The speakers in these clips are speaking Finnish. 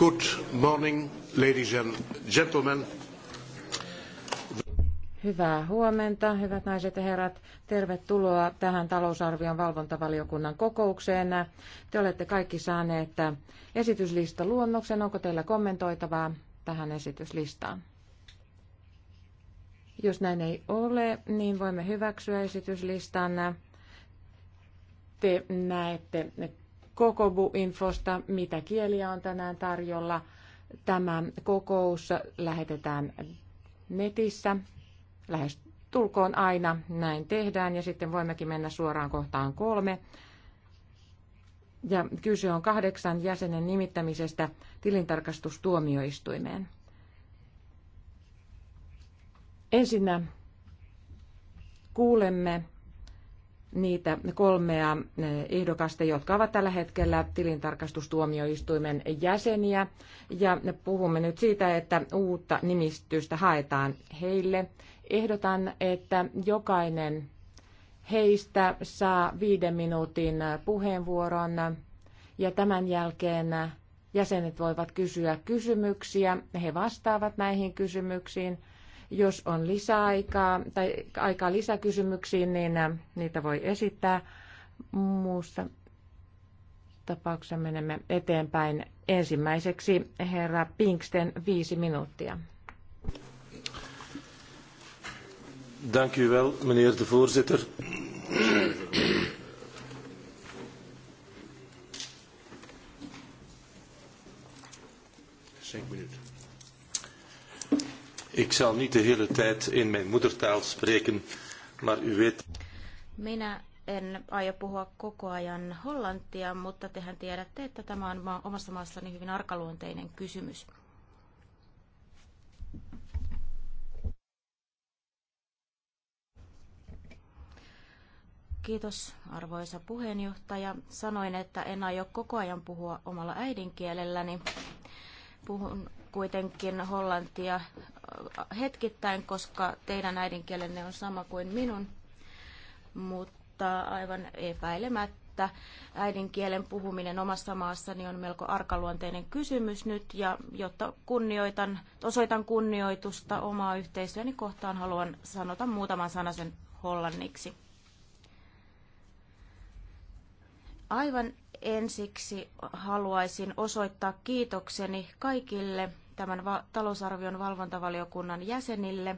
Good morning, ladies and gentlemen. Hyvää huomenta, hyvät naiset ja herrat. Tervetuloa tähän talousarvion valvontavaliokunnan kokoukseen. Te olette kaikki saaneet esityslistaluonnoksen. luonnoksen. Onko teillä kommentoitavaa tähän esityslistaan? Jos näin ei ole, niin voimme hyväksyä esityslistan. Te näette Kokobu-infosta, mitä kieliä on tänään tarjolla. Tämä kokous lähetetään netissä lähes tulkoon aina, näin tehdään, ja sitten voimmekin mennä suoraan kohtaan kolme. Ja kyse on kahdeksan jäsenen nimittämisestä tilintarkastustuomioistuimeen. Ensinnä kuulemme niitä kolmea eh, ehdokasta, jotka ovat tällä hetkellä tilintarkastustuomioistuimen jäseniä. Ja puhumme nyt siitä, että uutta nimistystä haetaan heille. Ehdotan, että jokainen heistä saa viiden minuutin puheenvuoron ja tämän jälkeen jäsenet voivat kysyä kysymyksiä. He vastaavat näihin kysymyksiin jos on lisäaikaa tai aikaa lisäkysymyksiin, niin äh, niitä voi esittää. Muussa tapauksessa menemme eteenpäin. Ensimmäiseksi herra Pinksten viisi minuuttia. Dank u wel, meneer de voorzitter. Cinq minuten. Ik zal niet de hele tijd in mijn moedertaal spreken, maar u weet... Minä en aio puhua koko ajan hollantia, mutta tehän tiedätte, että tämä on omassa maassani hyvin arkaluonteinen kysymys. Kiitos, arvoisa puheenjohtaja. Sanoin, että en aio koko ajan puhua omalla äidinkielelläni. Puhun kuitenkin hollantia hetkittäin, koska teidän äidinkielenne on sama kuin minun, mutta aivan epäilemättä äidinkielen puhuminen omassa maassani on melko arkaluonteinen kysymys nyt, ja jotta kunnioitan, osoitan kunnioitusta omaa yhteisöäni kohtaan, haluan sanota muutaman sanasen hollanniksi. Aivan ensiksi haluaisin osoittaa kiitokseni kaikille tämän talousarvion valvontavaliokunnan jäsenille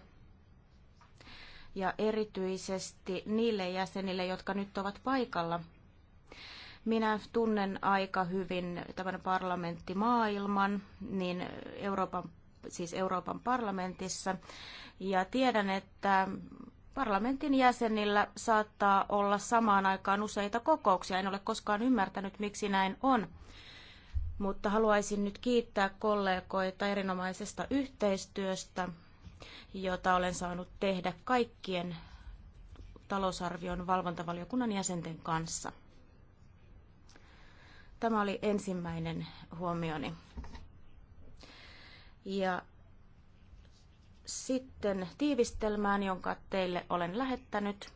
ja erityisesti niille jäsenille, jotka nyt ovat paikalla. Minä tunnen aika hyvin tämän parlamenttimaailman, niin Euroopan, siis Euroopan parlamentissa, ja tiedän, että parlamentin jäsenillä saattaa olla samaan aikaan useita kokouksia. En ole koskaan ymmärtänyt, miksi näin on mutta haluaisin nyt kiittää kollegoita erinomaisesta yhteistyöstä, jota olen saanut tehdä kaikkien talousarvion valvontavaliokunnan jäsenten kanssa. Tämä oli ensimmäinen huomioni. Ja sitten tiivistelmään, jonka teille olen lähettänyt.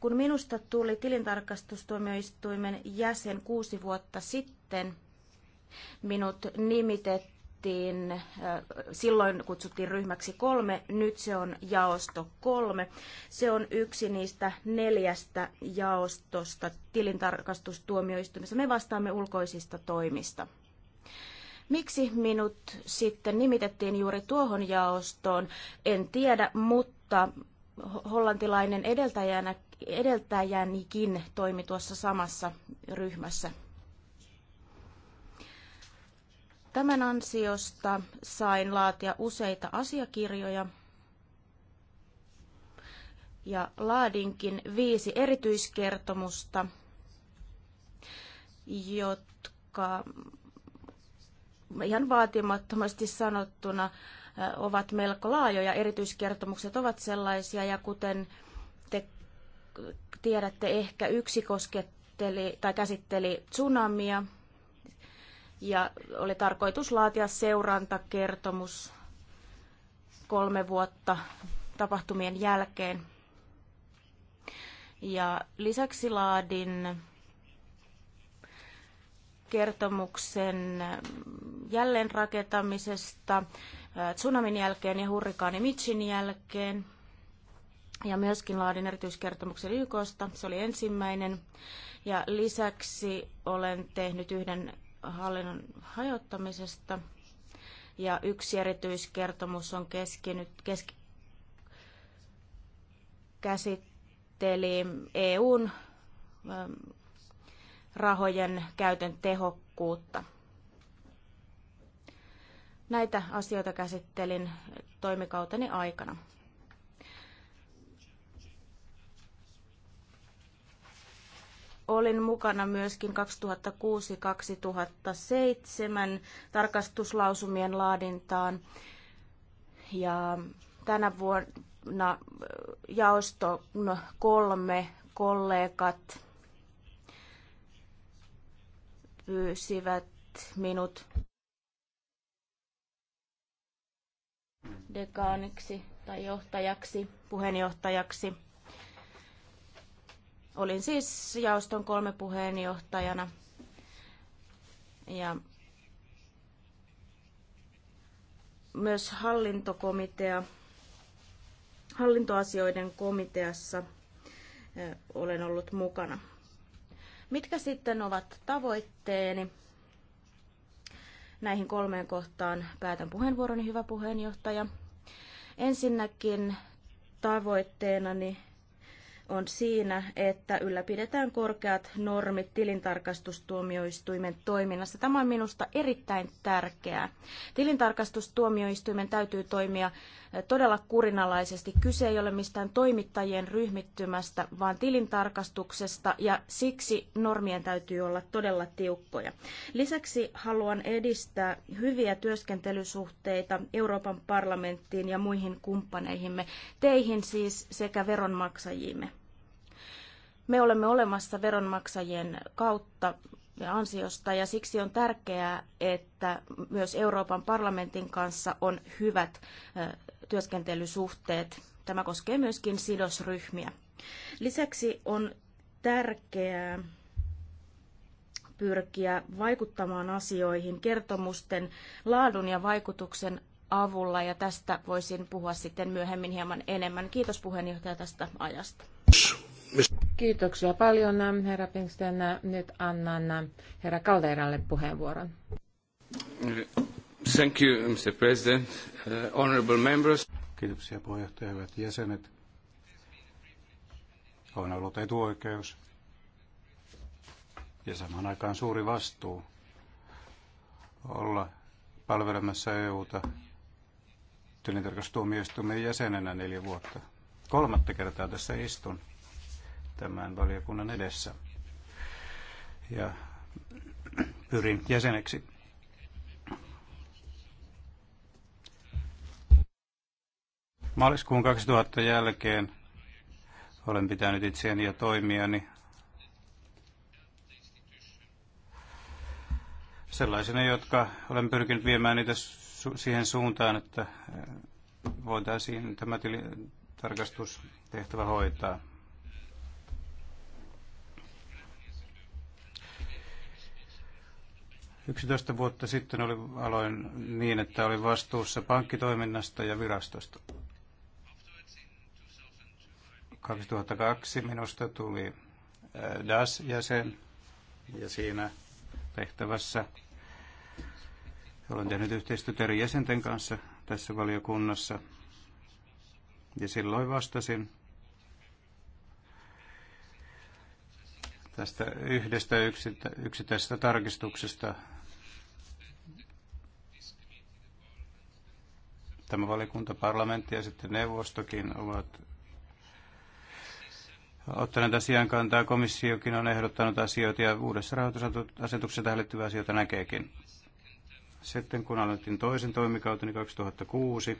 Kun minusta tuli tilintarkastustuomioistuimen jäsen kuusi vuotta sitten, sitten minut nimitettiin, silloin kutsuttiin ryhmäksi kolme, nyt se on jaosto kolme. Se on yksi niistä neljästä jaostosta tilintarkastustuomioistuimessa. Me vastaamme ulkoisista toimista. Miksi minut sitten nimitettiin juuri tuohon jaostoon, en tiedä, mutta hollantilainen edeltäjänä, edeltäjänikin toimi tuossa samassa ryhmässä. Tämän ansiosta sain laatia useita asiakirjoja ja laadinkin viisi erityiskertomusta, jotka ihan vaatimattomasti sanottuna äh, ovat melko laajoja. Erityiskertomukset ovat sellaisia ja kuten te tiedätte, ehkä yksi kosketteli tai käsitteli tsunamia – ja oli tarkoitus laatia seurantakertomus kolme vuotta tapahtumien jälkeen. Ja lisäksi laadin kertomuksen jälleenrakentamisesta äh, tsunamin jälkeen ja hurrikaani Mitchin jälkeen. Ja myöskin laadin erityiskertomuksen YKsta, se oli ensimmäinen. Ja lisäksi olen tehnyt yhden hallinnon hajottamisesta. Ja yksi erityiskertomus on keskinyt, kesk, käsitteli EUn ähm, rahojen käytön tehokkuutta. Näitä asioita käsittelin toimikauteni aikana. Olin mukana myöskin 2006-2007 tarkastuslausumien laadintaan ja tänä vuonna äh, jaosto no, kolme kollegat pyysivät minut dekaaniksi tai johtajaksi, puheenjohtajaksi. Olin siis jaoston kolme puheenjohtajana. Ja myös hallintokomitea, hallintoasioiden komiteassa olen ollut mukana. Mitkä sitten ovat tavoitteeni? Näihin kolmeen kohtaan päätän puheenvuoroni, hyvä puheenjohtaja. Ensinnäkin tavoitteenani on siinä, että ylläpidetään korkeat normit tilintarkastustuomioistuimen toiminnassa. Tämä on minusta erittäin tärkeää. Tilintarkastustuomioistuimen täytyy toimia eh, todella kurinalaisesti. Kyse ei ole mistään toimittajien ryhmittymästä, vaan tilintarkastuksesta ja siksi normien täytyy olla todella tiukkoja. Lisäksi haluan edistää hyviä työskentelysuhteita Euroopan parlamenttiin ja muihin kumppaneihimme, teihin siis sekä veronmaksajiimme. Me olemme olemassa veronmaksajien kautta ja ansiosta ja siksi on tärkeää, että myös Euroopan parlamentin kanssa on hyvät työskentelysuhteet. Tämä koskee myöskin sidosryhmiä. Lisäksi on tärkeää pyrkiä vaikuttamaan asioihin kertomusten laadun ja vaikutuksen avulla ja tästä voisin puhua sitten myöhemmin hieman enemmän. Kiitos puheenjohtaja tästä ajasta. Kiitoksia paljon, herra Pinksten. Nyt annan herra Kalderalle puheenvuoron. Thank you, Mr. President. Uh, honorable members. Kiitoksia puheenjohtaja, hyvät jäsenet. On ollut etuoikeus ja samaan aikaan suuri vastuu olla palvelemassa eu EU-ta tilintarkastustuomioistuimen jäsenenä neljä vuotta. Kolmatta kertaa tässä istun tämän valiokunnan edessä. Ja pyrin jäseneksi. Maaliskuun 2000 jälkeen olen pitänyt itseäni ja toimijani sellaisena, jotka olen pyrkinyt viemään niitä siihen suuntaan, että eh, voitaisiin tämä tilintarkastustehtävä hoitaa. 11 vuotta sitten oli, aloin niin, että olin vastuussa pankkitoiminnasta ja virastosta. 2002 minusta tuli äh, DAS-jäsen ja siinä tehtävässä olen tehnyt yhteistyötä eri jäsenten kanssa tässä valiokunnassa. Ja silloin vastasin tästä yhdestä yksittäisestä tarkistuksesta Tämä valikunta, parlamentti ja sitten neuvostokin ovat ottaneet asian kantaa. Komissiokin on ehdottanut asioita ja uudessa rahoitusasetuksessa tähän liittyviä asioita näkeekin. Sitten kun aloitin toisen toimikauteni 2006,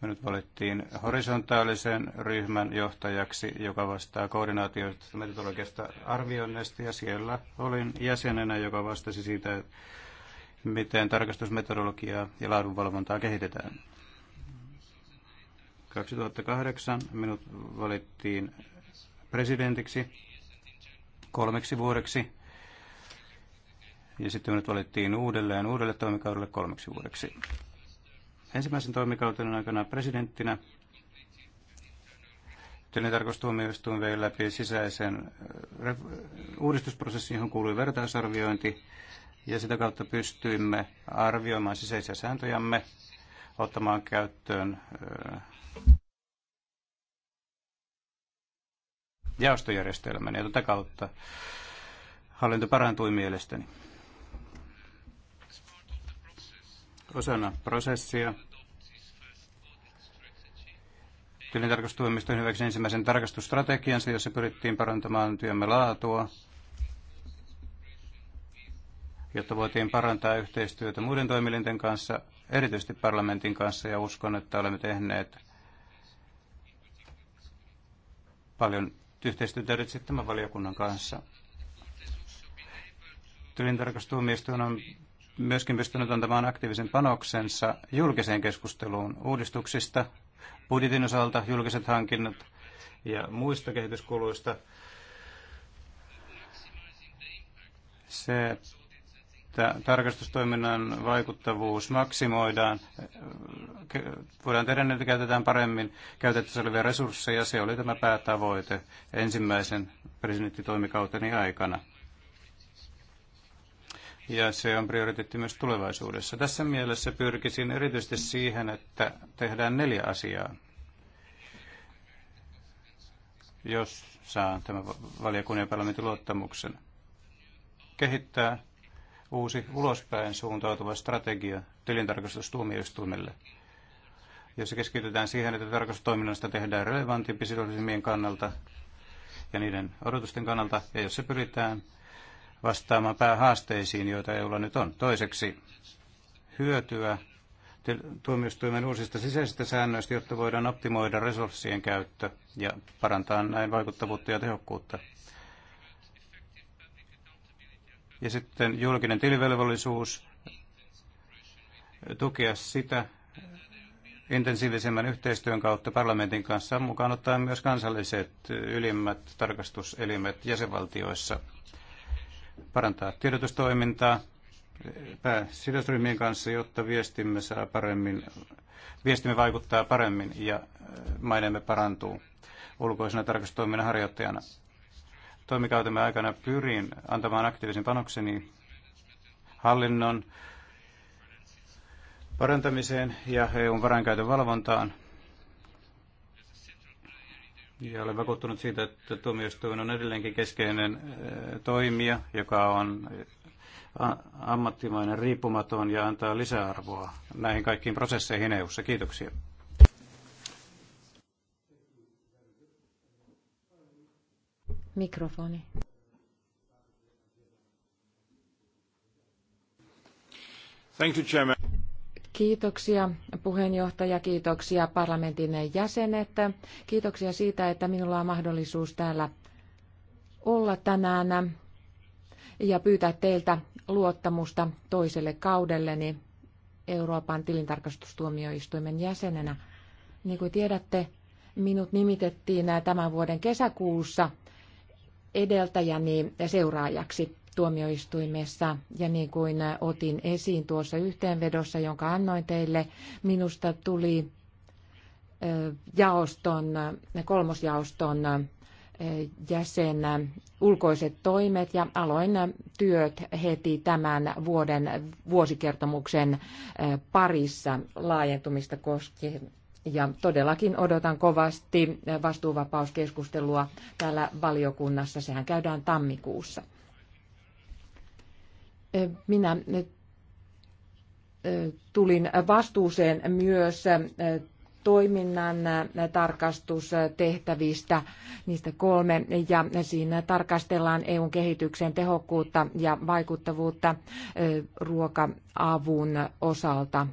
me nyt valittiin horisontaalisen ryhmän johtajaksi, joka vastaa koordinaatioista metodologiasta arvioinnista ja siellä olin jäsenenä, joka vastasi siitä, että miten tarkastusmetodologiaa ja laadunvalvontaa kehitetään. 2008 minut valittiin presidentiksi kolmeksi vuodeksi ja sitten minut valittiin uudelleen uudelle toimikaudelle kolmeksi vuodeksi. Ensimmäisen toimikauden aikana presidenttinä tilintarkastustuomioistuin vei läpi sisäisen äh, uudistusprosessin, johon kuului vertaisarviointi ja sitä kautta pystyimme arvioimaan sisäisiä sääntöjämme, ottamaan käyttöön jaostojärjestelmän ja tätä kautta hallinto parantui mielestäni. Osana prosessia tilintarkastustoimiston hyväksi ensimmäisen tarkastusstrategiansa, jossa pyrittiin parantamaan työmme laatua jotta voitiin parantaa yhteistyötä muiden toimielinten kanssa, erityisesti parlamentin kanssa, ja uskon, että olemme tehneet paljon yhteistyötä nyt tämän valiokunnan kanssa. Tilintarkastustuomioistuin on myöskin pystynyt antamaan aktiivisen panoksensa julkiseen keskusteluun uudistuksista, budjetin osalta, julkiset hankinnat ja muista kehityskuluista. Se että tarkastustoiminnan vaikuttavuus maksimoidaan, voidaan tehdä, niin, että käytetään paremmin käytettävissä olevia resursseja. Se oli tämä päätavoite ensimmäisen presidenttitoimikauteni aikana. Ja se on prioriteetti myös tulevaisuudessa. Tässä mielessä pyrkisin erityisesti siihen, että tehdään neljä asiaa. Jos saan tämän valiokunnan ja parlamentin luottamuksen. Kehittää uusi ulospäin suuntautuva strategia tilintarkastustuomioistuimelle, jossa keskitytään siihen, että tarkastustoiminnasta tehdään relevantimpi sidollisemmien kannalta ja niiden odotusten kannalta, ja jossa pyritään vastaamaan päähaasteisiin, joita EUlla nyt on. Toiseksi hyötyä tuomioistuimen uusista sisäisistä säännöistä, jotta voidaan optimoida resurssien käyttö ja parantaa näin vaikuttavuutta ja tehokkuutta. Ja sitten julkinen tilivelvollisuus, tukea sitä intensiivisemmän yhteistyön kautta parlamentin kanssa, mukaan ottaen myös kansalliset ylimmät tarkastuselimet jäsenvaltioissa, parantaa tiedotustoimintaa pääsidosryhmien kanssa, jotta viestimme saa paremmin, viestimme vaikuttaa paremmin ja maineemme parantuu ulkoisena tarkastustoiminnan harjoittajana toimikautemme aikana pyrin antamaan aktiivisen panokseni hallinnon parantamiseen ja EUn varainkäytön valvontaan. Ja olen vakuuttunut siitä, että tuomioistuin on edelleenkin keskeinen toimija, joka on ammattimainen, riippumaton ja antaa lisäarvoa näihin kaikkiin prosesseihin EU:ssa. Kiitoksia. Mikrofoni. Thank you, Chairman. Kiitoksia puheenjohtaja, kiitoksia parlamentin jäsenet. Kiitoksia siitä, että minulla on mahdollisuus täällä olla tänään ja pyytää teiltä luottamusta toiselle kaudelleni Euroopan tilintarkastustuomioistuimen jäsenenä. Niin kuin tiedätte, minut nimitettiin tämän vuoden kesäkuussa edeltäjäni seuraajaksi tuomioistuimessa. Ja niin kuin otin esiin tuossa yhteenvedossa, jonka annoin teille, minusta tuli jaoston, kolmosjaoston jäsen ulkoiset toimet ja aloin työt heti tämän vuoden vuosikertomuksen parissa laajentumista koskien ja todellakin odotan kovasti vastuuvapauskeskustelua täällä valiokunnassa. Sehän käydään tammikuussa. Minä tulin vastuuseen myös toiminnan tarkastustehtävistä, niistä kolme, ja siinä tarkastellaan EUn kehityksen tehokkuutta ja vaikuttavuutta ruoka-avun osalta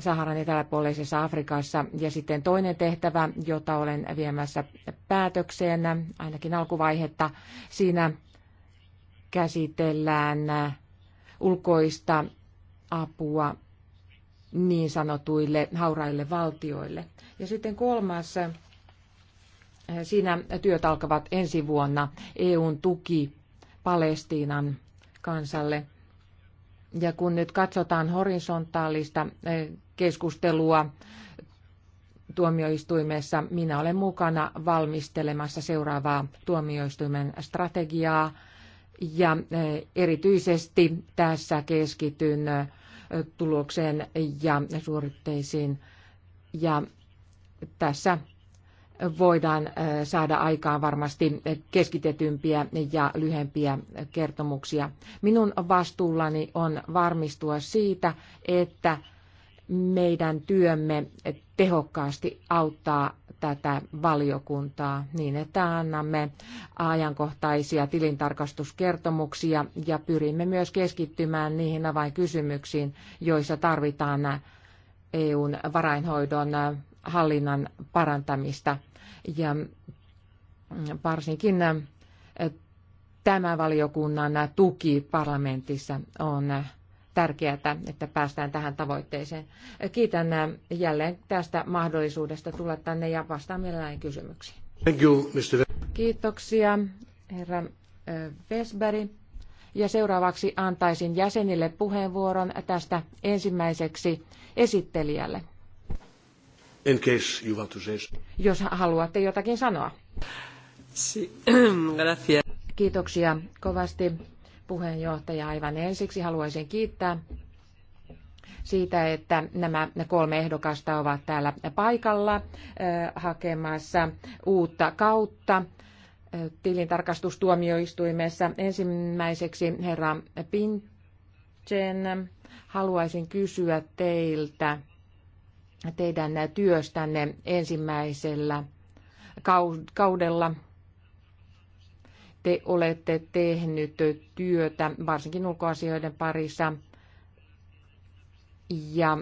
Saharan eteläpuoleisessa Afrikassa. Ja sitten toinen tehtävä, jota olen viemässä päätökseen, ainakin alkuvaihetta, siinä käsitellään ulkoista apua niin sanotuille hauraille valtioille. Ja sitten kolmas, siinä työt alkavat ensi vuonna, EUn tuki Palestiinan kansalle. Ja kun nyt katsotaan horisontaalista keskustelua tuomioistuimessa. Minä olen mukana valmistelemassa seuraavaa tuomioistuimen strategiaa ja eh, erityisesti tässä keskityn eh, tulokseen ja suoritteisiin. Ja tässä voidaan eh, saada aikaan varmasti keskitetympiä ja lyhempiä kertomuksia. Minun vastuullani on varmistua siitä, että meidän työmme tehokkaasti auttaa tätä valiokuntaa niin, että annamme ajankohtaisia tilintarkastuskertomuksia ja pyrimme myös keskittymään niihin avainkysymyksiin, joissa tarvitaan EUn varainhoidon hallinnan parantamista. Ja varsinkin tämä valiokunnan tuki parlamentissa on tärkeää, että päästään tähän tavoitteeseen. Kiitän jälleen tästä mahdollisuudesta tulla tänne ja vastaan mielelläni kysymyksiin. Thank you, Mr. Kiitoksia, herra Vesberg. Ja seuraavaksi antaisin jäsenille puheenvuoron tästä ensimmäiseksi esittelijälle. In case you want to say. Jos haluatte jotakin sanoa. Si. Kiitoksia kovasti puheenjohtaja. Aivan ensiksi haluaisin kiittää siitä, että nämä kolme ehdokasta ovat täällä paikalla hakemassa uutta kautta tilintarkastustuomioistuimessa. Ensimmäiseksi herra Pinchen, haluaisin kysyä teiltä teidän työstänne ensimmäisellä kaudella te olette tehnyt työtä varsinkin ulkoasioiden parissa. Ja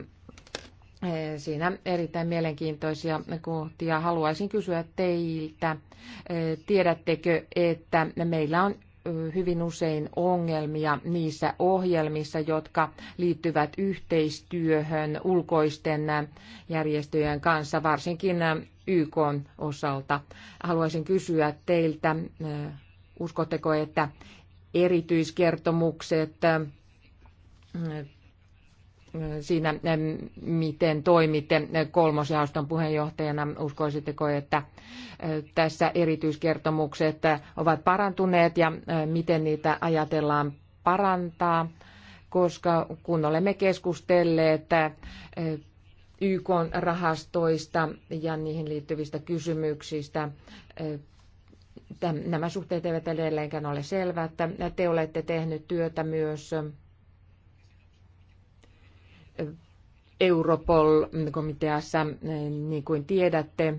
eh, Siinä erittäin mielenkiintoisia kohtia. Haluaisin kysyä teiltä, eh, tiedättekö, että meillä on eh, hyvin usein ongelmia niissä ohjelmissa, jotka liittyvät yhteistyöhön ulkoisten järjestöjen kanssa, varsinkin YK osalta. Haluaisin kysyä teiltä, Uskotteko, että erityiskertomukset äh, siinä, äh, miten toimitte kolmosjaoston puheenjohtajana. Uskoisitteko, että äh, tässä erityiskertomukset ovat parantuneet ja miten niitä ajatellaan parantaa? Koska kun olemme keskustelleet YK rahastoista ja niihin liittyvistä kysymyksistä, nämä suhteet eivät edelleenkään ole että Te olette tehnyt työtä myös Europol-komiteassa, niin kuin tiedätte.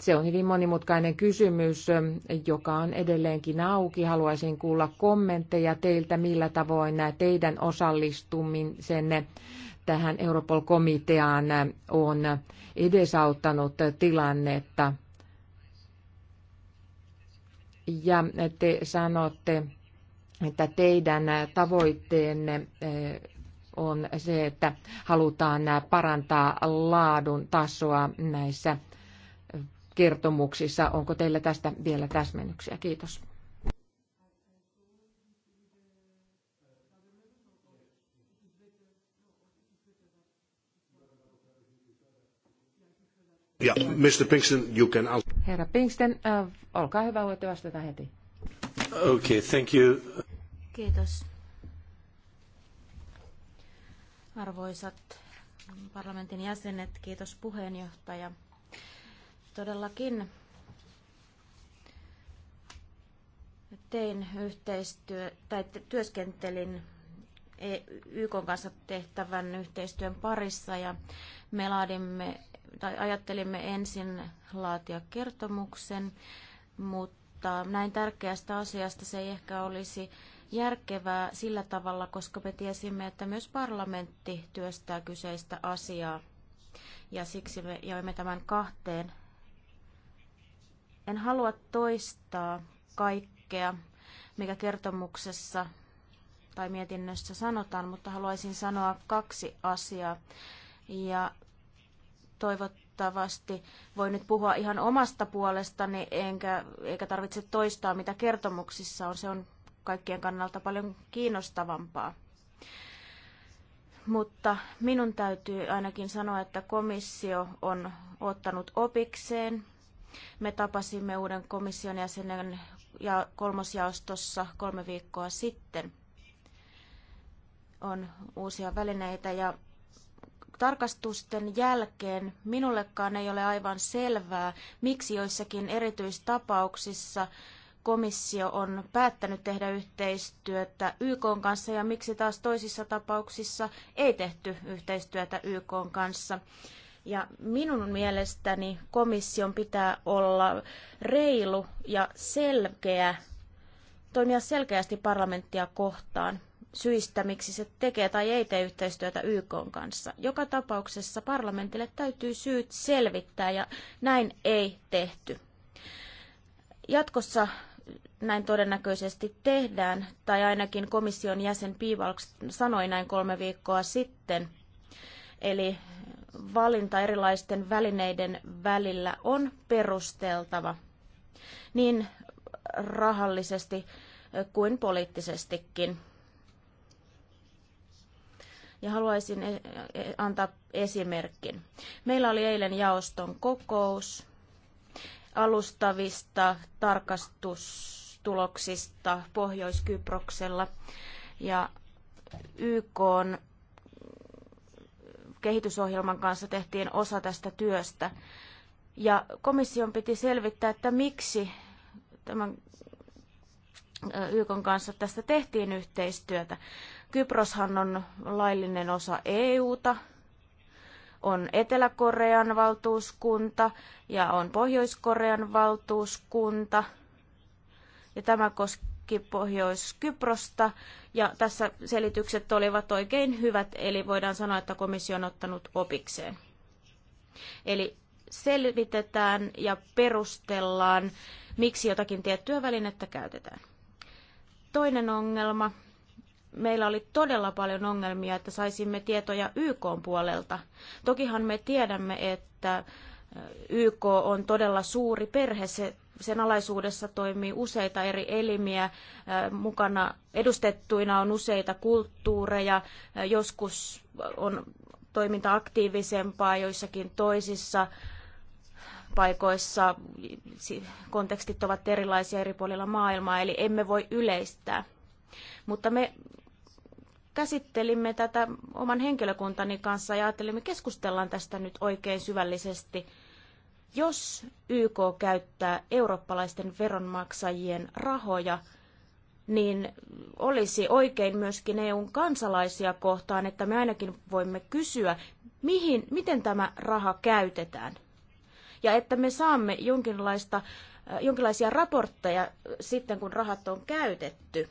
Se on hyvin monimutkainen kysymys, joka on edelleenkin auki. Haluaisin kuulla kommentteja teiltä, millä tavoin teidän osallistumisenne tähän Europol-komiteaan on edesauttanut tilannetta – ja te sanotte, että teidän tavoitteenne eh, on se, että halutaan parantaa laadun tasoa näissä kertomuksissa. Onko teillä tästä vielä täsmennyksiä? Kiitos. Yeah, Mr. Pinkston, you can... Herra Pinkston, äh, olkaa hyvä, voitte vastata heti. Okay, thank you. Kiitos. Arvoisat parlamentin jäsenet, kiitos puheenjohtaja. Todellakin tein yhteistyö, tai työskentelin e- YK kanssa tehtävän yhteistyön parissa ja me laadimme tai ajattelimme ensin laatia kertomuksen, mutta näin tärkeästä asiasta se ei ehkä olisi järkevää sillä tavalla, koska me tiesimme, että myös parlamentti työstää kyseistä asiaa. Ja siksi me joimme tämän kahteen. En halua toistaa kaikkea, mikä kertomuksessa tai mietinnössä sanotaan, mutta haluaisin sanoa kaksi asiaa. Ja toivottavasti voin nyt puhua ihan omasta puolestani, enkä, eikä tarvitse toistaa, mitä kertomuksissa on. Se on kaikkien kannalta paljon kiinnostavampaa. Mutta minun täytyy ainakin sanoa, että komissio on ottanut opikseen. Me tapasimme uuden komission jäsenen ja kolmosjaostossa kolme viikkoa sitten. On uusia välineitä ja tarkastusten jälkeen minullekaan ei ole aivan selvää, miksi joissakin erityistapauksissa komissio on päättänyt tehdä yhteistyötä YK kanssa ja miksi taas toisissa tapauksissa ei tehty yhteistyötä YK kanssa. Ja minun mielestäni komission pitää olla reilu ja selkeä, toimia selkeästi parlamenttia kohtaan syistä, miksi se tekee tai ei tee yhteistyötä YK kanssa. Joka tapauksessa parlamentille täytyy syyt selvittää ja näin ei tehty. Jatkossa näin todennäköisesti tehdään, tai ainakin komission jäsen Piivalks sanoi näin kolme viikkoa sitten. Eli valinta erilaisten välineiden välillä on perusteltava niin rahallisesti kuin poliittisestikin ja haluaisin e, e, antaa esimerkin. Meillä oli eilen jaoston kokous alustavista tarkastustuloksista Pohjois-Kyproksella ja YK on kehitysohjelman kanssa tehtiin osa tästä työstä. Ja komission piti selvittää, että miksi tämän YK kanssa tästä tehtiin yhteistyötä. Kyproshan on laillinen osa EUta, on Etelä-Korean valtuuskunta ja on Pohjois-Korean valtuuskunta. Ja tämä koski Pohjois-Kyprosta ja tässä selitykset olivat oikein hyvät, eli voidaan sanoa, että komissio on ottanut opikseen. Eli selvitetään ja perustellaan, miksi jotakin tiettyä välinettä käytetään. Toinen ongelma meillä oli todella paljon ongelmia, että saisimme tietoja YK puolelta. Tokihan me tiedämme, että YK on todella suuri perhe, se sen alaisuudessa toimii useita eri elimiä, mukana edustettuina on useita kulttuureja, joskus on toiminta aktiivisempaa joissakin toisissa paikoissa, kontekstit ovat erilaisia eri puolilla maailmaa, eli emme voi yleistää. Mutta me käsittelimme tätä oman henkilökuntani kanssa ja ajattelimme, keskustellaan tästä nyt oikein syvällisesti. Jos YK käyttää eurooppalaisten veronmaksajien rahoja, niin olisi oikein myöskin EUn kansalaisia kohtaan, että me ainakin voimme kysyä, mihin, miten tämä raha käytetään. Ja että me saamme jonkinlaista, äh, jonkinlaisia raportteja sitten, kun rahat on käytetty.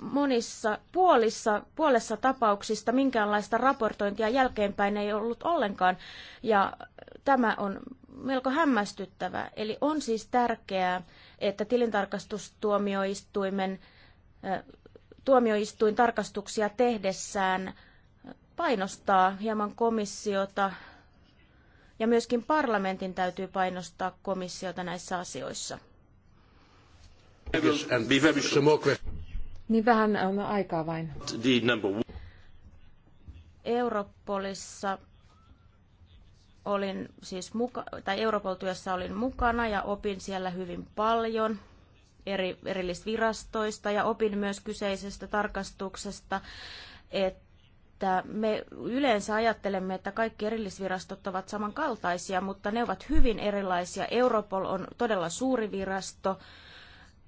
monissa puolissa, puolessa tapauksista minkäänlaista raportointia jälkeenpäin ei ollut ollenkaan. Ja tämä on melko hämmästyttävää. Eli on siis tärkeää, että tilintarkastustuomioistuimen tuomioistuin tarkastuksia tehdessään painostaa hieman komissiota ja myöskin parlamentin täytyy painostaa komissiota näissä asioissa. Niin vähän on aikaa vain. Europolissa olin siis muka, tai Europol-työssä olin mukana ja opin siellä hyvin paljon eri, erillisvirastoista ja opin myös kyseisestä tarkastuksesta, että me yleensä ajattelemme, että kaikki erillisvirastot ovat samankaltaisia, mutta ne ovat hyvin erilaisia. Europol on todella suuri virasto,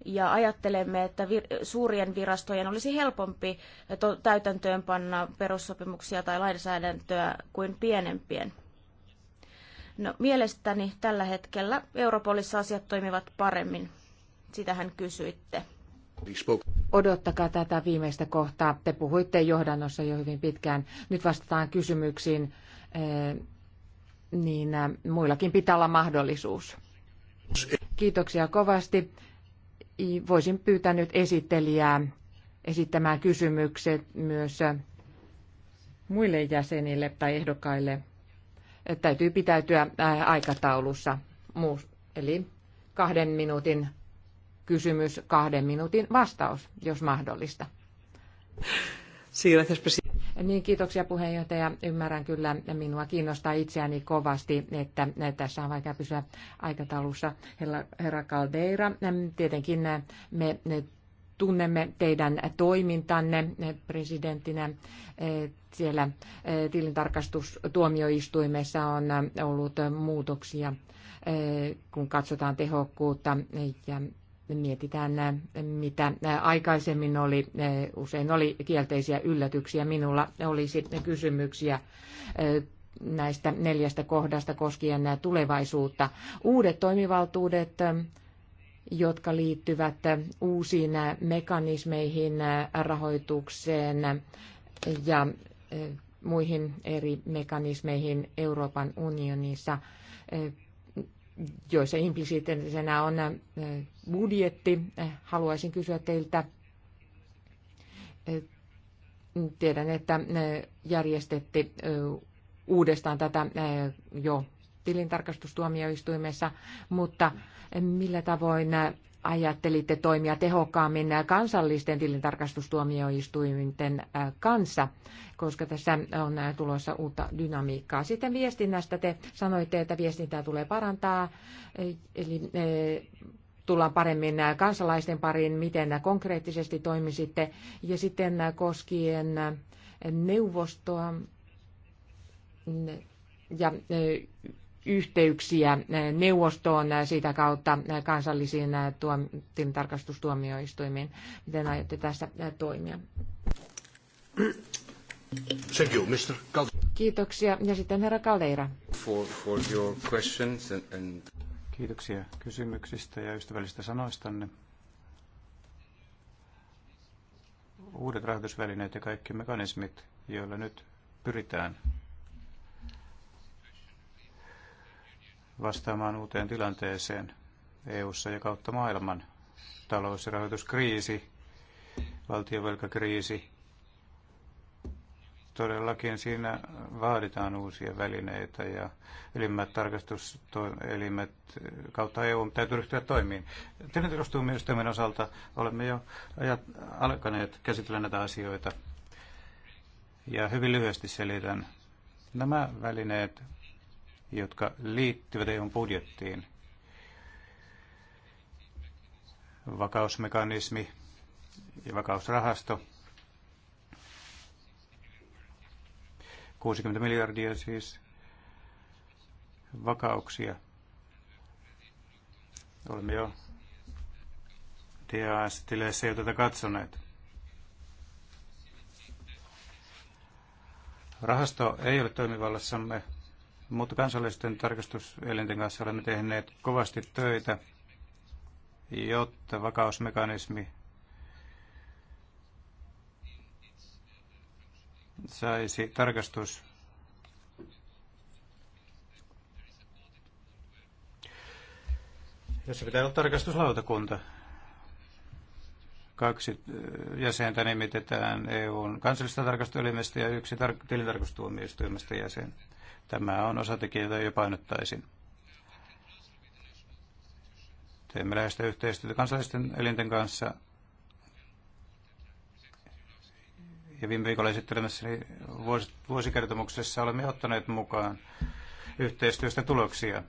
ja ajattelemme, että vir- suurien virastojen olisi helpompi to- täytäntöönpanna perussopimuksia tai lainsäädäntöä kuin pienempien. No, mielestäni tällä hetkellä Europolissa asiat toimivat paremmin. Sitähän kysyitte. Odottakaa tätä viimeistä kohtaa. Te puhuitte johdannossa jo hyvin pitkään. Nyt vastataan kysymyksiin, niin muillakin pitää olla mahdollisuus. Kiitoksia kovasti voisin pyytää nyt esittelijää esittämään kysymykset myös muille jäsenille tai ehdokkaille. Täytyy pitäytyä äh, aikataulussa, eli kahden minuutin kysymys, kahden minuutin vastaus, jos mahdollista. Sí, niin, kiitoksia puheenjohtaja. Ymmärrän kyllä, minua kiinnostaa itseäni kovasti, että tässä on vaikea pysyä aikataulussa. Herra Caldeira, tietenkin me tunnemme teidän toimintanne eh, presidenttinä. Eh, siellä eh, tilintarkastustuomioistuimessa on ollut muutoksia, kun katsotaan tehokkuutta ja mietitään, mitä aikaisemmin oli, usein oli kielteisiä yllätyksiä. Minulla olisi kysymyksiä näistä neljästä kohdasta koskien tulevaisuutta. Uudet toimivaltuudet, jotka liittyvät uusiin mekanismeihin, rahoitukseen ja muihin eri mekanismeihin Euroopan unionissa joissa implisiittisenä on äh, budjetti. Äh, haluaisin kysyä teiltä, äh, tiedän, että järjestettiin uudestaan tätä jo tilintarkastustuomioistuimessa, mutta millä tavoin ajattelitte toimia tehokkaammin kansallisten tilintarkastustuomioistuinten kanssa, koska tässä on tulossa uutta dynamiikkaa. Sitten viestinnästä te sanoitte, että viestintää tulee parantaa, e, eli e, tullaan paremmin kansalaisten pariin, miten konkreettisesti toimisitte. Ja sitten koskien neuvostoa ja e, yhteyksiä eh, neuvostoon eh, sitä kautta eh, kansallisiin tilintarkastustuomioistuimiin. Miten aiotte tässä toimia? Thank you, Mr. Kiitoksia. Ja sitten herra Caldeira. For, for your questions and, and... Kiitoksia kysymyksistä ja ystävällisistä sanoistanne. Uudet rahoitusvälineet ja kaikki mekanismit, joilla nyt pyritään vastaamaan uuteen tilanteeseen EU:ssa ja kautta maailman. Talous- ja rahoituskriisi, valtiovelkakriisi. Todellakin siinä vaaditaan uusia välineitä ja ylimmät tarkastuselimet kautta EU täytyy ryhtyä toimiin. Tilintarkastustuomioistuimen osalta olemme jo ajat, alkaneet käsitellä näitä asioita ja hyvin lyhyesti selitän. Nämä välineet jotka liittyvät EUn budjettiin. Vakausmekanismi ja vakausrahasto. 60 miljardia siis vakauksia. Olemme jo TAS-tileissä jo tätä katsoneet. Rahasto ei ole toimivallassamme mutta kansallisten tarkastuselinten kanssa olemme tehneet kovasti töitä, jotta vakausmekanismi saisi tarkastus Jossa pitää olla tarkastuslautakunta. Kaksi äh, jäsentä nimitetään EUn kansallista tarkastuselimestä ja yksi tar- tilintarkastustuomioistuimesta jäsen. Tämä on osatekijä, jota jo painottaisin. Teemme läheistä yhteistyötä kansallisten elinten kanssa. Ja viime viikolla esittelemässäni vuosikertomuksessa olemme ottaneet mukaan yhteistyöstä tuloksia.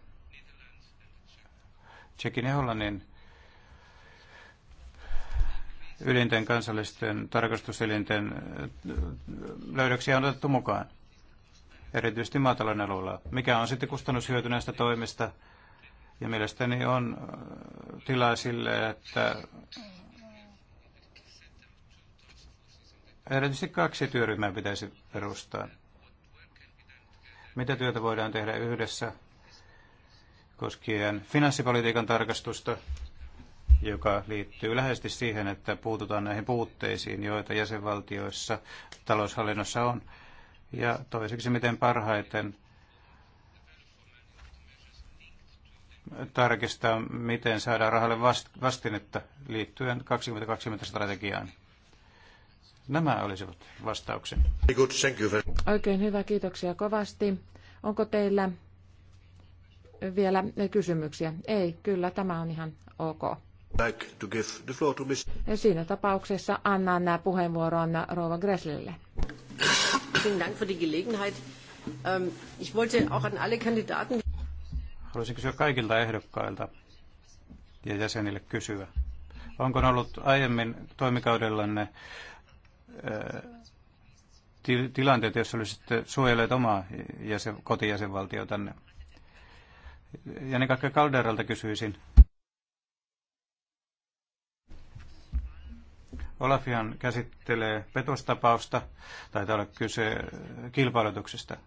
Tsekin ja Hollannin ylinten kansallisten tarkastuselinten löydöksiä on otettu mukaan erityisesti maatalouden alueella. Mikä on sitten kustannushyöty näistä toimista? Ja mielestäni on äh, tilaa sille, että erityisesti kaksi työryhmää pitäisi perustaa. Mitä työtä voidaan tehdä yhdessä koskien finanssipolitiikan tarkastusta, joka liittyy läheisesti siihen, että puututaan näihin puutteisiin, joita jäsenvaltioissa taloushallinnossa on ja toiseksi miten parhaiten tarkistaa, miten saadaan rahalle vastinetta liittyen 2020 strategiaan. Nämä olisivat vastauksen. Oikein hyvä, kiitoksia kovasti. Onko teillä vielä kysymyksiä? Ei, kyllä, tämä on ihan ok. Like to give the floor to Siinä tapauksessa annan puheenvuoron Rova Greslille. Vielen Dank für die Gelegenheit. Ähm, ich wollte auch an alle Kandidaten... Haluaisin kysyä kaikilta ehdokkailta ja jäsenille kysyä. Onko ollut aiemmin toimikaudellanne äh, tilanteita, jos olisitte suojelleet omaa jäsen, kotijäsenvaltiotanne? Jani niin Kakka Kalderalta kysyisin, Olafian käsittelee petostapausta, tai olla kyse kilpailutuksesta.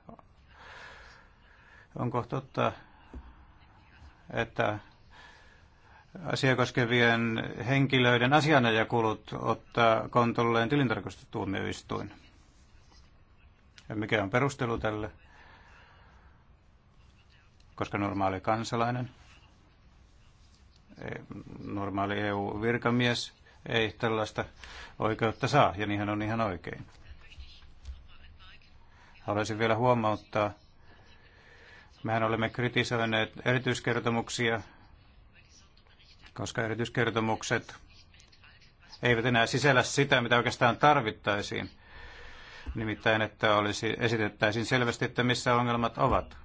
Onko totta, että asia koskevien henkilöiden asianajakulut ottaa kontolleen tilintarkastustuomioistuin? Ja mikä on perustelu tälle? Koska normaali kansalainen, normaali EU-virkamies ei tällaista oikeutta saa, ja niinhän on ihan oikein. Haluaisin vielä huomauttaa, mehän olemme kritisoineet erityiskertomuksia, koska erityiskertomukset eivät enää sisällä sitä, mitä oikeastaan tarvittaisiin. Nimittäin, että olisi, esitettäisiin selvästi, että missä ongelmat ovat.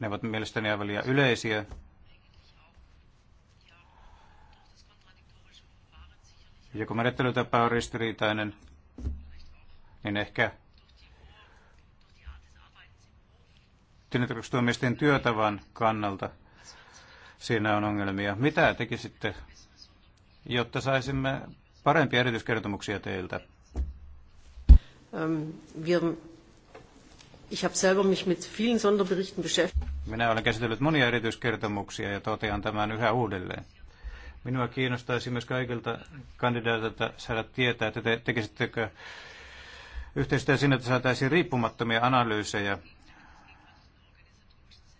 Ne ovat mielestäni aivan liian yleisiä, Ja kun menettelytapa on ristiriitainen, niin ehkä tilintarkastustuomioistuin työtavan kannalta siinä on ongelmia. Mitä tekisitte, jotta saisimme parempia erityiskertomuksia teiltä? Minä olen käsitellyt monia erityiskertomuksia ja totean tämän yhä uudelleen. Minua kiinnostaisi myös kaikilta kandidaatilta saada tietää, että te tekisittekö yhteistyötä sinne, että saataisiin riippumattomia analyysejä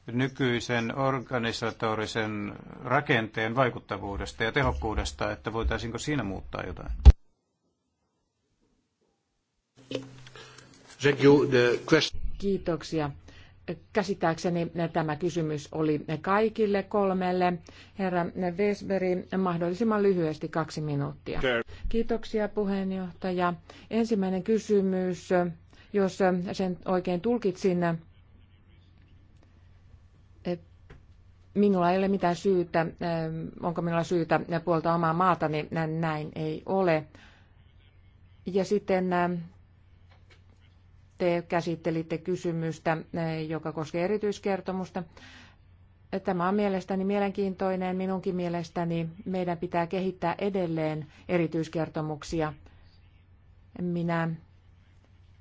nykyisen organisatorisen rakenteen vaikuttavuudesta ja tehokkuudesta, että voitaisiinko siinä muuttaa jotain? Kiitoksia. Käsittääkseni tämä kysymys oli kaikille kolmelle. Herra Vesberi, mahdollisimman lyhyesti kaksi minuuttia. Kiitoksia puheenjohtaja. Ensimmäinen kysymys, jos sen oikein tulkitsin, minulla ei ole mitään syytä, onko minulla syytä puolta omaa maatani, näin ei ole. Ja sitten te käsittelitte kysymystä, eh, joka koskee erityiskertomusta. Tämä on mielestäni mielenkiintoinen. Minunkin mielestäni meidän pitää kehittää edelleen erityiskertomuksia. Minä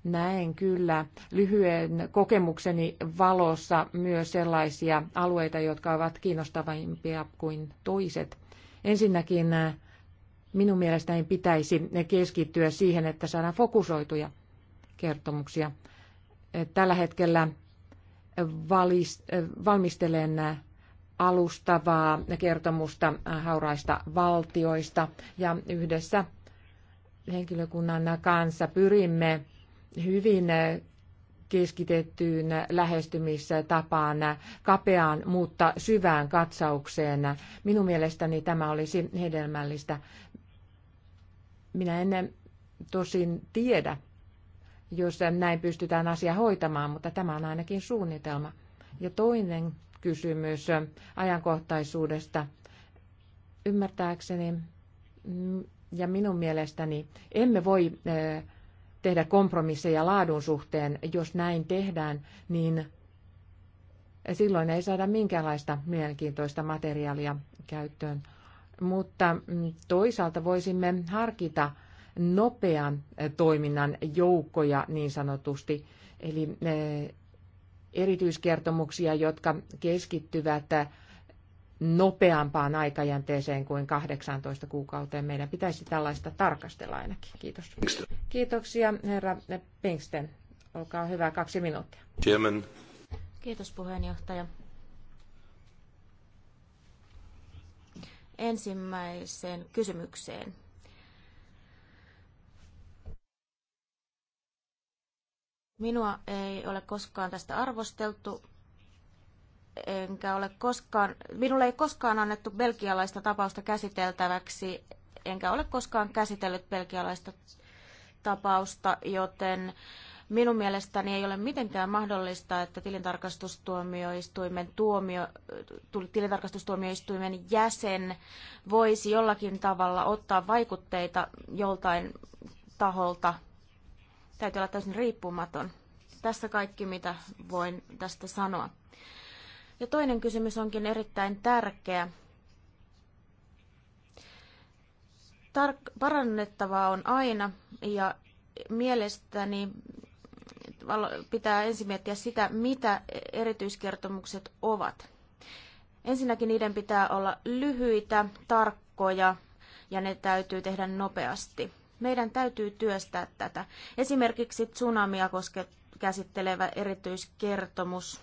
näen kyllä lyhyen kokemukseni valossa myös sellaisia alueita, jotka ovat kiinnostavimpia kuin toiset. Ensinnäkin eh, minun mielestäni pitäisi keskittyä siihen, että saadaan fokusoituja kertomuksia. Tällä hetkellä valmistelen alustavaa kertomusta hauraista valtioista ja yhdessä henkilökunnan kanssa pyrimme hyvin keskitettyyn lähestymistapaan, kapeaan, mutta syvään katsaukseen. Minun mielestäni tämä olisi hedelmällistä. Minä en tosin tiedä, jos näin pystytään asia hoitamaan, mutta tämä on ainakin suunnitelma. Ja toinen kysymys ajankohtaisuudesta. Ymmärtääkseni ja minun mielestäni emme voi tehdä kompromisseja laadun suhteen. Jos näin tehdään, niin silloin ei saada minkäänlaista mielenkiintoista materiaalia käyttöön. Mutta mm, toisaalta voisimme harkita nopean eh, toiminnan joukkoja niin sanotusti, eli eh, erityiskertomuksia, jotka keskittyvät eh, nopeampaan aikajänteeseen kuin 18 kuukauteen. Meidän pitäisi tällaista tarkastella ainakin. Kiitos. Kiitoksia, herra Pinksten. Olkaa hyvä, kaksi minuuttia. Chairman. Kiitos, puheenjohtaja. Ensimmäiseen kysymykseen. Minua ei ole koskaan tästä arvosteltu, enkä ole koskaan, minulle ei koskaan annettu belgialaista tapausta käsiteltäväksi, enkä ole koskaan käsitellyt belgialaista tapausta, joten minun mielestäni ei ole mitenkään mahdollista, että tilintarkastustuomioistuimen, tuomio, tilintarkastustuomioistuimen jäsen voisi jollakin tavalla ottaa vaikutteita joltain taholta täytyy olla täysin riippumaton. Tässä kaikki, mitä voin tästä sanoa. Ja toinen kysymys onkin erittäin tärkeä. Tark- parannettavaa on aina ja mielestäni pitää ensin miettiä sitä, mitä erityiskertomukset ovat. Ensinnäkin niiden pitää olla lyhyitä, tarkkoja ja ne täytyy tehdä nopeasti. Meidän täytyy työstää tätä. Esimerkiksi tsunamia koske, käsittelevä erityiskertomus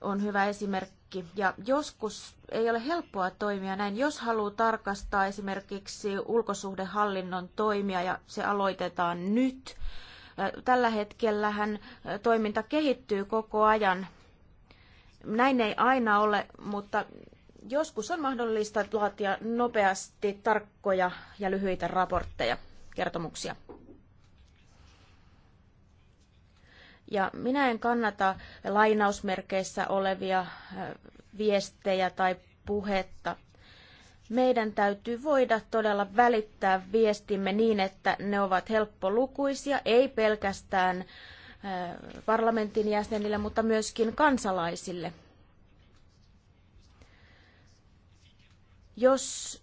on hyvä esimerkki. Ja joskus ei ole helppoa toimia näin. Jos haluaa tarkastaa esimerkiksi ulkosuhdehallinnon toimia ja se aloitetaan nyt, tällä hetkellähän toiminta kehittyy koko ajan. Näin ei aina ole, mutta Joskus on mahdollista laatia nopeasti tarkkoja ja lyhyitä raportteja, kertomuksia. Ja minä en kannata lainausmerkeissä olevia viestejä tai puhetta. Meidän täytyy voida todella välittää viestimme niin, että ne ovat helppolukuisia, ei pelkästään parlamentin jäsenille, mutta myöskin kansalaisille. Jos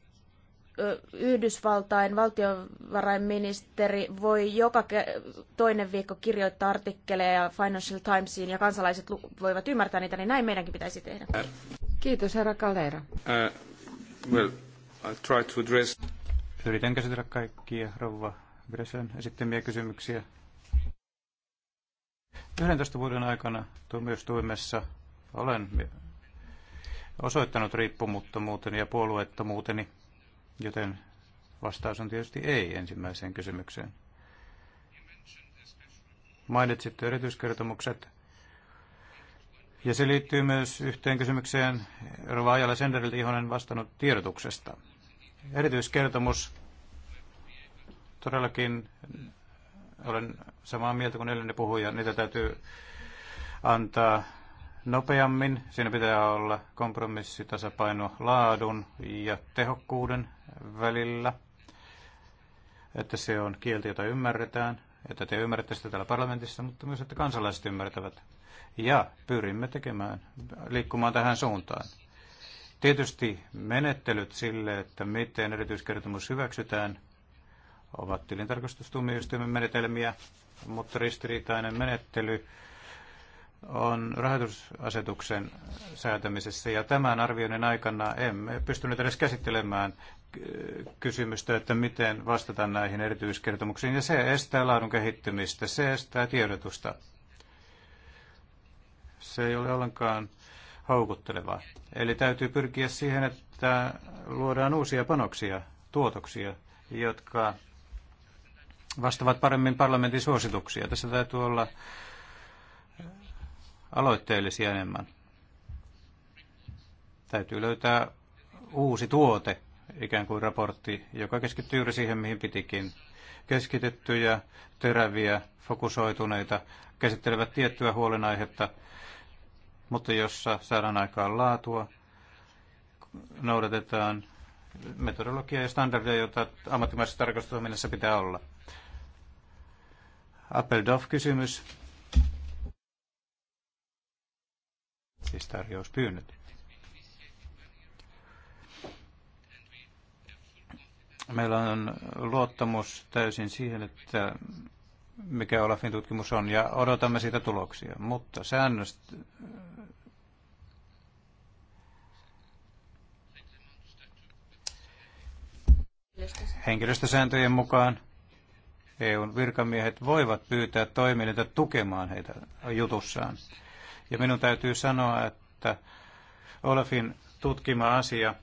Yhdysvaltain valtiovarainministeri voi joka toinen viikko kirjoittaa artikkeleja Financial Timesiin ja kansalaiset voivat ymmärtää niitä, niin näin meidänkin pitäisi tehdä. Kiitos, herra Kaleera. Uh, well, address... Yritän käsitellä kaikkia rouva Gresen esittämiä kysymyksiä. 11 vuoden aikana tuomioistuimessa olen osoittanut riippumattomuuteni ja puolueettomuuteni, joten vastaus on tietysti ei ensimmäiseen kysymykseen. Mainitsitte erityiskertomukset. Ja se liittyy myös yhteen kysymykseen Rova Ajala Senderiltä, johon en vastannut tiedotuksesta. Erityiskertomus. Todellakin olen samaa mieltä kuin edellinen puhuja. Niitä täytyy antaa nopeammin. Siinä pitää olla kompromissitasapaino laadun ja tehokkuuden välillä, että se on kielti, jota ymmärretään, että te ymmärrätte sitä täällä parlamentissa, mutta myös, että kansalaiset ymmärtävät. Ja pyrimme tekemään, liikkumaan tähän suuntaan. Tietysti menettelyt sille, että miten erityiskertomus hyväksytään, ovat tilintarkastustuomioistuimen menetelmiä, mutta ristiriitainen menettely on rahoitusasetuksen säätämisessä ja tämän arvioinnin aikana emme pystyneet edes käsittelemään kysymystä, että miten vastata näihin erityiskertomuksiin ja se estää laadun kehittymistä, se estää tiedotusta. Se ei ole ollenkaan houkuttelevaa. Eli täytyy pyrkiä siihen, että luodaan uusia panoksia, tuotoksia, jotka vastaavat paremmin parlamentin suosituksia. Tässä täytyy olla aloitteellisia enemmän. Täytyy löytää uusi tuote, ikään kuin raportti, joka keskittyy juuri siihen, mihin pitikin. Keskitettyjä, teräviä, fokusoituneita, käsittelevät tiettyä huolenaihetta, mutta jossa saadaan aikaan laatua, noudatetaan metodologiaa ja standardia, joita ammattimaisessa tarkastustoiminnassa pitää olla. Appeldorf-kysymys siis tarjouspyynnöt. Meillä on luottamus täysin siihen, että mikä Olafin tutkimus on, ja odotamme siitä tuloksia. Mutta säännöstä Henkilöstösääntöjen mukaan EUn virkamiehet voivat pyytää toimijoita tukemaan heitä jutussaan. Ja minun täytyy sanoa, että Olafin tutkima asia,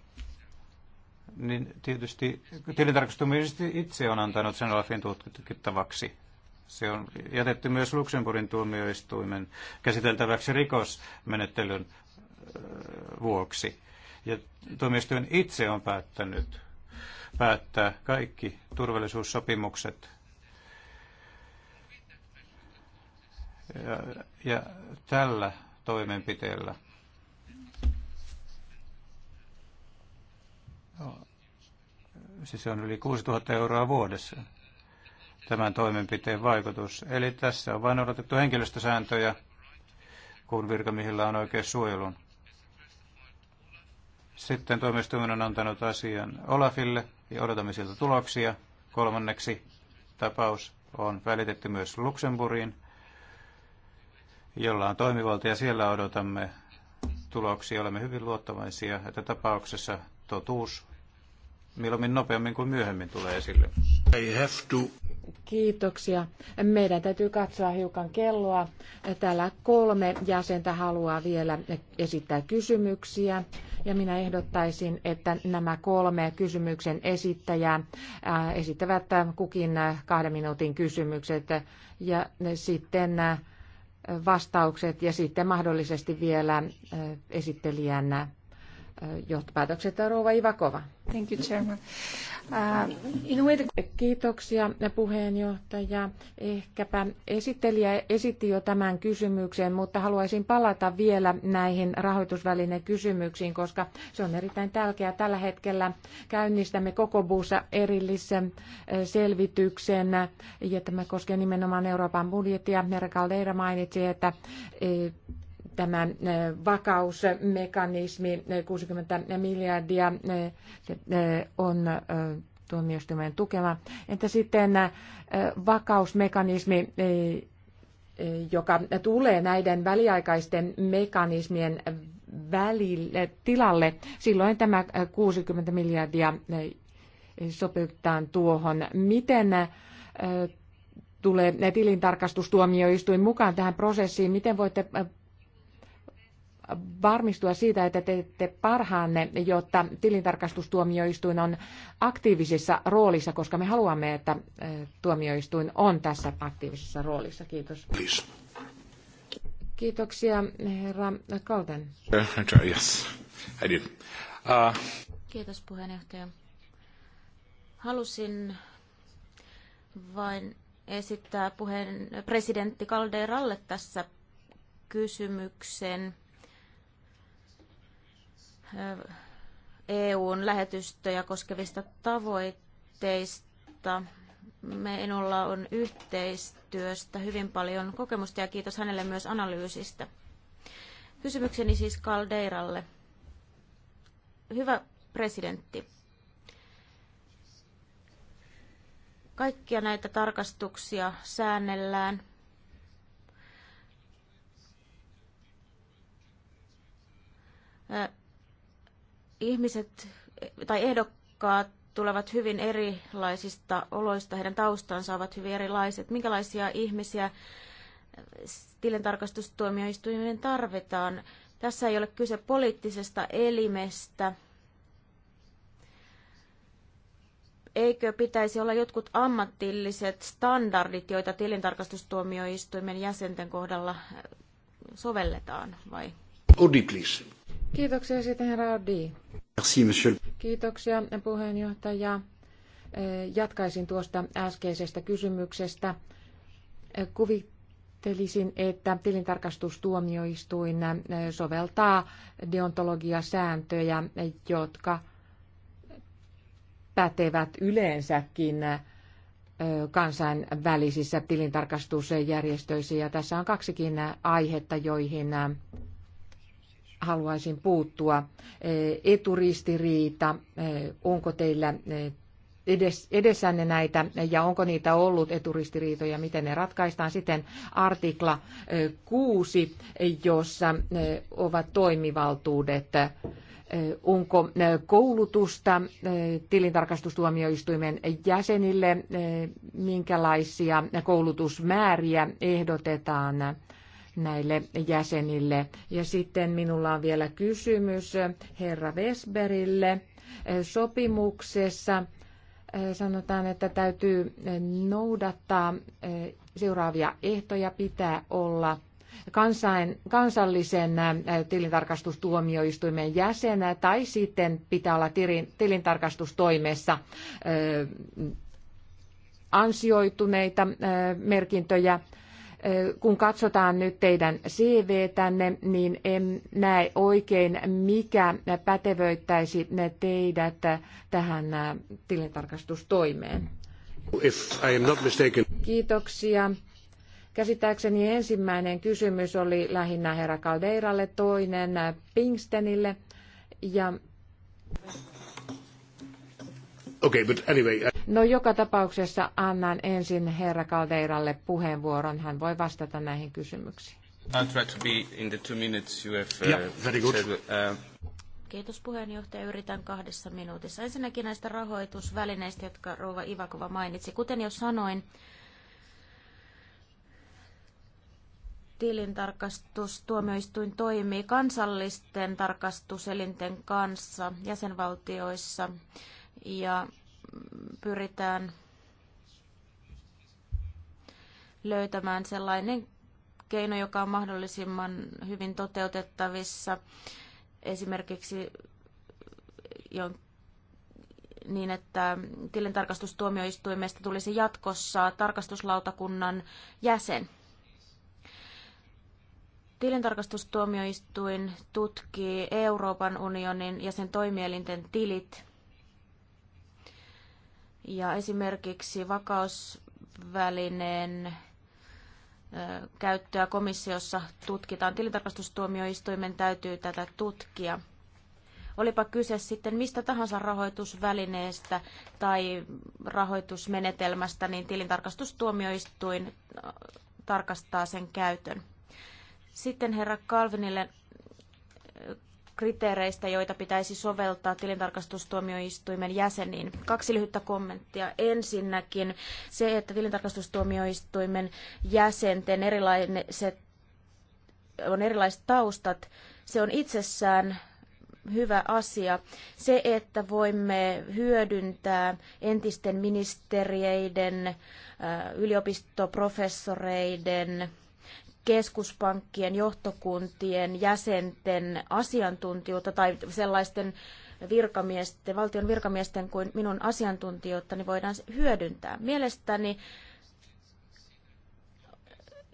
niin tietysti tilintarkastustuomioistuin itse on antanut sen Olafin tutkittavaksi. Se on jätetty myös Luxemburgin tuomioistuimen käsiteltäväksi rikosmenettelyn vuoksi. Ja tuomioistuin itse on päättänyt päättää kaikki turvallisuussopimukset Ja, ja tällä toimenpiteellä no, siis se on yli 6000 euroa vuodessa tämän toimenpiteen vaikutus. Eli tässä on vain odotettu henkilöstösääntöjä, kun virkamiehillä on oikein suojelun. Sitten toimistuminen on antanut asian Olafille ja odotamme sieltä tuloksia. Kolmanneksi tapaus on välitetty myös Luxemburgiin jolla on toimivalta ja siellä odotamme tuloksia. Olemme hyvin luottavaisia, että tapauksessa totuus milloin nopeammin kuin myöhemmin tulee esille. Kiitoksia. Meidän täytyy katsoa hiukan kelloa. Täällä kolme jäsentä haluaa vielä esittää kysymyksiä. Ja minä ehdottaisin, että nämä kolme kysymyksen esittäjää äh, esittävät kukin äh, kahden minuutin kysymykset. Ja sitten äh, vastaukset ja sitten mahdollisesti vielä esittelijän johtopäätökset Rouva Ivakova. Thank you, Chairman. Uh, Kiitoksia puheenjohtaja. Ehkäpä esittelijä esitti jo tämän kysymyksen, mutta haluaisin palata vielä näihin kysymyksiin, koska se on erittäin tärkeää. Tällä hetkellä käynnistämme koko buussa erillisen eh, selvityksen, ja tämä koskee nimenomaan Euroopan budjettia. Merra Caldeira mainitsi, että eh, tämä vakausmekanismi, 60 miljardia, on tuomioistuimen tukema. Entä sitten vakausmekanismi, joka tulee näiden väliaikaisten mekanismien välille, tilalle, silloin tämä 60 miljardia sopeutetaan tuohon. Miten tulee tilintarkastustuomioistuin mukaan tähän prosessiin? Miten voitte varmistua siitä, että teette parhaanne, jotta tilintarkastustuomioistuin on aktiivisessa roolissa, koska me haluamme, että eh, tuomioistuin on tässä aktiivisessa roolissa. Kiitos. Please. Kiitoksia, herra Kalten. Yes, I did. Uh... Kiitos, puheenjohtaja. Halusin vain esittää puheen presidentti Calderalle tässä kysymyksen EUn lähetystöjä koskevista tavoitteista. Meinulla on yhteistyöstä hyvin paljon kokemusta ja kiitos hänelle myös analyysistä. Kysymykseni siis Kaldeiralle. Hyvä presidentti, kaikkia näitä tarkastuksia säännellään. Ä- ihmiset tai ehdokkaat tulevat hyvin erilaisista oloista, heidän taustansa ovat hyvin erilaiset. Minkälaisia ihmisiä tilintarkastustuomioistuimien tarvitaan? Tässä ei ole kyse poliittisesta elimestä. Eikö pitäisi olla jotkut ammatilliset standardit, joita tilintarkastustuomioistuimen jäsenten kohdalla sovelletaan vai? please. Kiitoksia sitten herra Ardi. Merci, monsieur. Kiitoksia puheenjohtaja. Eh, jatkaisin tuosta äskeisestä kysymyksestä. Eh, kuvittelisin, että tilintarkastustuomioistuin eh, soveltaa deontologiasääntöjä, jotka pätevät yleensäkin kansainvälisissä tilintarkastusjärjestöissä. Ja tässä on kaksikin aihetta, joihin haluaisin puuttua. Eh, eturistiriita, eh, onko teillä eh, edes, edessänne näitä ja onko niitä ollut eturistiriitoja, miten ne ratkaistaan. Sitten artikla 6, jossa ovat toimivaltuudet. Onko koulutusta tilintarkastustuomioistuimen jäsenille, minkälaisia koulutusmääriä ehdotetaan näille jäsenille. Ja sitten minulla on vielä kysymys herra Vesberille. Sopimuksessa eh, sanotaan, että täytyy noudattaa eh, seuraavia ehtoja pitää olla kansain, kansallisen eh, tilintarkastustuomioistuimen jäsenä tai sitten pitää olla tilintarkastustoimessa ansioituneita merkintöjä kun katsotaan nyt teidän CV-tänne, niin en näe oikein, mikä pätevöittäisi teidät tähän tilintarkastustoimeen. Kiitoksia. Käsittääkseni ensimmäinen kysymys oli lähinnä herra Caldeiralle, toinen Pinkstenille. Ja Okay, but anyway, I... Uh, no joka tapauksessa annan ensin herra Kaldeiralle puheenvuoron. Hän voi vastata näihin kysymyksiin. I'll try to be in the two minutes you have, uh, yeah, very good. Said, uh... Kiitos puheenjohtaja. Yritän kahdessa minuutissa. Ensinnäkin näistä rahoitusvälineistä, jotka Rouva Ivakova mainitsi. Kuten jo sanoin, tilintarkastustuomioistuin toimii kansallisten tarkastuselinten kanssa jäsenvaltioissa ja pyritään löytämään sellainen keino, joka on mahdollisimman hyvin toteutettavissa. Esimerkiksi jo niin, että tilintarkastustuomioistuimesta tulisi jatkossa tarkastuslautakunnan jäsen. Tilintarkastustuomioistuin tutkii Euroopan unionin ja sen toimielinten tilit ja esimerkiksi vakausvälineen käyttöä komissiossa tutkitaan. Tilintarkastustuomioistuimen täytyy tätä tutkia. Olipa kyse sitten mistä tahansa rahoitusvälineestä tai rahoitusmenetelmästä, niin tilintarkastustuomioistuin tarkastaa sen käytön. Sitten herra Kalvinille kriteereistä, joita pitäisi soveltaa tilintarkastustuomioistuimen jäseniin. Kaksi lyhyttä kommenttia. Ensinnäkin se, että tilintarkastustuomioistuimen jäsenten erilaiset, on erilaiset taustat, se on itsessään hyvä asia. Se, että voimme hyödyntää entisten ministerieiden, yliopistoprofessoreiden, keskuspankkien johtokuntien jäsenten asiantuntijoita tai sellaisten virkamiesten, valtion virkamiesten kuin minun asiantuntijoitani niin voidaan hyödyntää. Mielestäni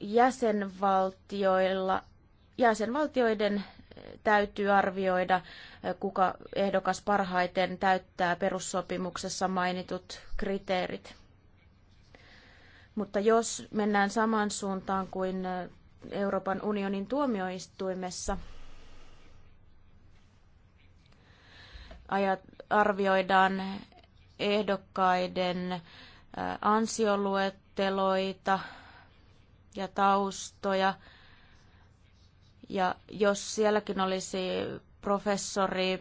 jäsenvaltioilla, jäsenvaltioiden täytyy arvioida, kuka ehdokas parhaiten täyttää perussopimuksessa mainitut kriteerit. Mutta jos mennään samaan suuntaan kuin Euroopan unionin tuomioistuimessa arvioidaan ehdokkaiden ansioluetteloita ja taustoja. Ja jos sielläkin olisi professori,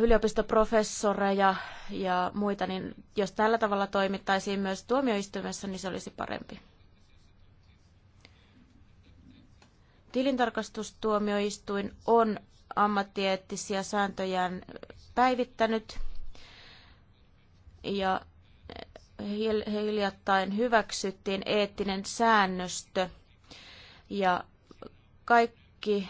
yliopistoprofessoreja ja muita, niin jos tällä tavalla toimittaisiin myös tuomioistuimessa, niin se olisi parempi. Tilintarkastustuomioistuin on ammattieettisiä sääntöjään päivittänyt ja hiljattain hyväksyttiin eettinen säännöstö ja kaikki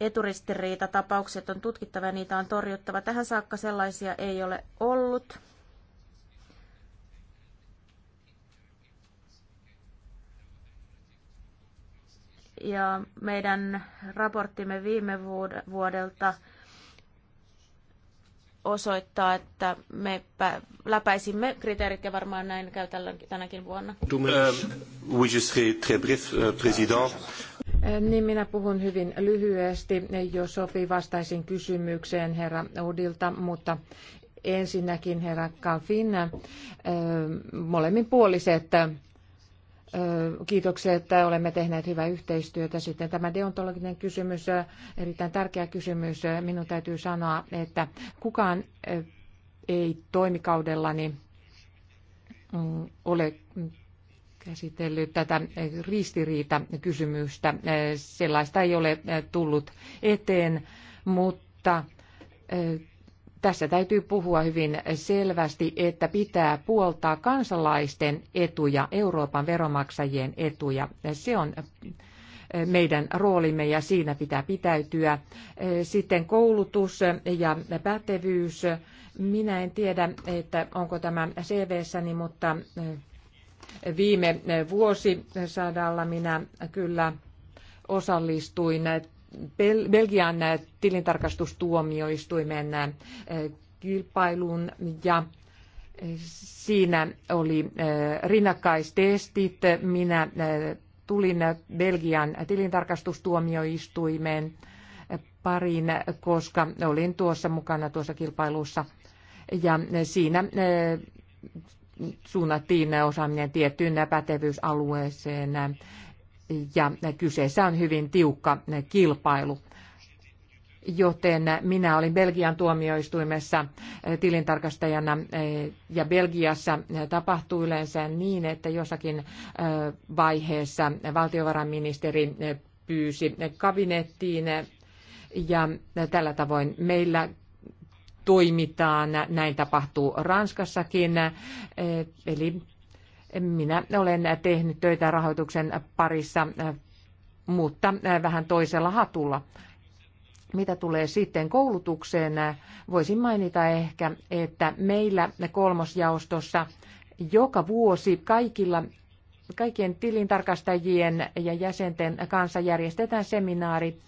eturistiriitatapaukset on tutkittava ja niitä on torjuttava. Tähän saakka sellaisia ei ole ollut. Ja meidän raporttimme viime vuodelta osoittaa, että me läpäisimme kriteerit ja varmaan näin käy tänäkin vuonna. Euh, euh, niin minä puhun hyvin lyhyesti, jos sopii vastaisin kysymykseen herra Udilta, mutta ensinnäkin herra Kalfin molemminpuoliset Kiitoksia, että olemme tehneet hyvää yhteistyötä. Sitten tämä deontologinen kysymys, erittäin tärkeä kysymys. Minun täytyy sanoa, että kukaan ei toimikaudellani mm, ole käsitellyt tätä ristiriitakysymystä. Sellaista ei ole tullut eteen, mutta tässä täytyy puhua hyvin selvästi, että pitää puoltaa kansalaisten etuja, Euroopan veromaksajien etuja. Se on meidän roolimme ja siinä pitää pitäytyä. Sitten koulutus ja pätevyys. Minä en tiedä, että onko tämä CV-säni, mutta viime vuosisadalla minä kyllä osallistuin Bel- Belgian tilintarkastustuomioistuimen kilpailun ja siinä oli rinnakkaistestit. Minä tulin Belgian tilintarkastustuomioistuimeen pariin, koska olin tuossa mukana tuossa kilpailussa. Ja siinä suunnattiin osaaminen tiettyyn pätevyysalueeseen ja kyseessä on hyvin tiukka kilpailu joten minä olin Belgian tuomioistuimessa tilintarkastajana eh, ja Belgiassa tapahtuu yleensä niin, että jossakin eh, vaiheessa valtiovarainministeri eh, pyysi kabinettiin ja tällä tavoin meillä toimitaan. Näin tapahtuu Ranskassakin, eli minä olen tehnyt töitä rahoituksen parissa, mutta vähän toisella hatulla. Mitä tulee sitten koulutukseen, voisin mainita ehkä, että meillä kolmosjaostossa joka vuosi kaikilla kaikkien tilintarkastajien ja jäsenten kanssa järjestetään seminaari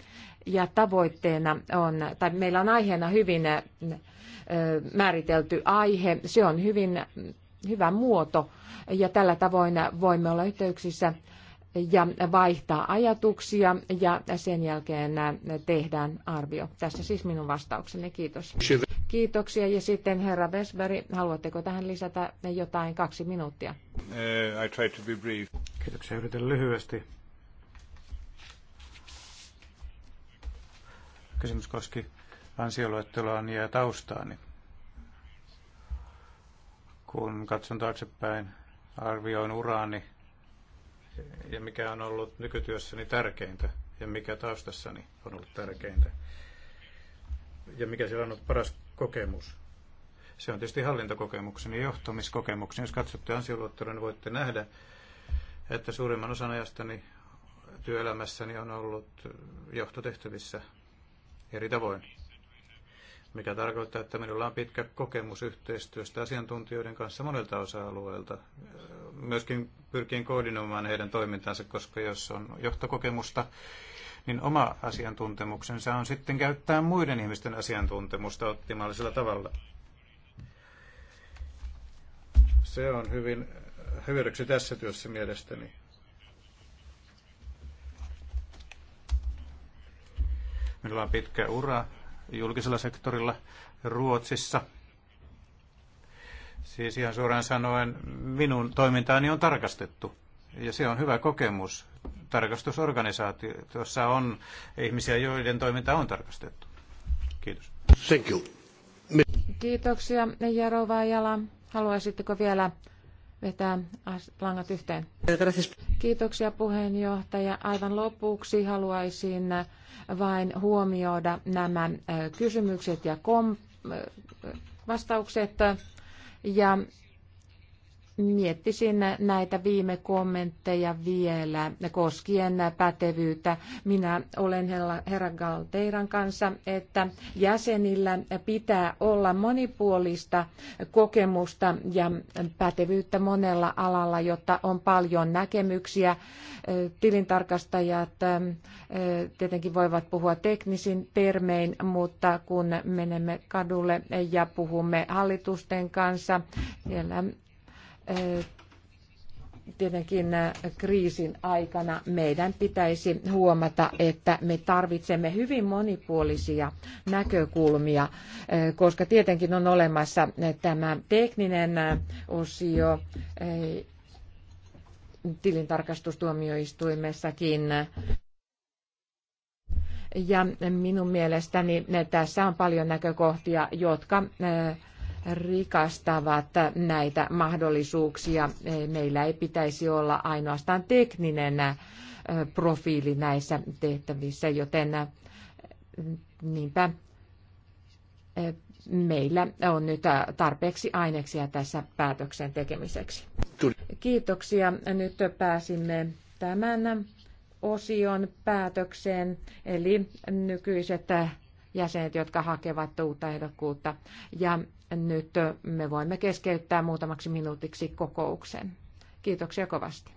ja tavoitteena on, tai meillä on aiheena hyvin määritelty aihe. Se on hyvin hyvä muoto ja tällä tavoin voimme olla yhteyksissä ja vaihtaa ajatuksia ja sen jälkeen tehdään arvio. Tässä siis minun vastaukseni. Kiitos. Kiitoksia ja sitten herra Vesberg, haluatteko tähän lisätä jotain kaksi minuuttia? Uh, I try to be brief. Kiitoksia, yritän lyhyesti. Kysymys koski ansioluetteloani ja taustaani. Niin kun katson taaksepäin, arvioin uraani ja mikä on ollut nykytyössäni tärkeintä ja mikä taustassani on ollut tärkeintä ja mikä siellä on ollut paras kokemus. Se on tietysti hallintokokemukseni ja johtamiskokemukseni. Jos katsotte ansioluottelua, niin voitte nähdä, että suurimman osan ajastani työelämässäni on ollut johtotehtävissä eri tavoin mikä tarkoittaa, että minulla on pitkä kokemus yhteistyöstä asiantuntijoiden kanssa monelta osa-alueelta. Myöskin pyrkin koordinoimaan heidän toimintansa, koska jos on johtokokemusta, niin oma asiantuntemuksensa on sitten käyttää muiden ihmisten asiantuntemusta optimaalisella tavalla. Se on hyvin hyödyksi tässä työssä mielestäni. Minulla on pitkä ura julkisella sektorilla Ruotsissa. Siis ihan suoraan sanoen minun toimintaani on tarkastettu ja se on hyvä kokemus. Tarkastusorganisaatiossa on ihmisiä, joiden toiminta on tarkastettu. Kiitos. Thank you. Kiitoksia Jarova Jala. Haluaisitteko vielä vetää langat yhteen. Kiitoksia puheenjohtaja. Aivan lopuksi haluaisin vain huomioida nämä äh, kysymykset ja kom- äh, vastaukset. Ja miettisin näitä viime kommentteja vielä koskien pätevyyttä. Minä olen herra Galteiran kanssa, että jäsenillä pitää olla monipuolista kokemusta ja pätevyyttä monella alalla, jotta on paljon näkemyksiä. Tilintarkastajat tietenkin voivat puhua teknisin termein, mutta kun menemme kadulle ja puhumme hallitusten kanssa, siellä tietenkin kriisin aikana meidän pitäisi huomata, että me tarvitsemme hyvin monipuolisia näkökulmia, koska tietenkin on olemassa tämä tekninen osio tilintarkastustuomioistuimessakin. Ja minun mielestäni tässä on paljon näkökohtia, jotka rikastavat näitä mahdollisuuksia. Meillä ei pitäisi olla ainoastaan tekninen profiili näissä tehtävissä, joten niinpä meillä on nyt tarpeeksi aineksia tässä päätöksen tekemiseksi. Kiitoksia. Nyt pääsimme tämän osion päätökseen, eli nykyiset jäsenet, jotka hakevat uutta ehdokkuutta. Ja nyt me voimme keskeyttää muutamaksi minuutiksi kokouksen. Kiitoksia kovasti.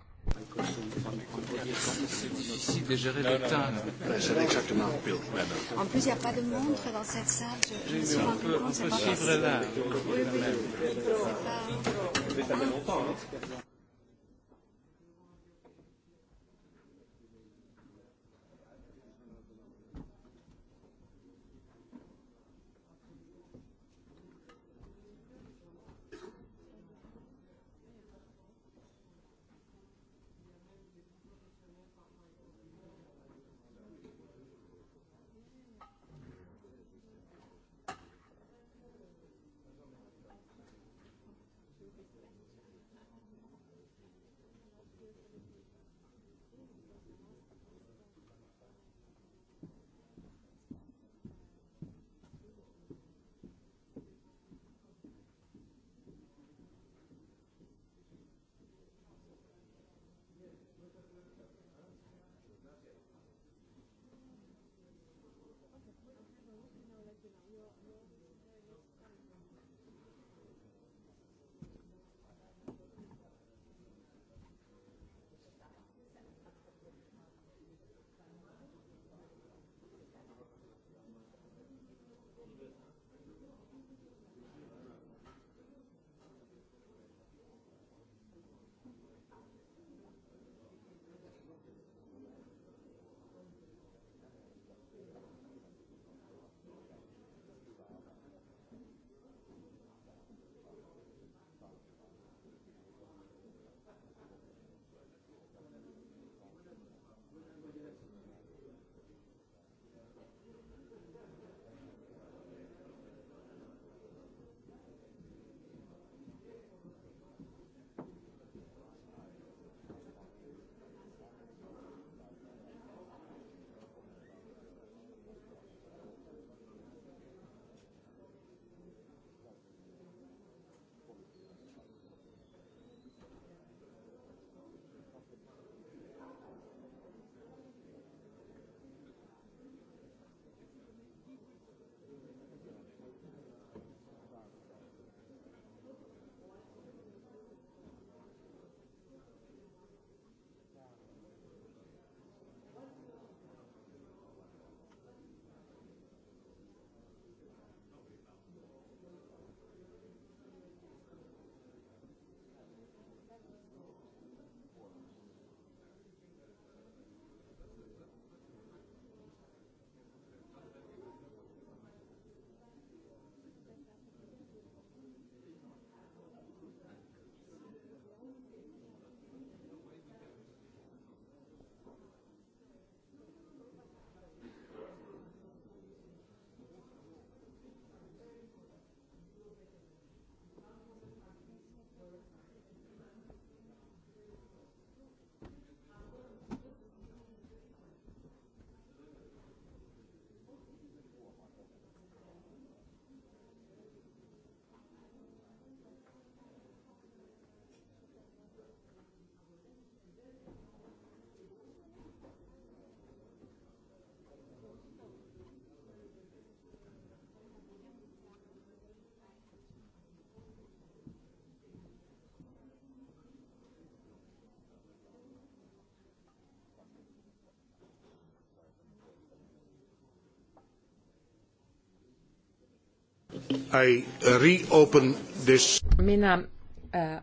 I reopen this. Minä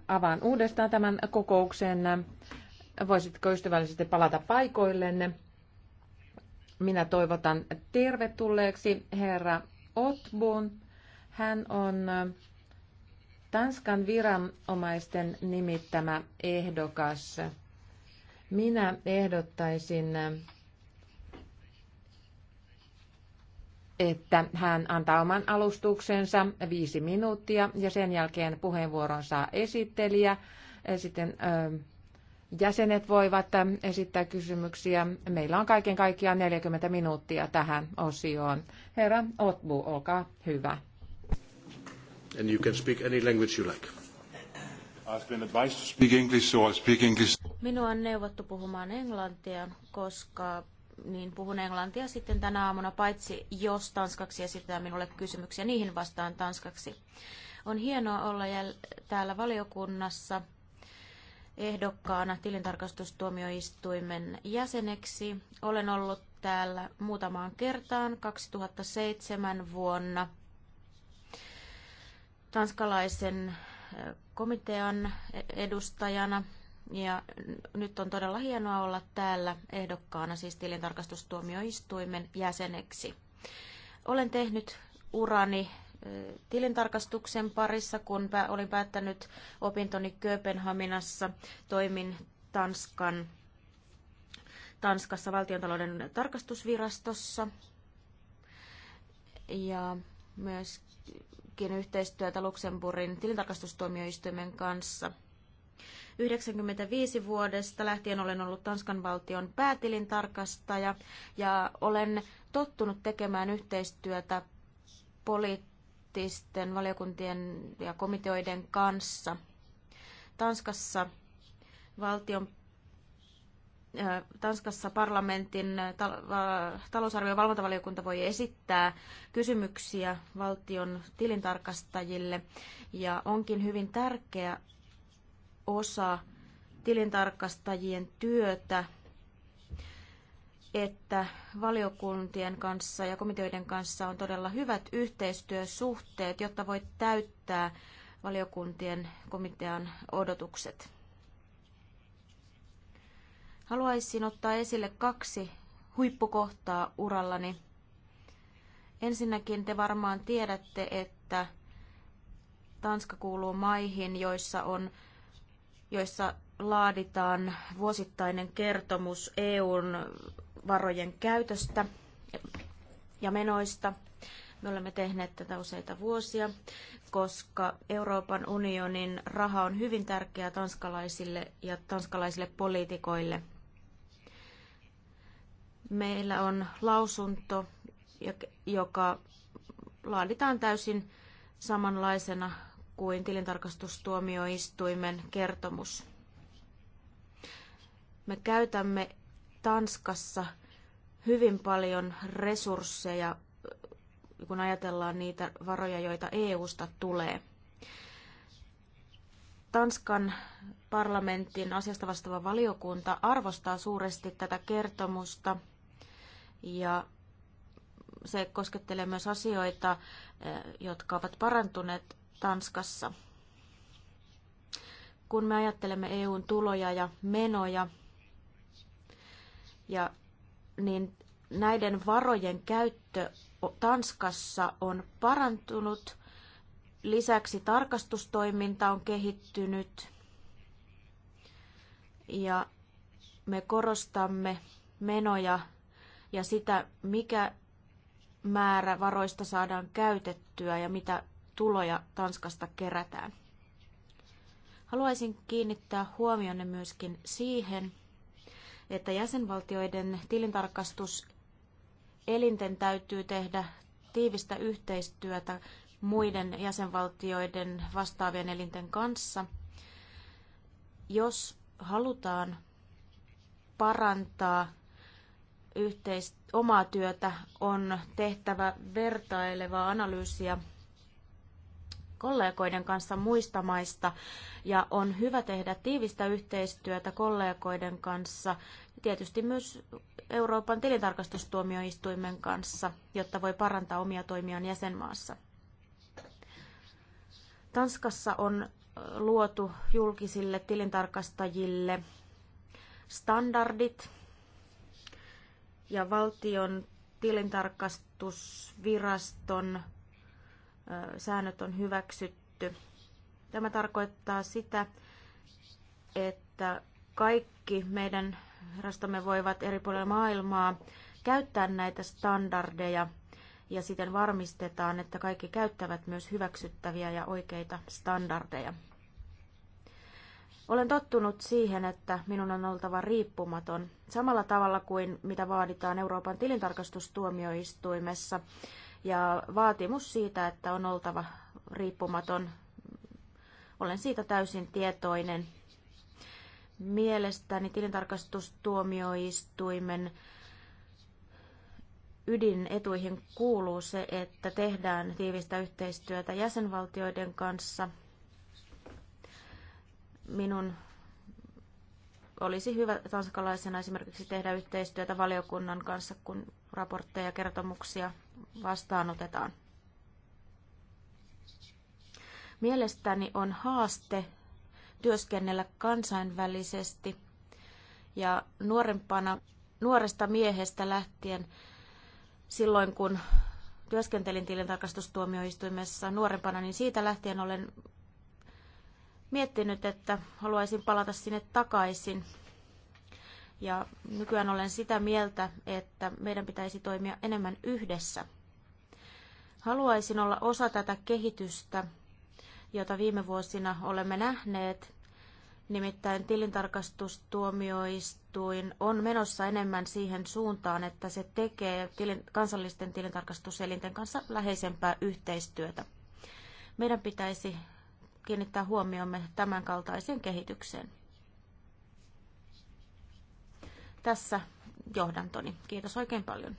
avaan uudestaan tämän kokouksen. Voisitko ystävällisesti palata paikoillenne? Minä toivotan tervetulleeksi herra Otbun. Hän on Tanskan viranomaisten nimittämä ehdokas. Minä ehdottaisin että hän antaa oman alustuksensa viisi minuuttia ja sen jälkeen puheenvuoron saa esittelijä. Sitten jäsenet voivat esittää kysymyksiä. Meillä on kaiken kaikkiaan 40 minuuttia tähän osioon. Herra Otbu, olkaa hyvä. And you can speak any language you like. I've been advised to speak English, so I speak English. Minua on neuvottu puhumaan englantia, koska niin puhun englantia sitten tänä aamuna, paitsi jos tanskaksi esitetään minulle kysymyksiä, niihin vastaan tanskaksi. On hienoa olla jäl- täällä valiokunnassa ehdokkaana tilintarkastustuomioistuimen jäseneksi. Olen ollut täällä muutamaan kertaan 2007 vuonna tanskalaisen eh, komitean e-, edustajana ja nyt on todella hienoa olla täällä ehdokkaana siis tilintarkastustuomioistuimen jäseneksi. Olen tehnyt urani eh, tilintarkastuksen parissa, kun olin päättänyt opintoni Kööpenhaminassa. Toimin Tanskan, Tanskassa valtiontalouden tarkastusvirastossa ja myöskin yhteistyötä Luxemburgin tilintarkastustuomioistuimen kanssa – 95 vuodesta lähtien olen ollut Tanskan valtion päätilintarkastaja ja olen tottunut tekemään yhteistyötä poliittisten valiokuntien ja komiteoiden kanssa. Tanskassa valtion äh, Tanskassa parlamentin ja valvontavaliokunta voi esittää kysymyksiä valtion tilintarkastajille ja onkin hyvin tärkeää, osa tilintarkastajien työtä, että valiokuntien kanssa ja komiteoiden kanssa on todella hyvät yhteistyösuhteet, jotta voi täyttää valiokuntien komitean odotukset. Haluaisin ottaa esille kaksi huippukohtaa urallani. Ensinnäkin te varmaan tiedätte, että Tanska kuuluu maihin, joissa on joissa laaditaan vuosittainen kertomus EUn varojen käytöstä ja menoista. Me olemme tehneet tätä useita vuosia, koska Euroopan unionin raha on hyvin tärkeää tanskalaisille ja tanskalaisille poliitikoille. Meillä on lausunto, joka laaditaan täysin samanlaisena kuin tilintarkastustuomioistuimen kertomus. Me käytämme Tanskassa hyvin paljon resursseja, kun ajatellaan niitä varoja, joita EUsta tulee. Tanskan parlamentin asiasta vastaava valiokunta arvostaa suuresti tätä kertomusta ja se koskettelee myös asioita, eh, jotka ovat parantuneet Tanskassa. Kun me ajattelemme EUn tuloja ja menoja, ja, niin näiden varojen käyttö Tanskassa on parantunut. Lisäksi tarkastustoiminta on kehittynyt. Ja me korostamme menoja ja sitä, mikä määrä varoista saadaan käytettyä ja mitä tuloja Tanskasta kerätään. Haluaisin kiinnittää huomionne myöskin siihen, että jäsenvaltioiden tilintarkastus elinten täytyy tehdä tiivistä yhteistyötä muiden jäsenvaltioiden vastaavien elinten kanssa, jos halutaan parantaa yhteist omaa työtä, on tehtävä vertailevaa analyysiä kollegoiden kanssa muista maista ja on hyvä tehdä tiivistä yhteistyötä kollegoiden kanssa, tietysti myös Euroopan tilintarkastustuomioistuimen kanssa, jotta voi parantaa omia toimiaan jäsenmaassa. Tanskassa on luotu julkisille tilintarkastajille standardit ja valtion tilintarkastusviraston säännöt on hyväksytty. Tämä tarkoittaa sitä, että kaikki meidän rastamme voivat eri puolilla maailmaa käyttää näitä standardeja ja siten varmistetaan, että kaikki käyttävät myös hyväksyttäviä ja oikeita standardeja. Olen tottunut siihen, että minun on oltava riippumaton samalla tavalla kuin mitä vaaditaan Euroopan tilintarkastustuomioistuimessa ja vaatimus siitä, että on oltava riippumaton, olen siitä täysin tietoinen. Mielestäni tilintarkastustuomioistuimen ydinetuihin kuuluu se, että tehdään tiivistä yhteistyötä jäsenvaltioiden kanssa. Minun olisi hyvä tanskalaisena esimerkiksi tehdä yhteistyötä valiokunnan kanssa, kun raportteja ja kertomuksia vastaanotetaan. Mielestäni on haaste työskennellä kansainvälisesti ja nuorempana, nuoresta miehestä lähtien silloin kun työskentelin tilintarkastustuomioistuimessa nuorempana, niin siitä lähtien olen miettinyt, että haluaisin palata sinne takaisin ja nykyään olen sitä mieltä, että meidän pitäisi toimia enemmän yhdessä. Haluaisin olla osa tätä kehitystä, jota viime vuosina olemme nähneet. Nimittäin tilintarkastustuomioistuin on menossa enemmän siihen suuntaan, että se tekee tilin, kansallisten tilintarkastuselinten kanssa läheisempää yhteistyötä. Meidän pitäisi kiinnittää huomiomme tämänkaltaiseen kehitykseen. Tässä johdantoni. Kiitos oikein paljon.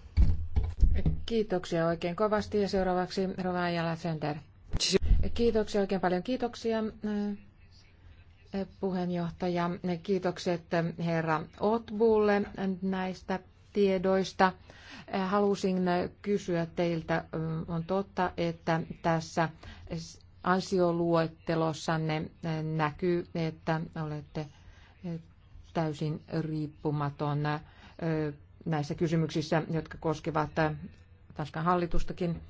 Kiitoksia oikein kovasti ja seuraavaksi Rova Center. Kiitoksia oikein paljon. Kiitoksia eh, puheenjohtaja. Kiitokset eh, herra Otbulle näistä tiedoista. Eh, halusin kysyä teiltä, on totta, että tässä ansioluettelossanne näkyy, että olette täysin riippumaton näissä kysymyksissä, jotka koskevat Tanskan hallitustakin.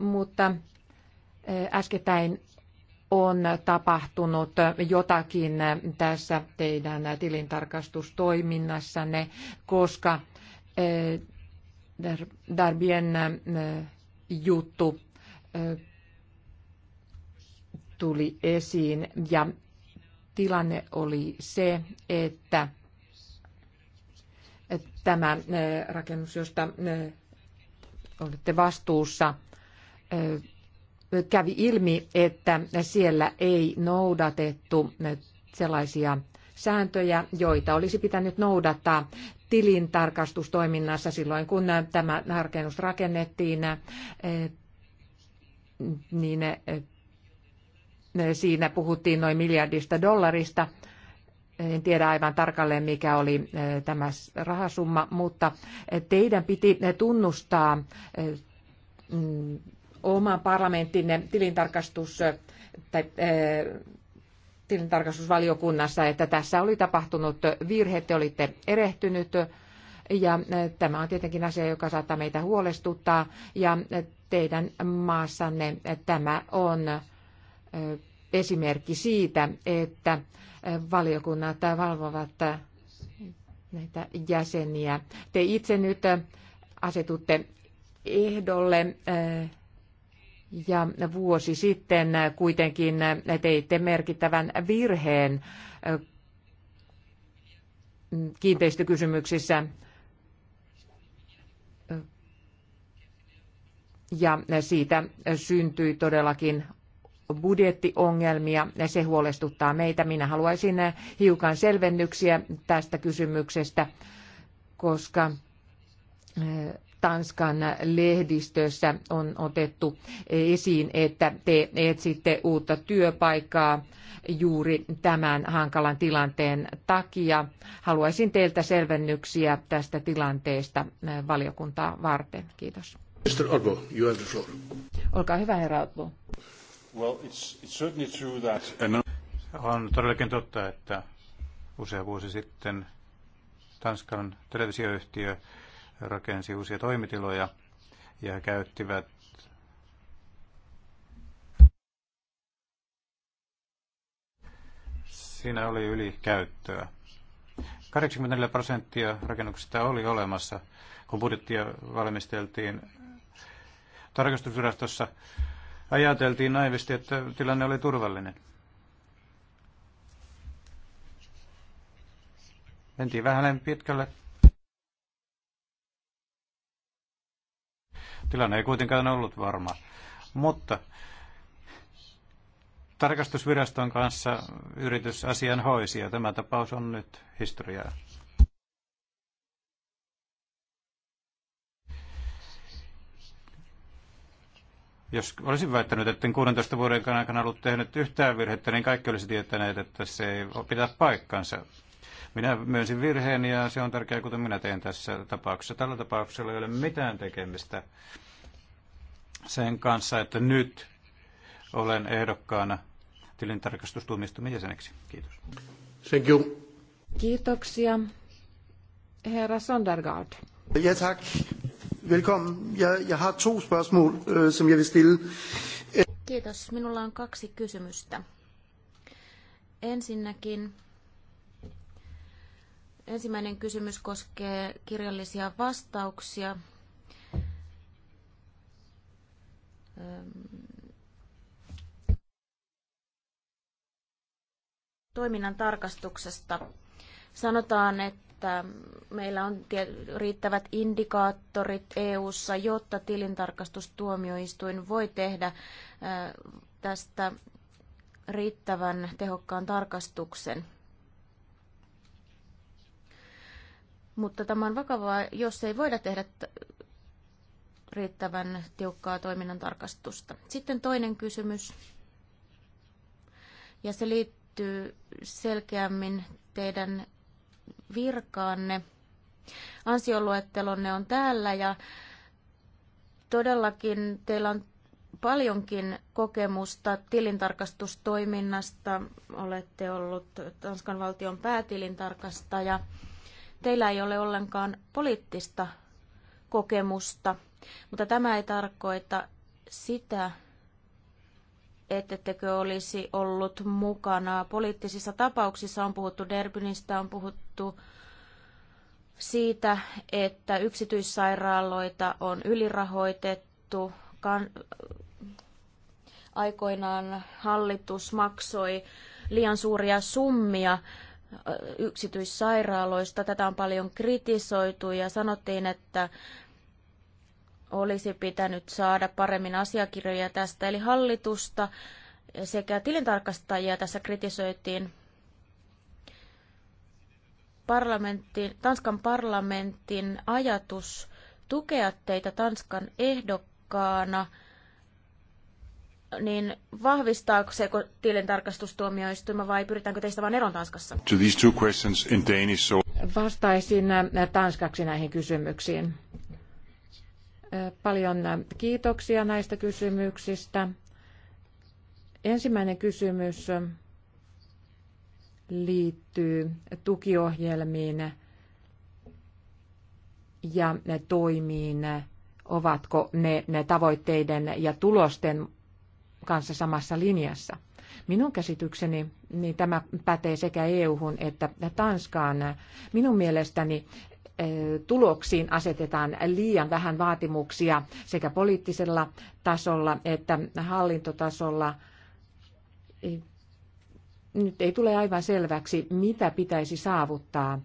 Mutta äskettäin on tapahtunut jotakin tässä teidän tilintarkastustoiminnassanne, koska Darbien juttu tuli esiin ja tilanne oli se, että tämä äh, rakennus, josta äh, olette vastuussa, äh, kävi ilmi, että siellä ei noudatettu sellaisia sääntöjä, joita olisi pitänyt noudattaa tilintarkastustoiminnassa silloin, kun tämä rakennus rakennettiin, niin Siinä puhuttiin noin miljardista dollarista. En tiedä aivan tarkalleen, mikä oli eh, tämä rahasumma, mutta eh, teidän piti eh, tunnustaa mm, oman parlamenttinne tilintarkastus tai tilintarkastusvaliokunnassa, että tässä oli tapahtunut virhe, te olitte erehtynyt ja tämä on tietenkin asia, joka saattaa meitä huolestuttaa ja teidän maassanne tämä on esimerkki siitä, että valiokunnat valvovat näitä jäseniä. Te itse nyt asetutte ehdolle ja vuosi sitten kuitenkin teitte merkittävän virheen kiinteistökysymyksissä. Ja siitä syntyi todellakin budjettiongelmia. Se huolestuttaa meitä. Minä haluaisin hiukan selvennyksiä tästä kysymyksestä, koska eh, Tanskan lehdistössä on otettu esiin, että te etsitte uutta työpaikkaa juuri tämän hankalan tilanteen takia. Haluaisin teiltä selvennyksiä tästä tilanteesta eh, valiokuntaa varten. Kiitos. Mr. Orbo, you have the floor. Olkaa hyvä, herra Orbo. Well, it's, it's certainly true that... On todellakin totta, että usea vuosi sitten Tanskan televisioyhtiö rakensi uusia toimitiloja ja käyttivät Siinä oli ylikäyttöä. 84 prosenttia rakennuksista oli olemassa, kun budjettia valmisteltiin tarkastusvirastossa ajateltiin naivisti, että tilanne oli turvallinen. Mentiin vähän pitkälle. Tilanne ei kuitenkaan ollut varma. Mutta tarkastusviraston kanssa yritys asian hoisi ja tämä tapaus on nyt historiaa. Jos olisin väittänyt, että 16 vuoden aikana ollut tehnyt yhtään virhettä, niin kaikki olisi tietäneet, että se ei pitää paikkansa. Minä myönsin virheen ja se on tärkeää, kuten minä teen tässä tapauksessa. Tällä tapauksella ei ole mitään tekemistä sen kanssa, että nyt olen ehdokkaana tilintarkastustuomioistuimen jäseneksi. Kiitos. Thank you. Kiitoksia. Herra Sondergaard. Ja, tack. Velkommen. Jeg, jeg har to spørgsmål, øh, som jeg vil stille. Kiitos. Minulla on kaksi kysymystä. Ensinnäkin ensimmäinen kysymys koskee kirjallisia vastauksia. Toiminnan tarkastuksesta. Sanotaan, että että meillä on riittävät indikaattorit EU:ssa, jotta tilintarkastustuomioistuin voi tehdä tästä riittävän tehokkaan tarkastuksen. Mutta tämä on vakavaa, jos ei voida tehdä riittävän tiukkaa toiminnan tarkastusta. Sitten toinen kysymys, ja se liittyy selkeämmin teidän virkaanne. Ansioluettelonne on täällä ja todellakin teillä on paljonkin kokemusta tilintarkastustoiminnasta. Olette ollut Tanskan valtion päätilintarkastaja. Teillä ei ole ollenkaan poliittista kokemusta, mutta tämä ei tarkoita sitä, ettekö olisi ollut mukana poliittisissa tapauksissa. On puhuttu Derbynistä, on puhuttu puhuttu siitä, että yksityissairaaloita on ylirahoitettu. aikoinaan hallitus maksoi liian suuria summia yksityissairaaloista. Tätä on paljon kritisoitu ja sanottiin, että olisi pitänyt saada paremmin asiakirjoja tästä. Eli hallitusta sekä tilintarkastajia tässä kritisoitiin parlamentin, Tanskan parlamentin ajatus tukea teitä Tanskan ehdokkaana, niin vahvistaako se tilintarkastustuomioistuima vai pyritäänkö teistä vain eron Tanskassa? To these two questions in Danish, so... Vastaisin äh, tanskaksi näihin kysymyksiin. Äh, paljon äh, kiitoksia näistä kysymyksistä. Ensimmäinen kysymys liittyy tukiohjelmiin ja ne toimiin, ovatko ne, ne tavoitteiden ja tulosten kanssa samassa linjassa. Minun käsitykseni niin tämä pätee sekä EU-hun että Tanskaan. Minun mielestäni e, tuloksiin asetetaan liian vähän vaatimuksia sekä poliittisella tasolla että hallintotasolla nyt ei tule aivan selväksi, mitä pitäisi saavuttaa,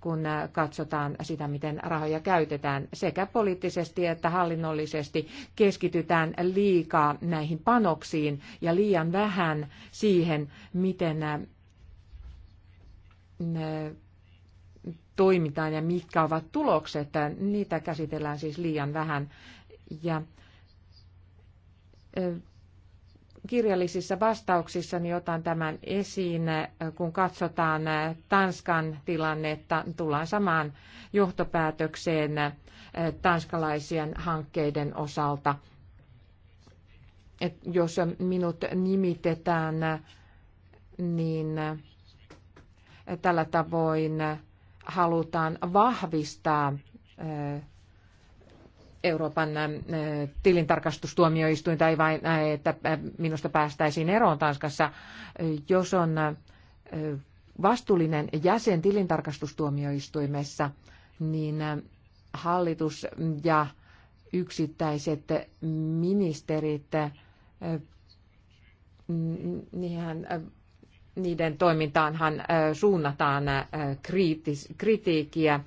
kun äh, katsotaan sitä, miten rahoja käytetään sekä poliittisesti että hallinnollisesti. Keskitytään liikaa näihin panoksiin ja liian vähän siihen, miten äh, toimitaan ja mitkä ovat tulokset. Niitä käsitellään siis liian vähän. Ja äh, kirjallisissa vastauksissani niin otan tämän esiin, kun katsotaan Tanskan tilannetta, tullaan samaan johtopäätökseen eh, tanskalaisien hankkeiden osalta. Et jos minut nimitetään, niin eh, tällä tavoin eh, halutaan vahvistaa Euroopan tilintarkastustuomioistuinta, ei vain, että minusta päästäisiin eroon Tanskassa. Jos on vastuullinen jäsen tilintarkastustuomioistuimessa, niin hallitus ja yksittäiset ministerit, niinhän niiden toimintaanhan suunnataan kritiikkiä.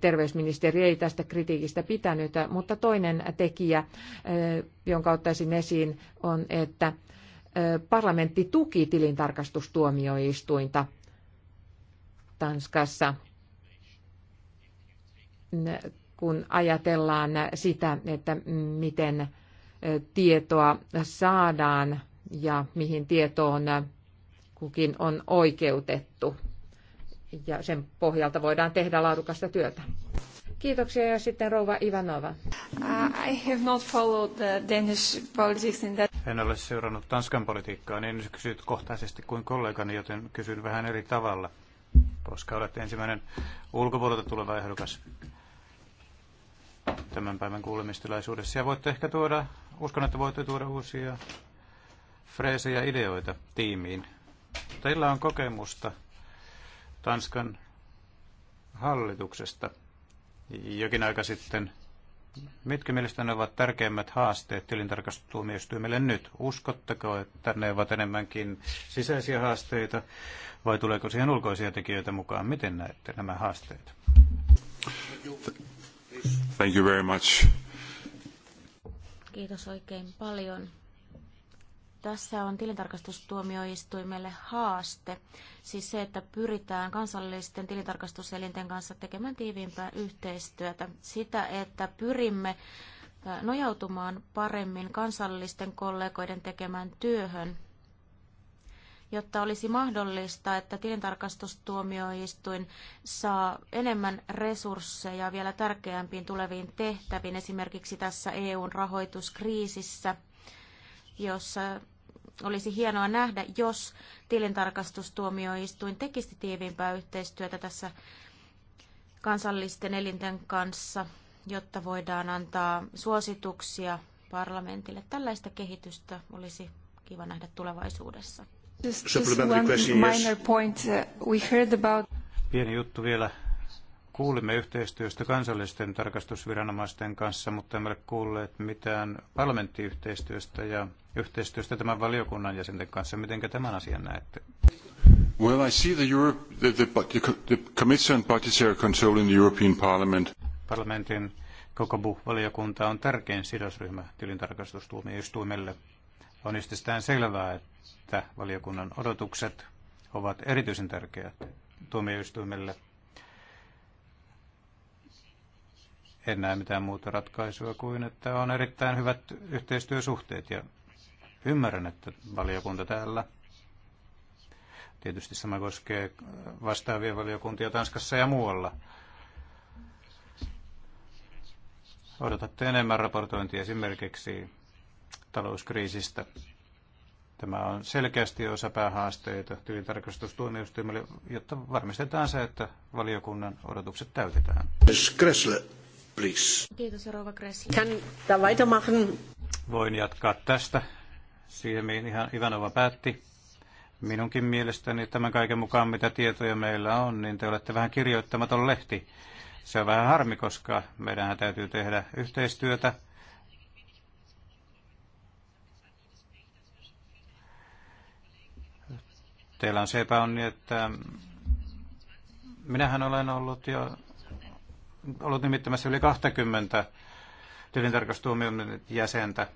Terveysministeri ei tästä kritiikistä pitänyt, mutta toinen tekijä, jonka ottaisin esiin, on, että parlamentti tuki tilintarkastustuomioistuinta Tanskassa, kun ajatellaan sitä, että miten tietoa saadaan ja mihin tietoon kukin on oikeutettu. Ja sen pohjalta voidaan tehdä laadukasta työtä. Kiitoksia ja sitten rouva Ivanova. Uh, I have not followed the Danish politics in that... En ole seurannut Tanskan politiikkaa niin kysyt kohtaisesti kuin kollegani, joten kysyn vähän eri tavalla, koska olet ensimmäinen ulkopuolelta tuleva ehdokas tämän päivän kuulemistilaisuudessa. Ja voitte ehkä tuoda, uskon, että voitte tuoda uusia freesejä ideoita tiimiin Teillä on kokemusta Tanskan hallituksesta jokin aika sitten. Mitkä mielestäni ovat tärkeimmät haasteet tilintarkastustuomioistuimelle nyt? Uskotteko, että ne ovat enemmänkin sisäisiä haasteita vai tuleeko siihen ulkoisia tekijöitä mukaan? Miten näette nämä haasteet? Thank you very much. Kiitos oikein paljon. Tässä on tilintarkastustuomioistuimelle haaste, siis se, että pyritään kansallisten tilintarkastuselinten kanssa tekemään tiiviimpää yhteistyötä. Sitä, että pyrimme nojautumaan paremmin kansallisten kollegoiden tekemään työhön, jotta olisi mahdollista, että tilintarkastustuomioistuin saa enemmän resursseja vielä tärkeämpiin tuleviin tehtäviin, esimerkiksi tässä EUn rahoituskriisissä – jossa olisi hienoa nähdä, jos tilintarkastustuomioistuin tekisi tiiviimpää yhteistyötä tässä kansallisten elinten kanssa, jotta voidaan antaa suosituksia parlamentille. Tällaista kehitystä olisi kiva nähdä tulevaisuudessa. Just, just one minor point. Uh, we heard about... Pieni juttu vielä Kuulimme yhteistyöstä kansallisten tarkastusviranomaisten kanssa, mutta emme ole kuulleet mitään parlamenttiyhteistyöstä ja yhteistyöstä tämän valiokunnan jäsenten kanssa. Miten tämän asian näette? Well, I see the, Europe, the, the, the Commission budgetary control in the European Parliament. Parlamentin koko valiokunta on tärkein sidosryhmä tilintarkastustuomioistuimelle. On itsestään selvää, että valiokunnan odotukset ovat erityisen tärkeät tuomioistuimelle – En näe mitään muuta ratkaisua kuin, että on erittäin hyvät yhteistyösuhteet ja ymmärrän, että valiokunta täällä Tietysti sama koskee vastaavia valiokuntia Tanskassa ja muualla. Odotatte enemmän raportointia esimerkiksi talouskriisistä. Tämä on selkeästi osa päähaasteita tilintarkastustuomioistuimelle, jotta varmistetaan se, että valiokunnan odotukset täytetään. Kressle please. Kiitos, Gressler. weitermachen. Voin jatkaa tästä. Siihen, mihin ihan Ivanova päätti. Minunkin mielestäni tämän kaiken mukaan, mitä tietoja meillä on, niin te olette vähän kirjoittamaton lehti. Se on vähän harmi, koska meidän täytyy tehdä yhteistyötä. Teillä on se epäonni, että minähän olen ollut jo ollut nimittämässä yli 20 tilintarkastustuomioiden jäsentä.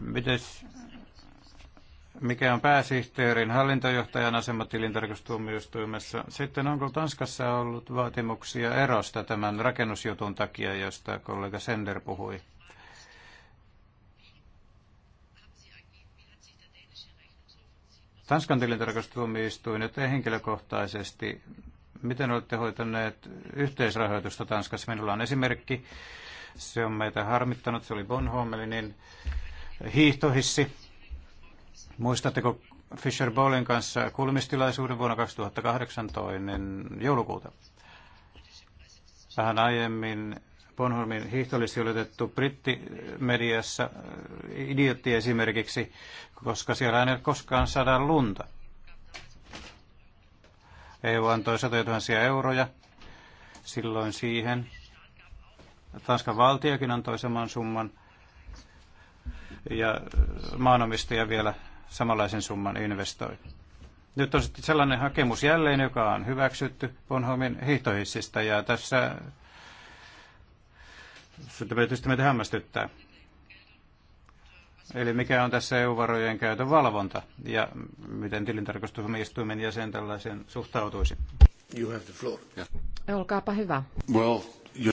Mites mikä on pääsihteerin hallintojohtajan asema tilintarkastustuomioistuimessa. Sitten onko Tanskassa ollut vaatimuksia erosta tämän rakennusjutun takia, josta kollega Sender puhui? Tanskan tilintarkastustuomioistuin, te henkilökohtaisesti, miten olette hoitaneet yhteisrahoitusta Tanskassa? Minulla on esimerkki. Se on meitä harmittanut, se oli Bonhomelinin hiihtohissi Muistatteko Fisher Bowlin kanssa kuulemistilaisuuden vuonna 2018 joulukuuta? Vähän aiemmin Bonholmin hiihtolisi oli otettu brittimediassa äh, idiotti esimerkiksi, koska siellä ei koskaan saada lunta. EU antoi satoja tuhansia euroja silloin siihen. Tanskan valtiokin antoi saman summan ja maanomistaja vielä samanlaisen summan investoi. Nyt on sitten sellainen hakemus jälleen, joka on hyväksytty Bonhomin hiihtohissistä ja tässä sitä tietysti meitä hämmästyttää. Eli mikä on tässä EU-varojen käytön valvonta ja miten tilintarkastusomistuimen jäsen tällaisen suhtautuisi? You have the floor. Yeah. Olkaapa hyvä. Well, you...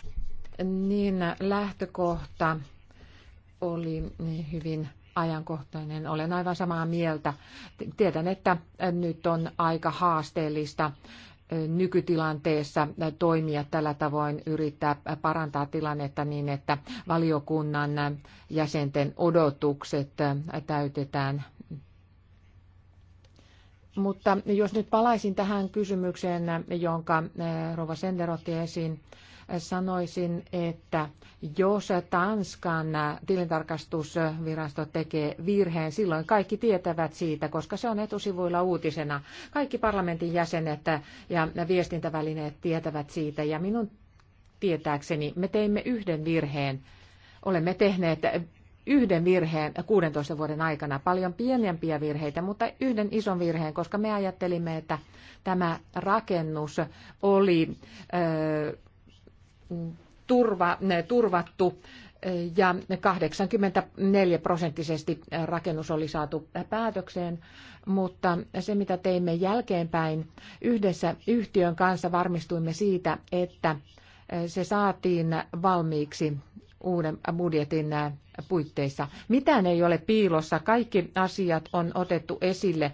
Niin lähtökohta oli hyvin ajankohtainen. Olen aivan samaa mieltä. Tiedän, että äh, nyt on aika haasteellista äh, nykytilanteessa äh, toimia tällä tavoin, yrittää parantaa tilannetta niin, että valiokunnan jäsenten odotukset täytetään. Mutta jos nyt palaisin tähän kysymykseen, jonka Rova Sender otti esiin, sanoisin, että jos Tanskan tilintarkastusvirasto tekee virheen, silloin kaikki tietävät siitä, koska se on etusivuilla uutisena. Kaikki parlamentin jäsenet ja viestintävälineet tietävät siitä ja minun tietääkseni me teimme yhden virheen. Olemme tehneet yhden virheen 16 vuoden aikana, paljon pienempiä virheitä, mutta yhden ison virheen, koska me ajattelimme, että tämä rakennus oli turva, turvattu eh, ja 84 prosenttisesti rakennus oli saatu päätökseen, mutta se mitä teimme jälkeenpäin yhdessä yhtiön kanssa varmistuimme siitä, että eh, se saatiin valmiiksi uuden budjetin eh, puitteissa. Mitään ei ole piilossa, kaikki asiat on otettu esille.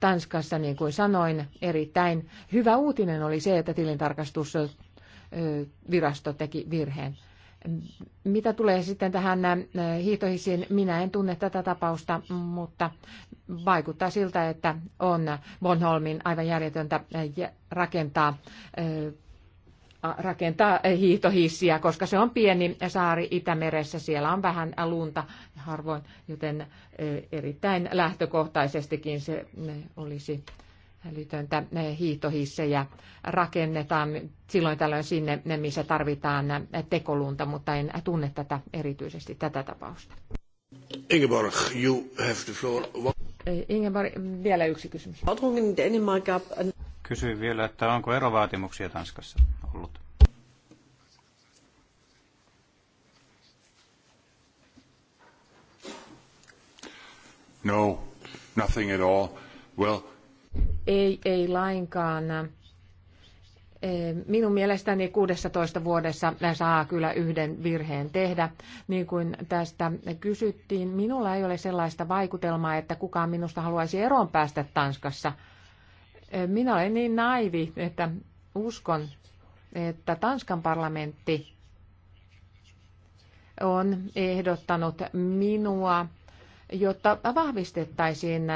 Tanskassa, niin kuin sanoin, erittäin hyvä uutinen oli se, että tilintarkastus virasto teki virheen. Mitä tulee sitten tähän hiihtohissiin, minä en tunne tätä tapausta, mutta vaikuttaa siltä, että on Bonholmin aivan järjetöntä rakentaa rakentaa hiihtohissiä, koska se on pieni saari Itämeressä. Siellä on vähän lunta harvoin, joten erittäin lähtökohtaisestikin se olisi älytöntä hiihtohissejä rakennetaan silloin tällöin sinne, missä tarvitaan tekolunta, mutta en tunne tätä erityisesti tätä tapausta. Ingeborg, you have the floor. Ingeborg, vielä yksi kysymys. Kysyin vielä, että onko erovaatimuksia Tanskassa ollut? No, nothing at all. Well, ei, ei lainkaan. Minun mielestäni 16 vuodessa saa kyllä yhden virheen tehdä. Niin kuin tästä kysyttiin, minulla ei ole sellaista vaikutelmaa, että kukaan minusta haluaisi eroon päästä Tanskassa. Minä olen niin naivi, että uskon, että Tanskan parlamentti on ehdottanut minua, jotta vahvistettaisiin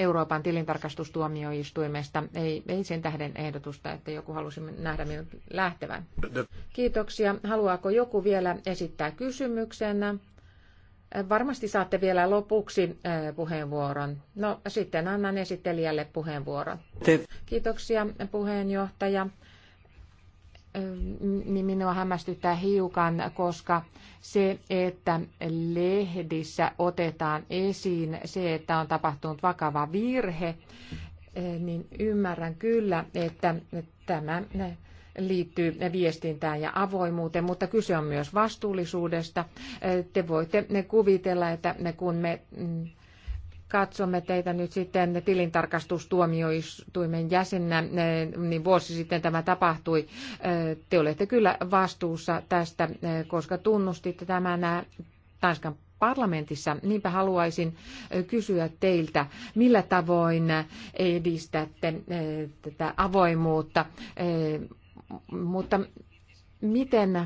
Euroopan tilintarkastustuomioistuimesta. Ei, ei sen tähden ehdotusta, että joku halusi nähdä minut lähtevän. Kiitoksia. Haluaako joku vielä esittää kysymyksen? Varmasti saatte vielä lopuksi eh, puheenvuoron. No sitten annan esittelijälle puheenvuoron. Kiitoksia puheenjohtaja niin minua hämmästyttää hiukan, koska se, että lehdissä otetaan esiin se, että on tapahtunut vakava virhe, niin ymmärrän kyllä, että tämä liittyy viestintään ja avoimuuteen, mutta kyse on myös vastuullisuudesta. Te voitte kuvitella, että kun me mm, katsomme teitä nyt sitten tilintarkastustuomioistuimen jäsenä, niin vuosi sitten tämä tapahtui. Te olette kyllä vastuussa tästä, koska tunnustitte tämän Tanskan parlamentissa. Niinpä haluaisin kysyä teiltä, millä tavoin edistätte tätä avoimuutta, mutta miten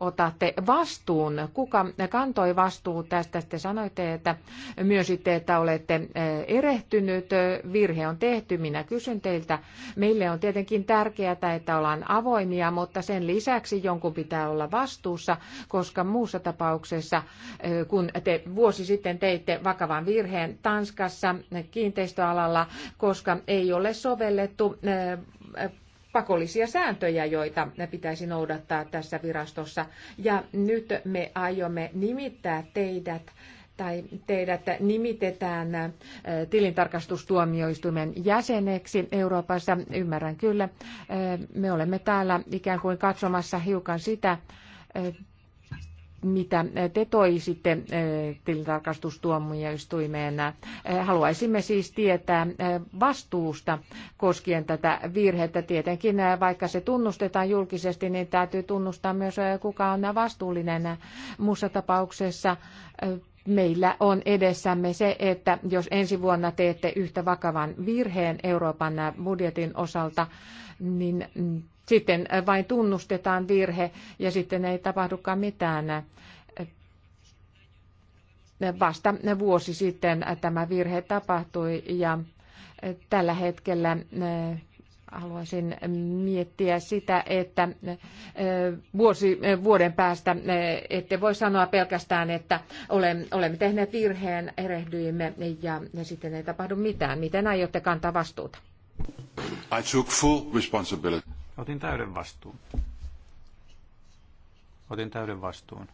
otatte vastuun? Kuka kantoi vastuun tästä? Te sanoitte, että myönsitte, että olette erehtynyt, virhe on tehty. Minä kysyn teiltä. Meille on tietenkin tärkeää, että ollaan avoimia, mutta sen lisäksi jonkun pitää olla vastuussa, koska muussa tapauksessa, kun te vuosi sitten teitte vakavan virheen Tanskassa kiinteistöalalla, koska ei ole sovellettu pakollisia sääntöjä, joita pitäisi noudattaa tässä virastossa. Ja nyt me aiomme nimittää teidät tai teidät nimitetään äh, tilintarkastustuomioistuimen jäseneksi Euroopassa. Ymmärrän kyllä. Äh, me olemme täällä ikään kuin katsomassa hiukan sitä, äh, mitä te toisitte eh, tilintarkastustuomioistuimeen. Eh, haluaisimme siis tietää eh, vastuusta koskien tätä virhettä. Tietenkin vaikka se tunnustetaan julkisesti, niin täytyy tunnustaa myös kuka on vastuullinen. Muussa tapauksessa meillä on edessämme se, että jos ensi vuonna teette yhtä vakavan virheen Euroopan budjetin osalta, niin sitten vain tunnustetaan virhe ja sitten ei tapahdukaan mitään. Vasta vuosi sitten tämä virhe tapahtui ja tällä hetkellä haluaisin miettiä sitä, että vuosi, vuoden päästä ette voi sanoa pelkästään, että olemme tehneet virheen, erehdyimme ja, sitten ei tapahdu mitään. Miten aiotte kantaa vastuuta? I took full responsibility. Otin täyden vastuun. Otin täyden vastuun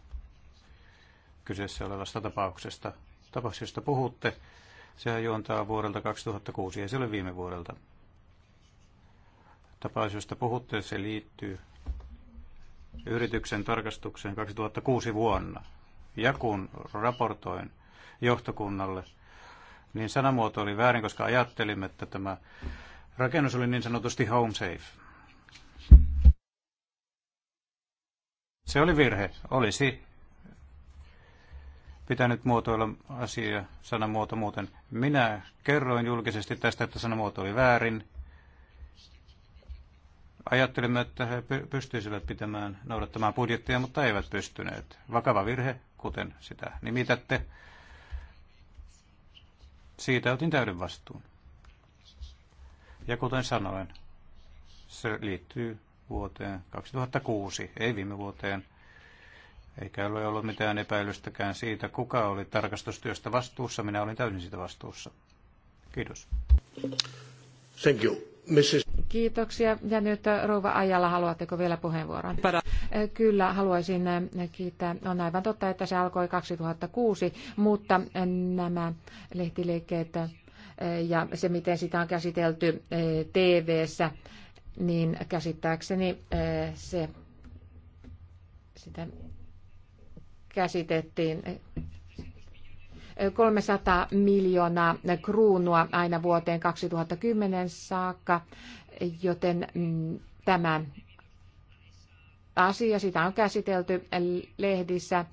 kyseessä olevasta tapauksesta. Tapauksesta puhutte. Sehän juontaa vuodelta 2006, ja se oli viime vuodelta. Tapaus, josta puhutte, se liittyy yrityksen tarkastukseen 2006 vuonna. Ja kun raportoin johtokunnalle, niin sanamuoto oli väärin, koska ajattelimme, että tämä rakennus oli niin sanotusti home safe. Se oli virhe. Olisi pitänyt muotoilla asia sanamuoto muuten. Minä kerroin julkisesti tästä, että sanamuoto oli väärin. Ajattelimme, että he pystyisivät pitämään, noudattamaan budjettia, mutta eivät pystyneet. Vakava virhe, kuten sitä nimitätte. Siitä otin täyden vastuun. Ja kuten sanoin, se liittyy vuoteen 2006, ei viime vuoteen. Eikä ole ollut mitään epäilystäkään siitä, kuka oli tarkastustyöstä vastuussa. Minä olin täysin siitä vastuussa. Kiitos. Thank you. Mrs. Kiitoksia. Ja nyt äh, Rouva Ajalla, haluatteko vielä puheenvuoron? Äh, kyllä, haluaisin äh, kiittää. On aivan totta, että se alkoi 2006, mutta nämä lehtiliikkeet ja se, miten sitä on käsitelty tv -ssä, niin käsittääkseni eh, se, sitä käsitettiin 300 eh, miljoonaa kruunua aina vuoteen 2010 saakka, joten mm, tämä asia, sitä on käsitelty lehdissä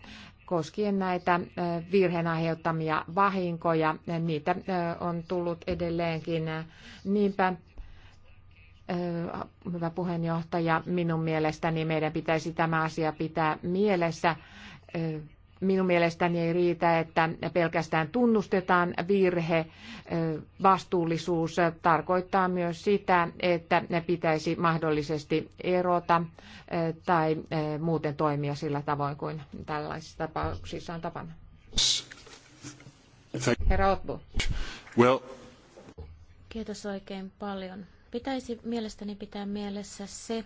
koskien näitä eh, virheen aiheuttamia vahinkoja. Niitä on tullut edelleenkin. Niinpä hyvä puheenjohtaja, minun mielestäni meidän pitäisi tämä asia pitää mielessä. Minun mielestäni ei riitä, että pelkästään tunnustetaan virhe. Vastuullisuus tarkoittaa myös sitä, että ne pitäisi mahdollisesti erota tai muuten toimia sillä tavoin kuin tällaisissa tapauksissa on tapana. Herra Otbu. Well. Kiitos oikein paljon Pitäisi mielestäni pitää mielessä se,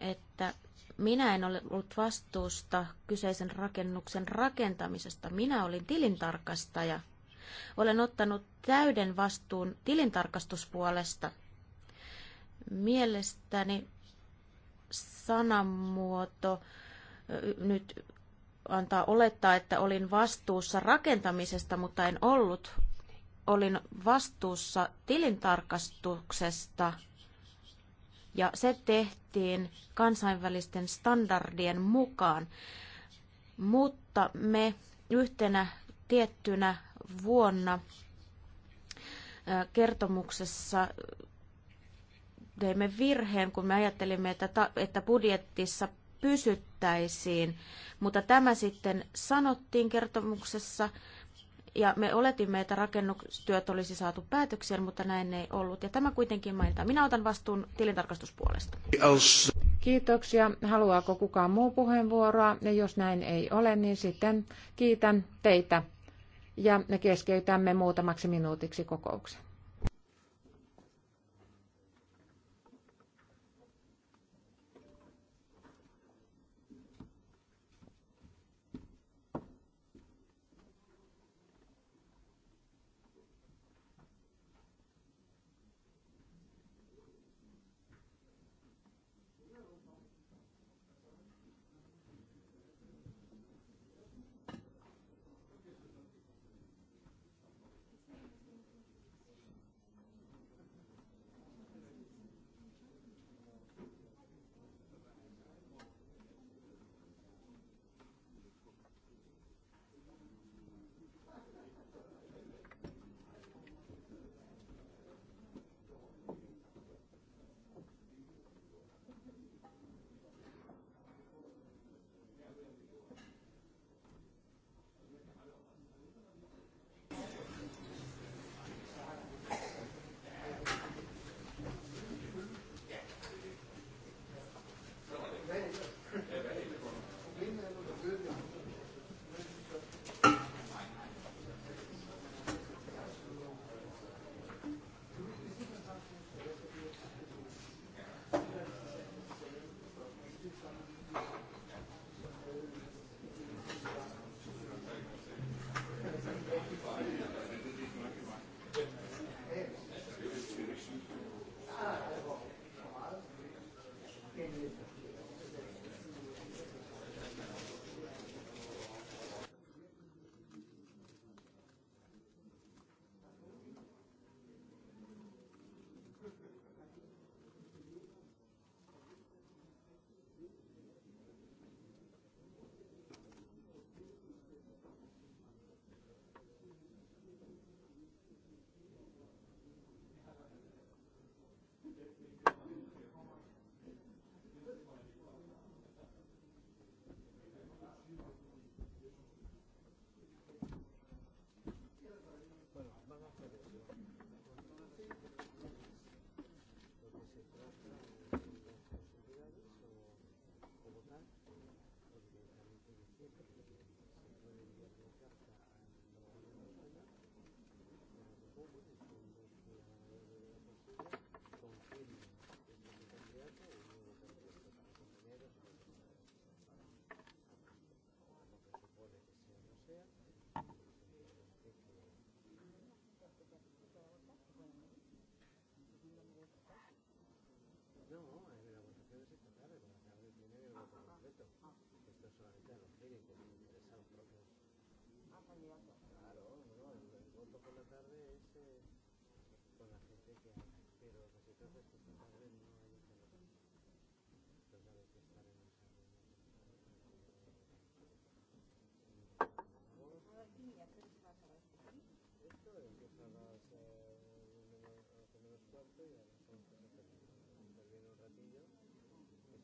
että minä en ole ollut vastuusta kyseisen rakennuksen rakentamisesta. Minä olin tilintarkastaja. Olen ottanut täyden vastuun tilintarkastuspuolesta. Mielestäni sanamuoto nyt antaa olettaa, että olin vastuussa rakentamisesta, mutta en ollut olin vastuussa tilintarkastuksesta ja se tehtiin kansainvälisten standardien mukaan, mutta me yhtenä tiettynä vuonna kertomuksessa teimme virheen, kun me ajattelimme, että, ta, että budjettissa pysyttäisiin, mutta tämä sitten sanottiin kertomuksessa ja me oletimme, että rakennustyöt olisi saatu päätökseen, mutta näin ei ollut. Ja tämä kuitenkin mainitaan. Minä otan vastuun tilintarkastuspuolesta. Kiitoksia. Haluaako kukaan muu puheenvuoroa? Ja jos näin ei ole, niin sitten kiitän teitä ja me keskeytämme muutamaksi minuutiksi kokouksen.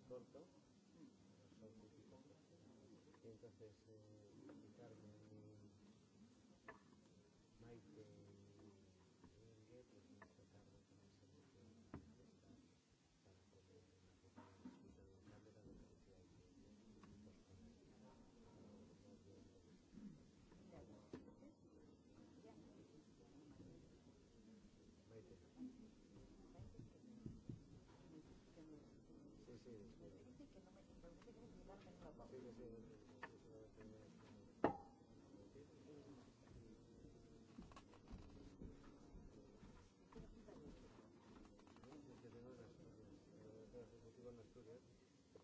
corto. Y entonces, eh, Carmen y eh, Maite.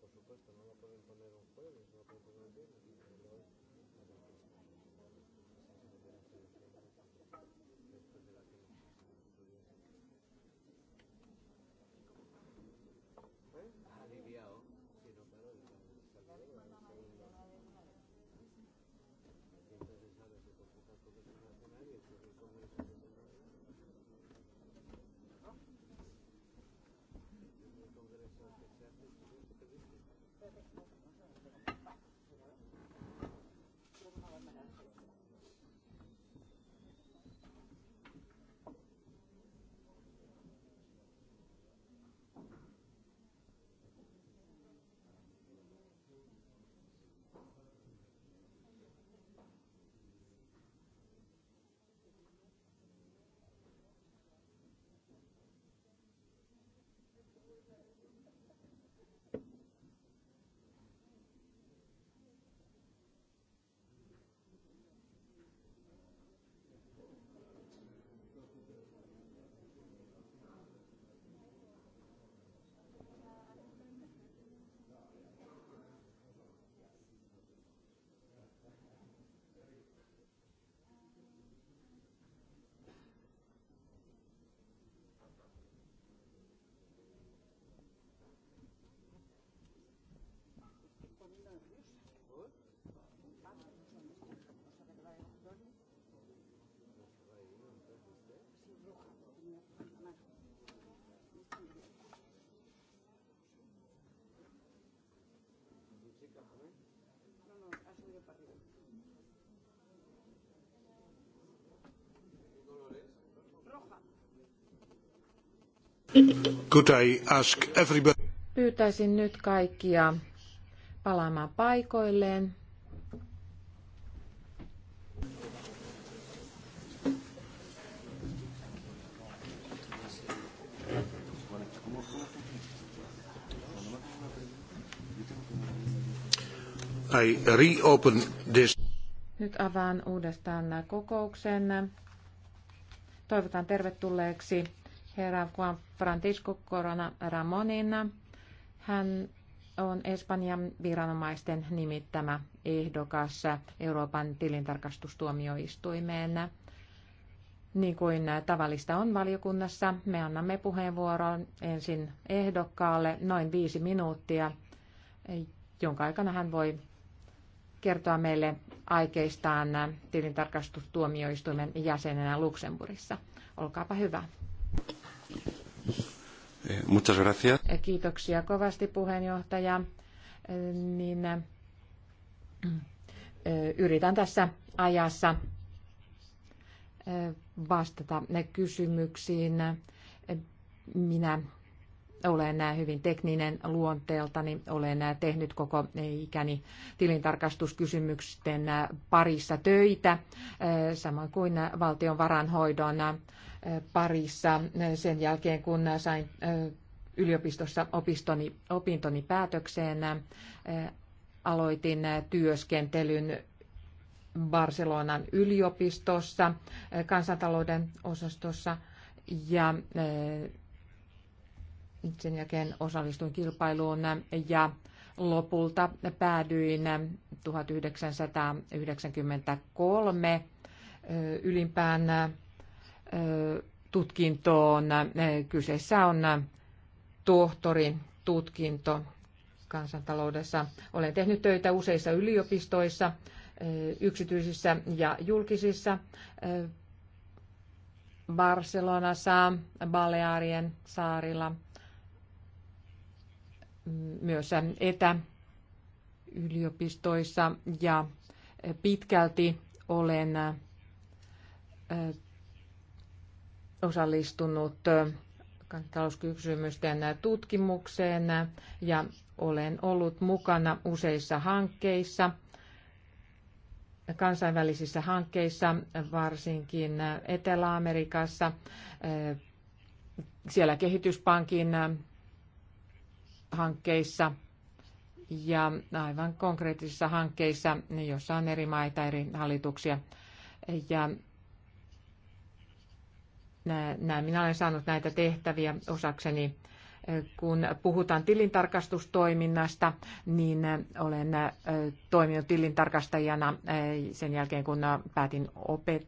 supuesto, no lo pueden poner un jueves, no lo pueden poner un viernes. Could I ask everybody? Pyytäisin nyt kaikkia palaamaan paikoilleen. I reopen this. Nyt avaan uudestaan kokouksen. Toivotan tervetulleeksi herra Juan Francisco Corona Ramonina. Hän on Espanjan viranomaisten nimittämä ehdokas Euroopan tilintarkastustuomioistuimeen. Niin kuin tavallista on valiokunnassa, me annamme puheenvuoron ensin ehdokkaalle noin viisi minuuttia, jonka aikana hän voi kertoa meille aikeistaan tilintarkastustuomioistuimen jäsenenä Luxemburgissa. Olkaapa hyvä. Muchas gracias. Kiitoksia kovasti puheenjohtaja. Niin, yritän tässä ajassa eh, vastata ne kysymyksiin. Minä olen hyvin tekninen luonteeltani, olen tehnyt koko ikäni tilintarkastuskysymysten parissa töitä, samoin kuin valtion varanhoidon parissa sen jälkeen, kun sain yliopistossa opistoni, opintoni päätökseen. Aloitin työskentelyn Barcelonan yliopistossa kansantalouden osastossa ja sen jälkeen osallistuin kilpailuun ja lopulta päädyin 1993 ylimpään tutkintoon. Kyseessä on tohtorin tutkinto kansantaloudessa. Olen tehnyt töitä useissa yliopistoissa, yksityisissä ja julkisissa. Barcelonassa, Balearien saarilla, myös etäyliopistoissa ja pitkälti olen osallistunut talouskysymysten tutkimukseen ja olen ollut mukana useissa hankkeissa, kansainvälisissä hankkeissa, varsinkin Etelä-Amerikassa. Siellä kehityspankin hankkeissa ja aivan konkreettisissa hankkeissa, joissa on eri maita, eri hallituksia. Ja näin minä olen saanut näitä tehtäviä osakseni. Kun puhutaan tilintarkastustoiminnasta, niin olen toiminut tilintarkastajana sen jälkeen, kun päätin opet-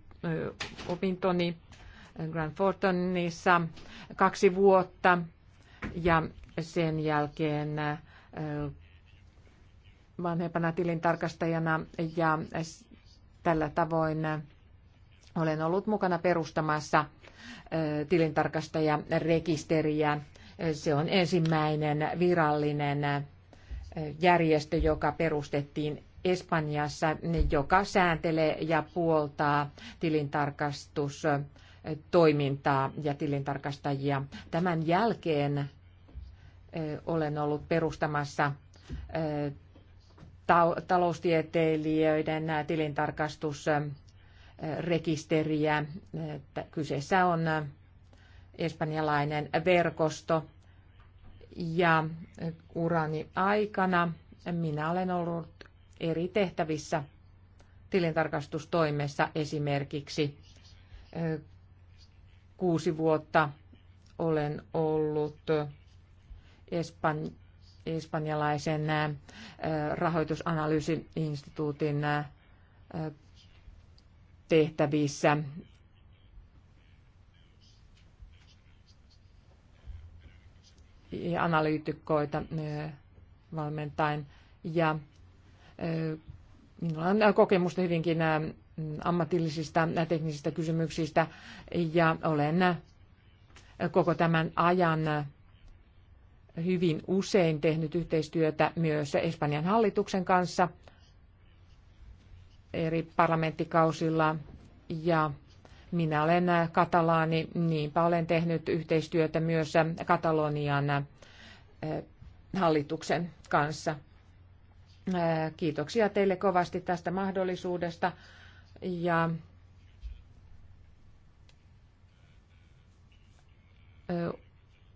opintoni Grand Fortonissa kaksi vuotta. Ja sen jälkeen vanhempana tilintarkastajana ja tällä tavoin olen ollut mukana perustamassa tilintarkastajarekisteriä. Se on ensimmäinen virallinen järjestö, joka perustettiin Espanjassa, joka sääntelee ja puoltaa tilintarkastustoimintaa ja tilintarkastajia. Tämän jälkeen olen ollut perustamassa taloustieteilijöiden tilintarkastusrekisteriä. Kyseessä on espanjalainen verkosto. Ja urani aikana minä olen ollut eri tehtävissä tilintarkastustoimessa esimerkiksi kuusi vuotta olen ollut Espan, espanjalaisen rahoitusanalyysiinstituutin tehtävissä. analyytikkoita valmentain. Ja minulla on kokemusta hyvinkin ammatillisista teknisistä kysymyksistä ja olen koko tämän ajan hyvin usein tehnyt yhteistyötä myös Espanjan hallituksen kanssa eri parlamenttikausilla ja minä olen katalaani, niinpä olen tehnyt yhteistyötä myös Katalonian hallituksen kanssa. Kiitoksia teille kovasti tästä mahdollisuudesta ja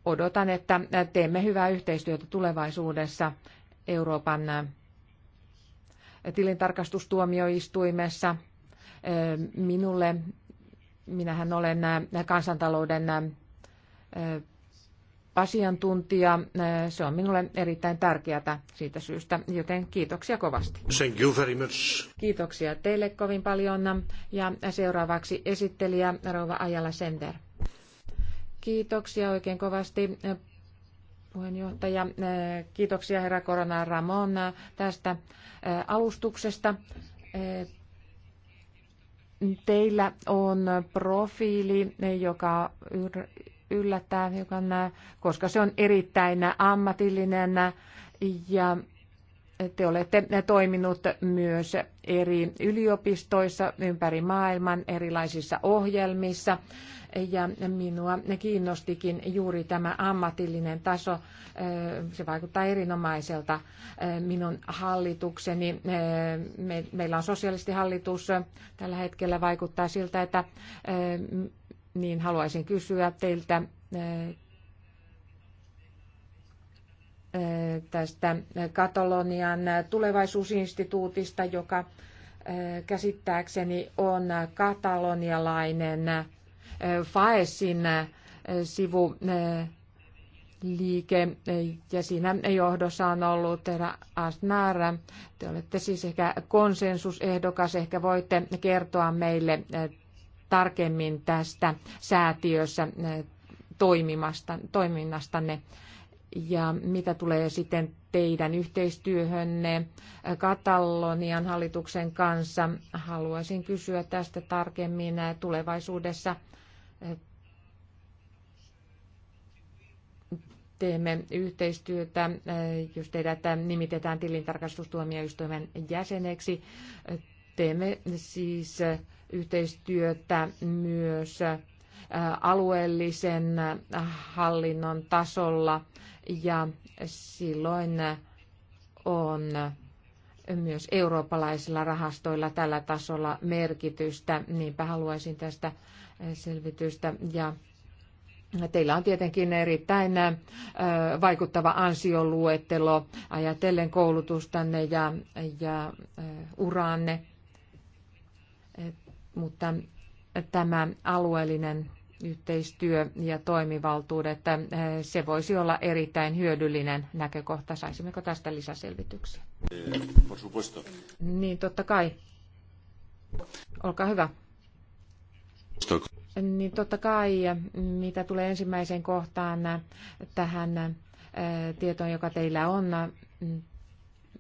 odotan, että teemme hyvää yhteistyötä tulevaisuudessa Euroopan tilintarkastustuomioistuimessa. Minulle, minähän olen kansantalouden asiantuntija. Se on minulle erittäin tärkeää siitä syystä, joten kiitoksia kovasti. Thank you very much. Kiitoksia teille kovin paljon. Ja seuraavaksi esittelijä Rouva Ajala Sender. Kiitoksia oikein kovasti eh, puheenjohtaja. Eh, kiitoksia herra Korona Ramon eh, tästä alustuksesta. Teillä on profiili, joka yllättää koska se on erittäin ammatillinen ja te olette toiminut myös eri yliopistoissa ympäri maailman erilaisissa ohjelmissa ja minua kiinnostikin juuri tämä ammatillinen taso. Se vaikuttaa erinomaiselta minun hallitukseni. Meillä on hallitus. tällä hetkellä vaikuttaa siltä, että niin haluaisin kysyä teiltä tästä Katalonian tulevaisuusinstituutista, joka käsittääkseni on katalonialainen FAESin sivuliike, ja siinä johdossa on ollut Tera Te olette siis ehkä konsensusehdokas, ehkä voitte kertoa meille tarkemmin tästä säätiössä toimimasta, toiminnastanne. Ja mitä tulee sitten teidän yhteistyöhönne Katalonian hallituksen kanssa, haluaisin kysyä tästä tarkemmin tulevaisuudessa. Teemme yhteistyötä, jos teidät nimitetään tilintarkastustuomioistuimen jäseneksi. Teemme siis yhteistyötä myös alueellisen hallinnon tasolla ja silloin on myös eurooppalaisilla rahastoilla tällä tasolla merkitystä. Niinpä haluaisin tästä selvitystä ja Teillä on tietenkin erittäin vaikuttava ansioluettelo ajatellen koulutustanne ja, ja uraanne, mutta tämä alueellinen yhteistyö ja toimivaltuudet. Äh, se voisi olla erittäin hyödyllinen näkökohta. Saisimmeko tästä lisäselvityksiä? Por supuesto. Niin, totta kai. Olkaa hyvä. Niin totta kai, mitä tulee ensimmäiseen kohtaan äh, tähän äh, tietoon, joka teillä on,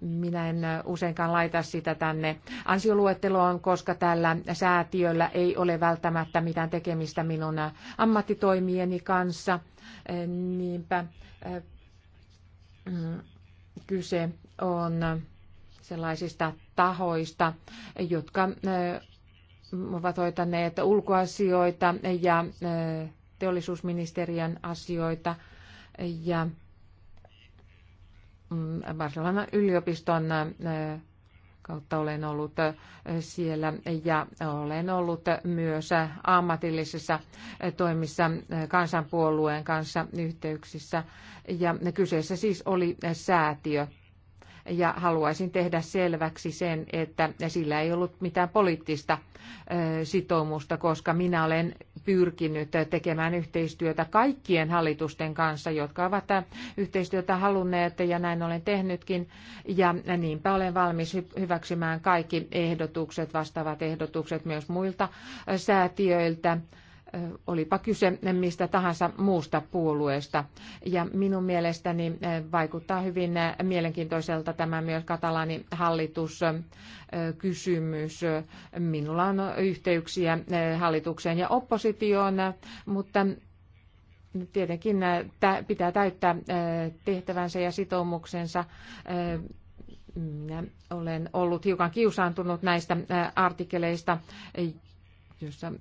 minä en useinkaan laita sitä tänne ansioluetteloon, koska tällä säätiöllä ei ole välttämättä mitään tekemistä minun ammattitoimieni kanssa. Niinpä mm, kyse on sellaisista tahoista, jotka ovat hoitaneet ulkoasioita ja teollisuusministeriön asioita. Ja Mm, Barcelonan yliopiston eh, kautta olen ollut eh, siellä ja olen ollut myös eh, ammatillisissa toimissa kansanpuolueen kanssa yhteyksissä. Ja kyseessä siis oli säätiö ja haluaisin tehdä selväksi sen, että sillä ei ollut mitään poliittista sitoumusta, koska minä olen pyrkinyt tekemään yhteistyötä kaikkien hallitusten kanssa, jotka ovat yhteistyötä halunneet ja näin olen tehnytkin. Ja niinpä olen valmis hyväksymään kaikki ehdotukset, vastaavat ehdotukset myös muilta säätiöiltä olipa kyse mistä tahansa muusta puolueesta. Ja minun mielestäni vaikuttaa hyvin mielenkiintoiselta tämä myös katalani hallituskysymys. Minulla on yhteyksiä hallitukseen ja oppositioon, mutta tietenkin pitää täyttää tehtävänsä ja sitoumuksensa minä olen ollut hiukan kiusaantunut näistä artikkeleista, joissa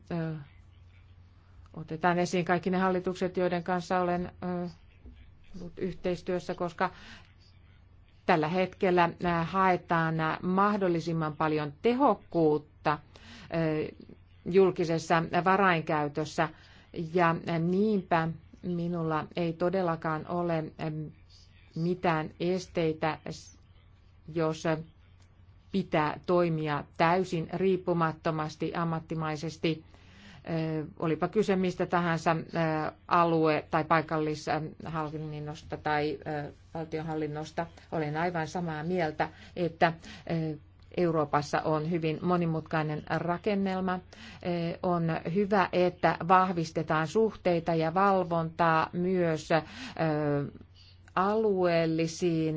otetaan esiin kaikki ne hallitukset, joiden kanssa olen ollut yhteistyössä, koska tällä hetkellä haetaan mahdollisimman paljon tehokkuutta julkisessa varainkäytössä ja niinpä minulla ei todellakaan ole mitään esteitä, jos pitää toimia täysin riippumattomasti, ammattimaisesti olipa kyse mistä tahansa alue- tai paikallishallinnosta tai valtionhallinnosta. Olen aivan samaa mieltä, että Euroopassa on hyvin monimutkainen rakennelma. On hyvä, että vahvistetaan suhteita ja valvontaa myös alueellisiin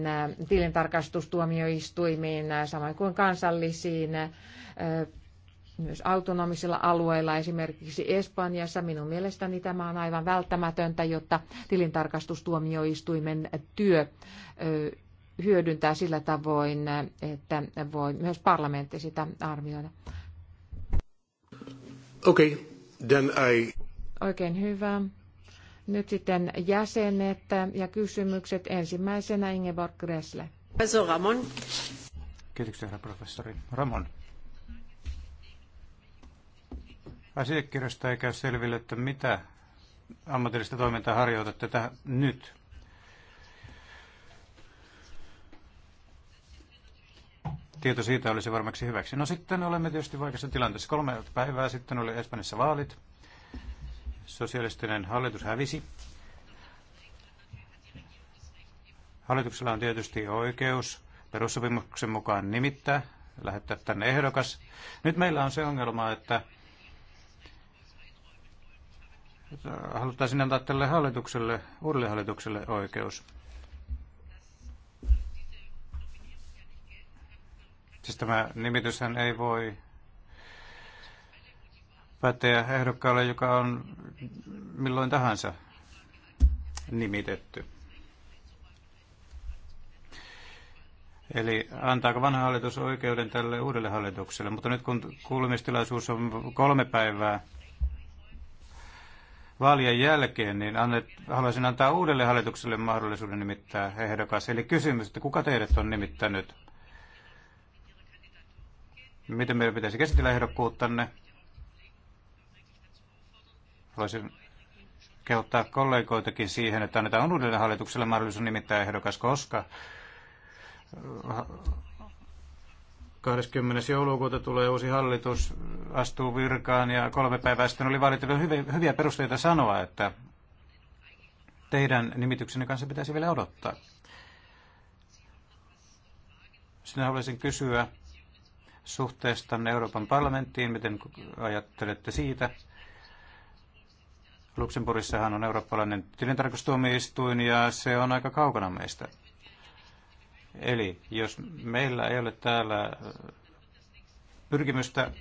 tilintarkastustuomioistuimiin, samoin kuin kansallisiin myös autonomisilla alueilla, esimerkiksi Espanjassa. Minun mielestäni tämä on aivan välttämätöntä, jotta tilintarkastustuomioistuimen työ hyödyntää sillä tavoin, että voi myös parlamentti sitä arvioida. Okay, then I... Oikein hyvä. Nyt sitten jäsenet ja kysymykset. Ensimmäisenä Ingeborg Gressle. Professor Ramon. Kiitoksia, herra professori Ramon. asiakirjasta ei käy selville, että mitä ammatillista toimintaa harjoitatte tähän nyt. Tieto siitä olisi varmaksi hyväksi. No sitten olemme tietysti vaikeassa tilanteessa. Kolme päivää sitten oli Espanjassa vaalit. Sosialistinen hallitus hävisi. Hallituksella on tietysti oikeus perussopimuksen mukaan nimittää, lähettää tänne ehdokas. Nyt meillä on se ongelma, että haluttaisiin antaa tälle hallitukselle, uudelle hallitukselle oikeus. Siis tämä nimityshän ei voi päteä ehdokkaalle, joka on milloin tahansa nimitetty. Eli antaako vanha hallitus oikeuden tälle uudelle hallitukselle? Mutta nyt kun kuulumistilaisuus on kolme päivää vaalien jälkeen, niin annet, haluaisin antaa uudelle hallitukselle mahdollisuuden nimittää ehdokas. Eli kysymys, että kuka teidät on nimittänyt? Miten meidän pitäisi käsitellä ehdokkuuttanne? Haluaisin kehottaa kollegoitakin siihen, että annetaan uudelle hallitukselle mahdollisuus nimittää ehdokas, koska 20. joulukuuta tulee uusi hallitus, astuu virkaan ja kolme päivää sitten oli valittu hyviä, hyviä perusteita sanoa, että teidän nimityksenne kanssa pitäisi vielä odottaa. Sinä haluaisin kysyä suhteesta Euroopan parlamenttiin, miten ajattelette siitä? Luxemburgissahan on eurooppalainen tilintarkastuomioistuin ja se on aika kaukana meistä. Eli jos meillä ei ole täällä äh, pyrkimystä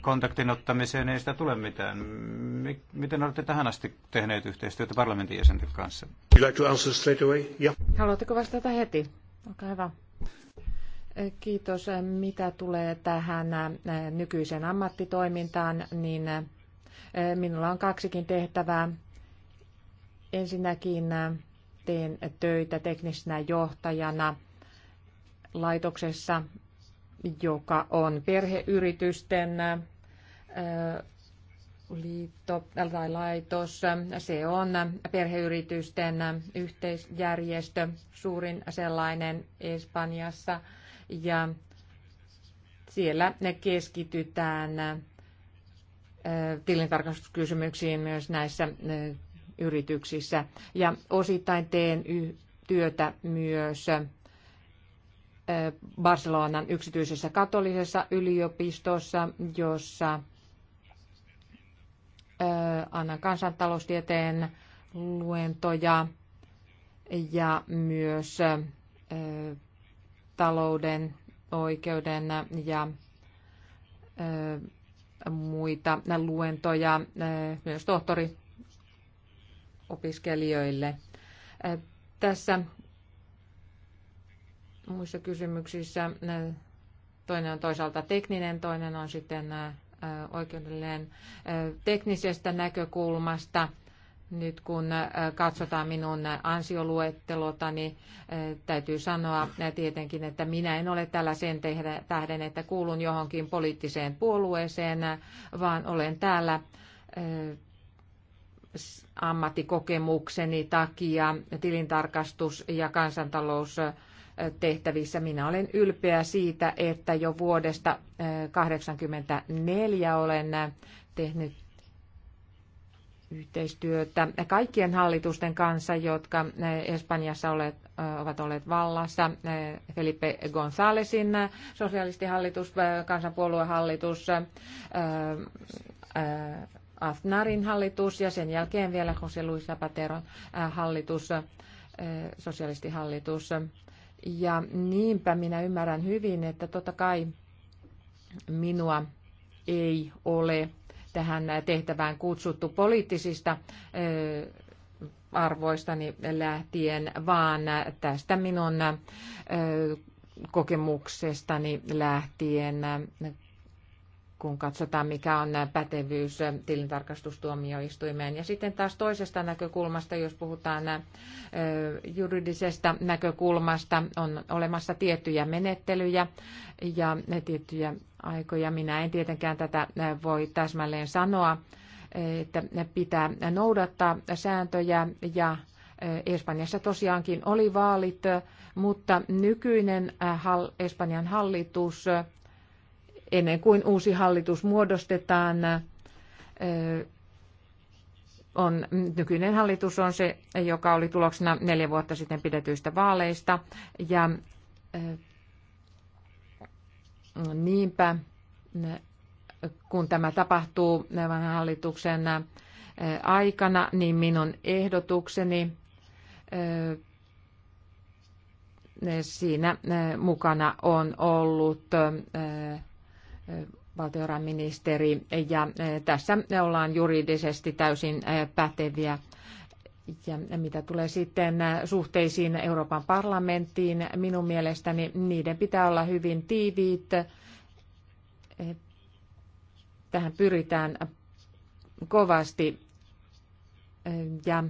kontaktin ottamiseen, ei sitä tule mitään. Miten olette tähän asti tehneet yhteistyötä parlamentin jäsenten kanssa? Haluatteko vastata heti? Olkaa hyvä. Äh, kiitos. Äh, mitä tulee tähän nykyiseen ammattitoimintaan, niin minulla on kaksikin tehtävää. Ensinnäkin teen töitä teknisenä johtajana laitoksessa, joka on perheyritysten liitto tai laitos. Se on perheyritysten yhteisjärjestö, suurin sellainen Espanjassa. Ja siellä ne keskitytään tilintarkastuskysymyksiin myös näissä yrityksissä. Ja osittain teen työtä myös Barcelonan yksityisessä katolisessa yliopistossa, jossa annan kansantaloustieteen luentoja ja myös talouden, oikeuden ja muita luentoja, myös tohtori opiskelijoille. Tässä muissa kysymyksissä toinen on toisaalta tekninen, toinen on sitten oikeudellinen teknisestä näkökulmasta. Nyt kun katsotaan minun ansioluettelotani, täytyy sanoa tietenkin, että minä en ole tällä sen tähden, että kuulun johonkin poliittiseen puolueeseen, vaan olen täällä ammattikokemukseni takia tilintarkastus- ja kansantalous tehtävissä. Minä olen ylpeä siitä, että jo vuodesta 1984 eh, olen eh, tehnyt yhteistyötä kaikkien hallitusten kanssa, jotka eh, Espanjassa olet, ovat olleet vallassa. Felipe Gonzálezin sosialistihallitus, kansanpuoluehallitus, Aftnarin hallitus ja sen jälkeen vielä Jose Luis Zapateron äh, hallitus, äh, sosialistihallitus. Ja niinpä minä ymmärrän hyvin, että totta kai minua ei ole tähän tehtävään kutsuttu poliittisista äh, arvoistani lähtien, vaan tästä minun kokemuksestani lähtien kun katsotaan, mikä on pätevyys tilintarkastustuomioistuimeen. Ja sitten taas toisesta näkökulmasta, jos puhutaan juridisesta näkökulmasta, on olemassa tiettyjä menettelyjä ja tiettyjä aikoja. Minä en tietenkään tätä voi täsmälleen sanoa, että pitää noudattaa sääntöjä ja Espanjassa tosiaankin oli vaalit, mutta nykyinen äh, Espanjan hallitus ennen kuin uusi hallitus muodostetaan. On, nykyinen hallitus on se, joka oli tuloksena neljä vuotta sitten pidetyistä vaaleista. Ja niinpä, kun tämä tapahtuu vanhan hallituksen aikana, niin minun ehdotukseni siinä mukana on ollut valtiovarainministeri, ja e, tässä ollaan juridisesti täysin e, päteviä. Ja mitä tulee sitten suhteisiin Euroopan parlamenttiin, minun mielestäni niiden pitää olla hyvin tiiviit. E, tähän pyritään kovasti. Ja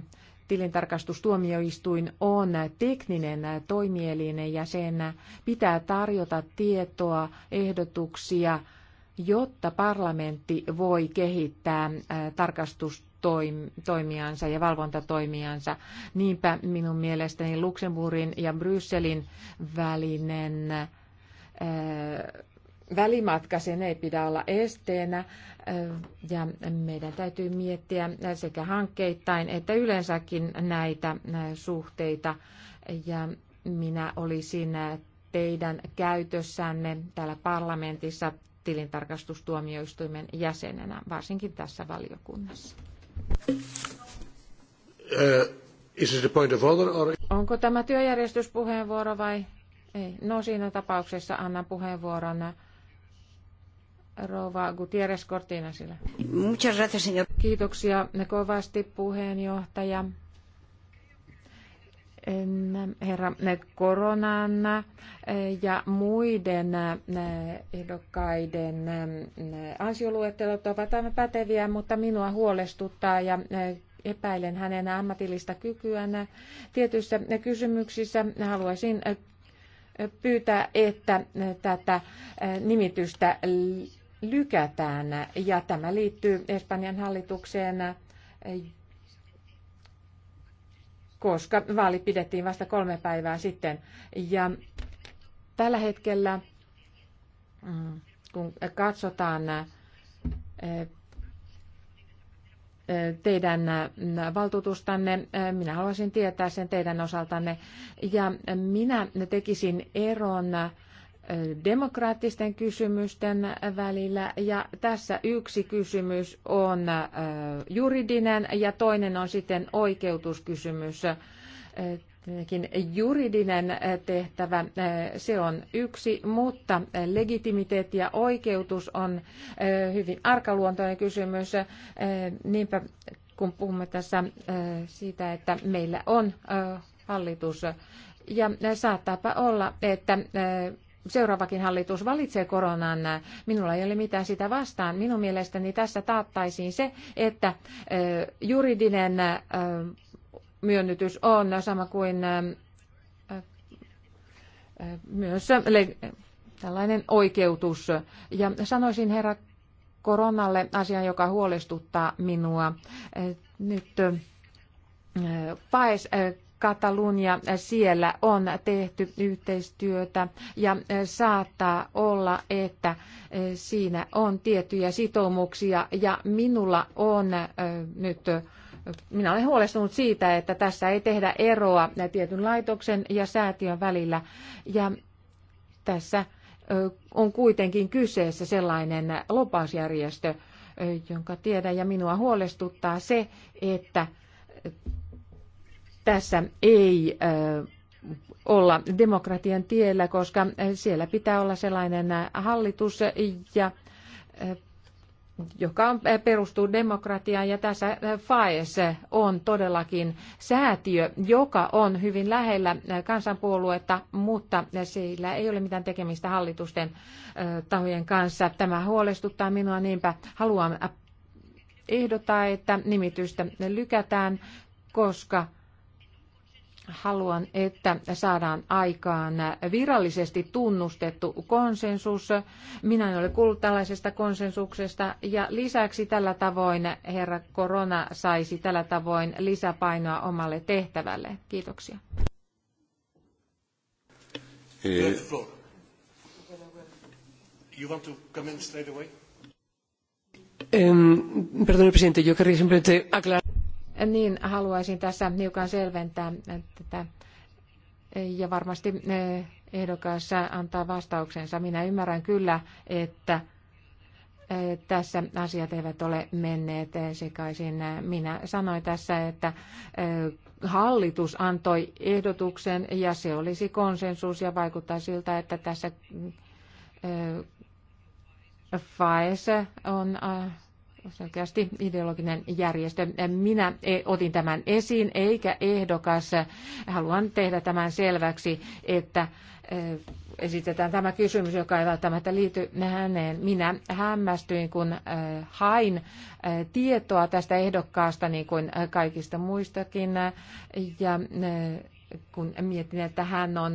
tilintarkastustuomioistuin on tekninen toimielin ja sen pitää tarjota tietoa, ehdotuksia, jotta parlamentti voi kehittää tarkastustoimiansa ja valvontatoimiansa. Niinpä minun mielestäni Luxemburgin ja Brysselin välinen välimatka sen ei pidä olla esteenä ja meidän täytyy miettiä sekä hankkeittain että yleensäkin näitä suhteita ja minä olisin teidän käytössänne täällä parlamentissa tilintarkastustuomioistuimen jäsenenä, varsinkin tässä valiokunnassa. Uh, Onko tämä työjärjestyspuheenvuoro vai ei? No siinä tapauksessa annan puheenvuoron Rova Gutierrez Cortinasille. Muchas gracias, señor. Kiitoksia kovasti puheenjohtaja. Herra Koronan eh, ja muiden eh, ehdokkaiden eh, ansioluettelot ovat aivan päteviä, mutta minua huolestuttaa ja epäilen hänen ammatillista kykyään. Tietyissä kysymyksissä haluaisin pyytää, että tätä nimitystä lykätään ja tämä liittyy Espanjan hallitukseen, koska vaali pidettiin vasta kolme päivää sitten. Ja tällä hetkellä, mm, kun katsotaan eh, eh, teidän mm, valtuutustanne. Eh, minä haluaisin tietää sen teidän osaltanne. Ja minä tekisin eron demokraattisten kysymysten välillä. Ja tässä yksi kysymys on juridinen ja toinen on sitten oikeutuskysymys. Juridinen tehtävä, se on yksi, mutta legitimiteetti ja oikeutus on hyvin arkaluontoinen kysymys. Niinpä kun puhumme tässä siitä, että meillä on hallitus ja saattaapa olla, että seuraavakin hallitus valitsee koronan, minulla ei ole mitään sitä vastaan. Minun mielestäni tässä taattaisiin se, että juridinen myönnytys on sama kuin myös tällainen oikeutus. Ja sanoisin herra koronalle asian, joka huolestuttaa minua. Nyt paes Katalunia siellä on tehty yhteistyötä ja saattaa olla, että siinä on tiettyjä sitoumuksia ja minulla on nyt minä olen huolestunut siitä, että tässä ei tehdä eroa tietyn laitoksen ja säätiön välillä. Ja tässä on kuitenkin kyseessä sellainen lopausjärjestö, jonka tiedän, ja minua huolestuttaa se, että tässä ei olla demokratian tiellä, koska siellä pitää olla sellainen hallitus, ja, joka perustuu demokratiaan. Ja tässä FAES on todellakin säätiö, joka on hyvin lähellä kansanpuoluetta, mutta sillä ei ole mitään tekemistä hallitusten tahojen kanssa. Tämä huolestuttaa minua, niinpä haluan ehdottaa, että nimitystä lykätään, koska haluan, että saadaan aikaan virallisesti tunnustettu konsensus. Minä en ole kuullut tällaisesta konsensuksesta ja lisäksi tällä tavoin herra Korona saisi tällä tavoin lisäpainoa omalle tehtävälle. Kiitoksia. Eh. Perdón, presidente, yo querría simplemente aclarar niin haluaisin tässä hiukan selventää äh, tätä ja varmasti äh, ehdokas antaa vastauksensa. Minä ymmärrän kyllä, että äh, tässä asiat eivät ole menneet sekaisin. Minä sanoin tässä, että hallitus antoi ehdotuksen ja se olisi konsensus ja vaikuttaa siltä, että tässä FAES on selkeästi ideologinen järjestö. Minä e- otin tämän esiin, eikä ehdokas. Haluan tehdä tämän selväksi, että e, esitetään tämä kysymys, joka ei välttämättä liity häneen. Minä hämmästyin, kun e, hain tietoa tästä ehdokkaasta, niin kuin kaikista muistakin, ja kun mietin, että hän on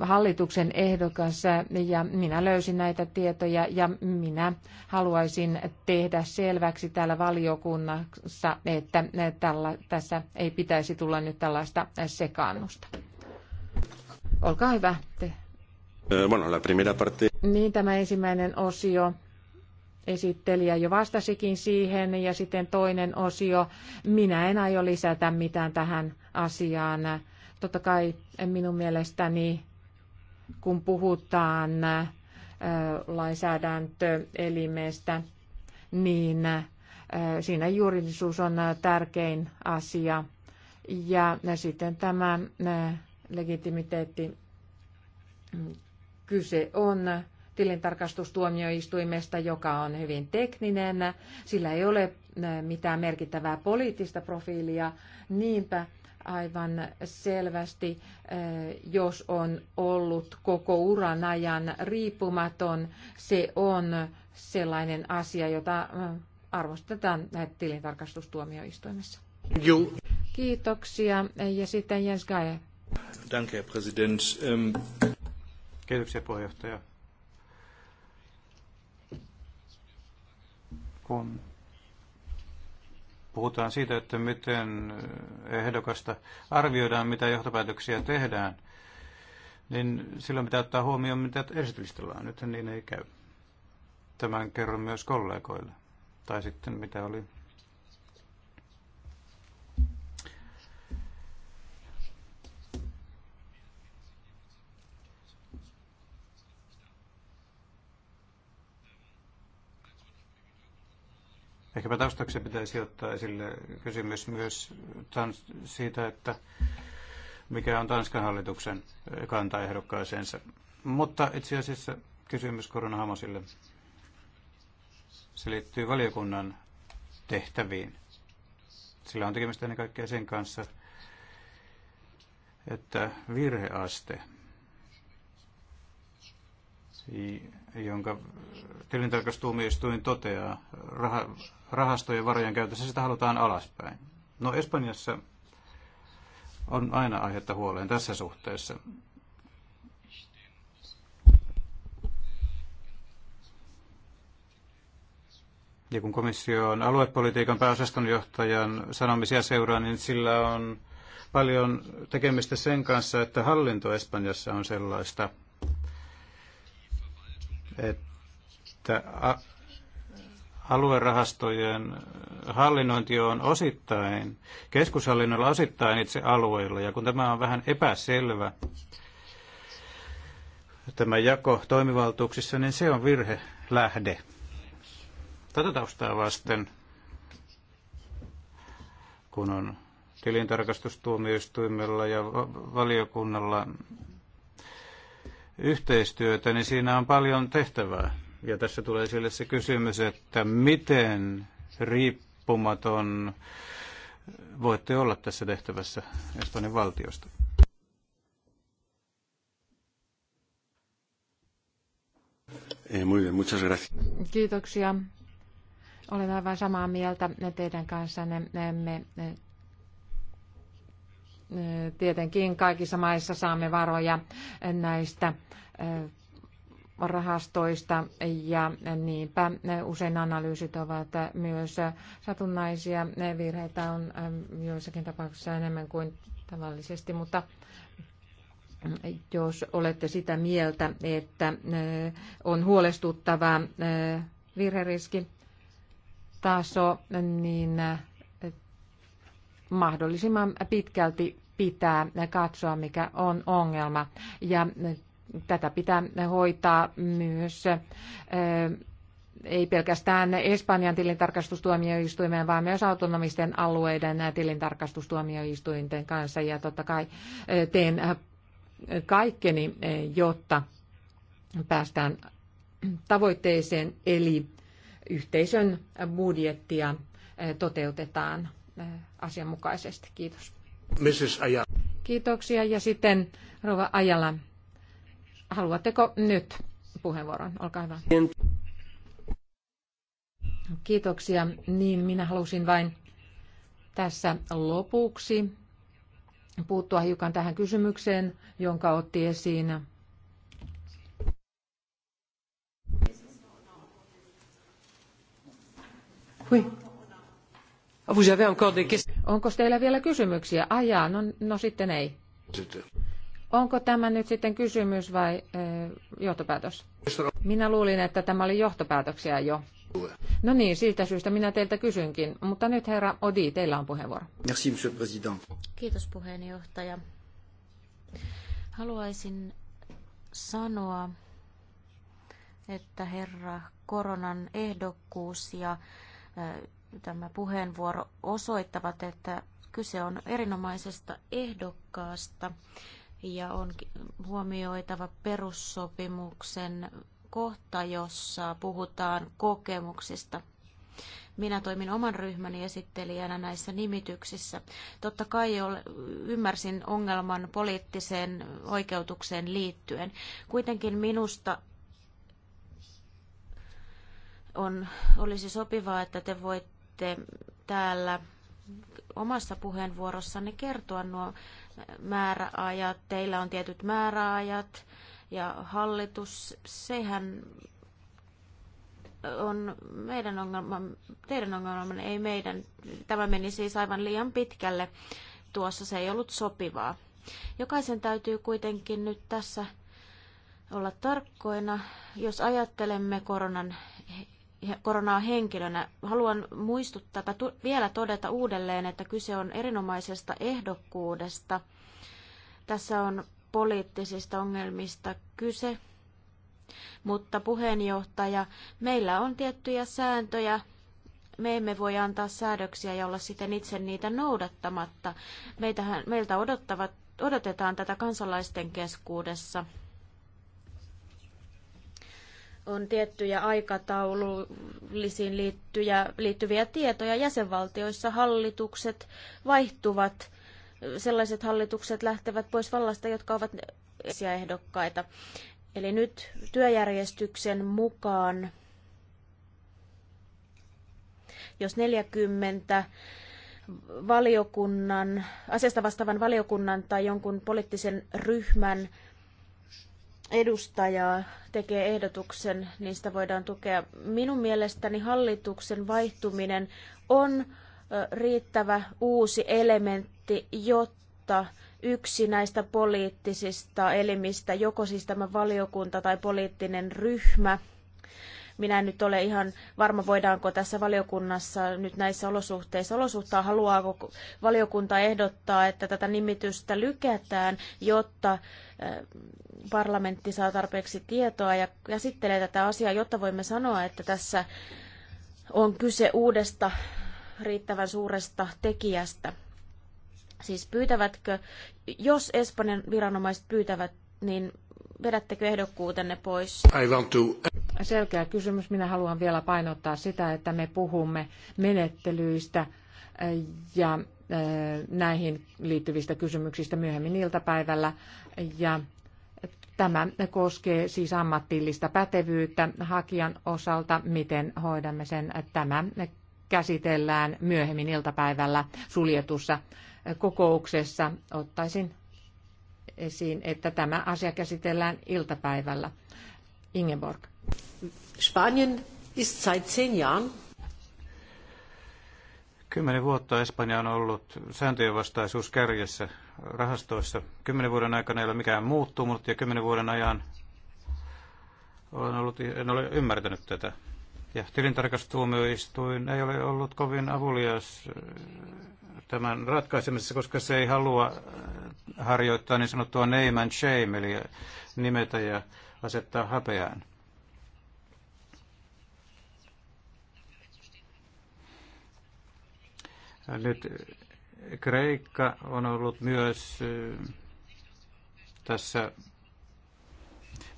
hallituksen ehdokas ja minä löysin näitä tietoja ja minä haluaisin tehdä selväksi täällä valiokunnassa, että tällä, tässä ei pitäisi tulla nyt tällaista sekaannusta. Olkaa hyvä. Te. Eh, bueno, la primera parte. Niin, tämä ensimmäinen osio esittelijä jo vastasikin siihen ja sitten toinen osio. Minä en aio lisätä mitään tähän asiaan. Totta kai minun mielestäni, kun puhutaan lainsäädäntöelimestä, niin siinä juridisuus on tärkein asia. Ja sitten tämä legitimiteetti, mm, kyse on tilintarkastustuomioistuimesta, joka on hyvin tekninen. Sillä ei ole mitään merkittävää poliittista profiilia. Niinpä aivan selvästi, jos on ollut koko uran ajan riippumaton, se on sellainen asia, jota arvostetaan tilintarkastustuomioistuimessa. Joo. Kiitoksia. Ja sitten Jens Gaia. Danke, president. Ähm, Kiitoksia puheenjohtaja. kun puhutaan siitä, että miten ehdokasta arvioidaan, mitä johtopäätöksiä tehdään, niin silloin pitää ottaa huomioon, mitä esitellään. Nyt niin ei käy. Tämän kerron myös kollegoille. Tai sitten mitä oli Ehkäpä taustaksi pitäisi ottaa esille kysymys myös siitä, että mikä on Tanskan hallituksen kanta ehdokkaaseensa. Mutta itse asiassa kysymys koronahamosille. Se liittyy valiokunnan tehtäviin. Sillä on tekemistä ennen kaikkea sen kanssa, että virheaste jonka tilintarkastustuomioistuin toteaa raha, rahastojen varojen käytössä, sitä halutaan alaspäin. No Espanjassa on aina aihetta huoleen tässä suhteessa. Ja kun komissio on aluepolitiikan pääosaston johtajan sanomisia seuraa, niin sillä on paljon tekemistä sen kanssa, että hallinto Espanjassa on sellaista, että aluerahastojen hallinnointi on osittain, keskushallinnolla osittain itse alueilla, ja kun tämä on vähän epäselvä, tämä jako toimivaltuuksissa, niin se on virhe lähde. Tätä taustaa vasten, kun on tilintarkastustuomioistuimella ja valiokunnalla yhteistyötä, niin siinä on paljon tehtävää. Ja tässä tulee sille se kysymys, että miten riippumaton voitte olla tässä tehtävässä Espanjan valtiosta? Eh, muy bien, muchas gracias. Kiitoksia. Olen aivan samaa mieltä teidän kanssanne. Me Tietenkin kaikissa maissa saamme varoja näistä rahastoista ja niinpä usein analyysit ovat myös satunnaisia. Virheitä on joissakin tapauksissa enemmän kuin tavallisesti, mutta jos olette sitä mieltä, että on huolestuttava virheriski taso, niin mahdollisimman pitkälti pitää katsoa, mikä on ongelma. Ja tätä pitää hoitaa myös ei pelkästään Espanjan tilintarkastustuomioistuimen, vaan myös autonomisten alueiden tilintarkastustuomioistuinten kanssa. Ja totta kai teen kaikkeni, jotta päästään tavoitteeseen, eli yhteisön budjettia toteutetaan Äh, asianmukaisesti. Kiitos. Mrs. Kiitoksia. Ja sitten Rova Ajala, haluatteko nyt puheenvuoron? Olkaa hyvä. Kiitoksia. Niin, minä halusin vain tässä lopuksi puuttua hiukan tähän kysymykseen, jonka otti esiin Oui. Onko teillä vielä kysymyksiä? Ajaa, no, no sitten ei. Onko tämä nyt sitten kysymys vai eh, johtopäätös? Minä luulin, että tämä oli johtopäätöksiä jo. No niin, siitä syystä minä teiltä kysynkin. Mutta nyt herra Odi, teillä on puheenvuoro. Merci, monsieur président. Kiitos puheenjohtaja. Haluaisin sanoa, että herra Koronan ehdokkuus ja eh, tämä puheenvuoro osoittavat, että kyse on erinomaisesta ehdokkaasta ja on huomioitava perussopimuksen kohta, jossa puhutaan kokemuksista. Minä toimin oman ryhmäni esittelijänä näissä nimityksissä. Totta kai ymmärsin ongelman poliittiseen oikeutukseen liittyen. Kuitenkin minusta on, olisi sopivaa, että te voitte voitte täällä omassa puheenvuorossanne kertoa nuo määräajat. Teillä on tietyt määräajat ja hallitus, sehän on meidän ongelma, teidän ongelma, ei meidän. Tämä meni siis aivan liian pitkälle. Tuossa se ei ollut sopivaa. Jokaisen täytyy kuitenkin nyt tässä olla tarkkoina, jos ajattelemme koronan koronaa henkilönä. Haluan muistuttaa tai vielä todeta uudelleen, että kyse on erinomaisesta ehdokkuudesta. Tässä on poliittisista ongelmista kyse, mutta puheenjohtaja, meillä on tiettyjä sääntöjä, me emme voi antaa säädöksiä ja olla sitten itse niitä noudattamatta. Meitähän, meiltä odottavat, odotetaan tätä kansalaisten keskuudessa on tiettyjä aikataulullisiin liittyjä, liittyviä tietoja. Jäsenvaltioissa hallitukset vaihtuvat. Sellaiset hallitukset lähtevät pois vallasta, jotka ovat ehdokkaita. Eli nyt työjärjestyksen mukaan, jos 40 valiokunnan, asiasta vastaavan valiokunnan tai jonkun poliittisen ryhmän edustajaa tekee ehdotuksen, niistä voidaan tukea. Minun mielestäni hallituksen vaihtuminen on riittävä uusi elementti, jotta yksi näistä poliittisista elimistä, joko siis tämä valiokunta tai poliittinen ryhmä, minä en nyt ole ihan varma, voidaanko tässä valiokunnassa nyt näissä olosuhteissa, olosuhtaa haluaako valiokunta ehdottaa, että tätä nimitystä lykätään, jotta äh, parlamentti saa tarpeeksi tietoa ja käsittelee tätä asiaa, jotta voimme sanoa, että tässä on kyse uudesta riittävän suuresta tekijästä. Siis pyytävätkö, jos Espanjan viranomaiset pyytävät, niin vedättekö ehdokkuutenne pois? I want to selkeä kysymys. Minä haluan vielä painottaa sitä, että me puhumme menettelyistä eh, ja eh, näihin liittyvistä kysymyksistä myöhemmin iltapäivällä. Ja tämä koskee siis ammatillista pätevyyttä hakijan osalta, miten hoidamme sen. Tämä käsitellään myöhemmin iltapäivällä suljetussa kokouksessa. Ottaisin esiin, että tämä asia käsitellään iltapäivällä. Ingeborg. Spanien ist seit zehn Jahren Kymmenen vuotta Espanja on ollut sääntöjen vastaisuus kärjessä rahastoissa. Kymmenen vuoden aikana ei ole mikään muuttunut ja kymmenen vuoden ajan olen ollut, en ole ymmärtänyt tätä. Ja tilintarkastustuomioistuin ei ole ollut kovin avulias äh, tämän ratkaisemisessa, koska se ei halua äh, harjoittaa niin sanottua name and shame, eli nimetä ja asettaa häpeään. Nyt Kreikka on ollut myös eh, tässä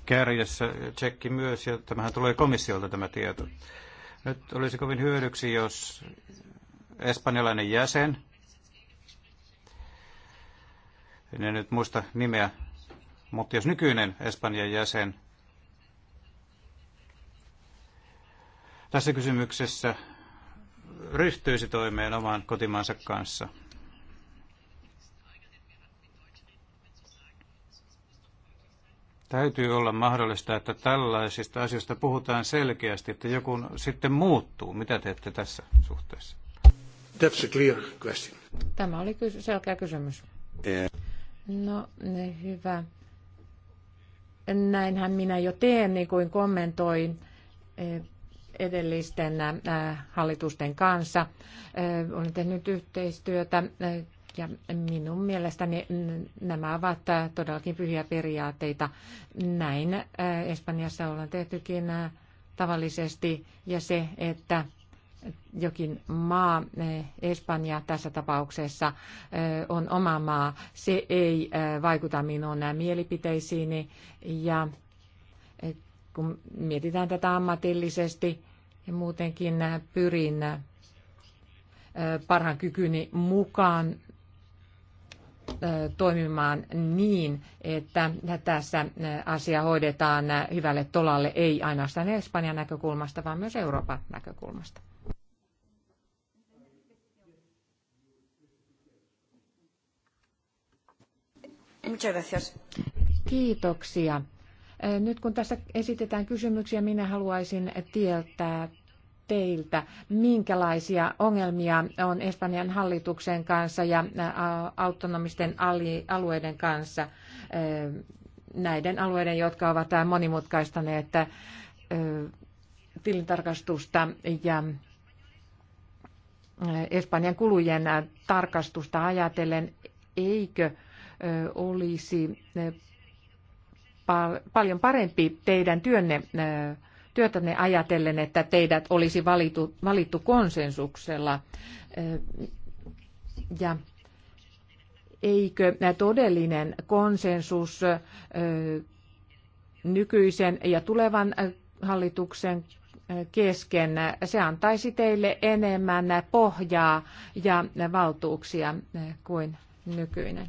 kärjessä, tsekki myös, ja tämähän tulee komissiolta tämä tieto. Nyt olisi kovin hyödyksi, jos espanjalainen jäsen, en nyt muista nimeä, mutta jos nykyinen Espanjan jäsen tässä kysymyksessä ryhtyisi toimeen oman kotimaansa kanssa. Täytyy olla mahdollista, että tällaisista asioista puhutaan selkeästi, että joku sitten muuttuu. Mitä teette tässä suhteessa? That's a clear question. Tämä oli kysy- selkeä kysymys. Yeah. No, hyvä. Näinhän minä jo teen, niin kuin kommentoin eh, edellisten äh, hallitusten kanssa. Äh, olen tehnyt yhteistyötä äh, ja minun mielestäni nämä ovat todellakin pyhiä periaatteita. Näin Espanjassa ollaan tehtykin tavallisesti ja se, että jokin maa, Espanja tässä tapauksessa on oma maa, se ei vaikuta minun mielipiteisiini ja kun mietitään tätä ammatillisesti ja muutenkin pyrin parhaan kykyni mukaan toimimaan niin, että tässä asia hoidetaan hyvälle tolalle, ei ainoastaan Espanjan näkökulmasta, vaan myös Euroopan näkökulmasta. Kiitoksia. Nyt kun tässä esitetään kysymyksiä, minä haluaisin tietää teiltä, minkälaisia ongelmia on Espanjan hallituksen kanssa ja autonomisten alueiden kanssa, näiden alueiden, jotka ovat monimutkaistaneet tilintarkastusta ja Espanjan kulujen tarkastusta ajatellen, eikö olisi pal- paljon parempi teidän työnne, työtänne ajatellen, että teidät olisi valitu, valittu konsensuksella. Ja eikö todellinen konsensus nykyisen ja tulevan hallituksen kesken. Se antaisi teille enemmän pohjaa ja valtuuksia kuin nykyinen.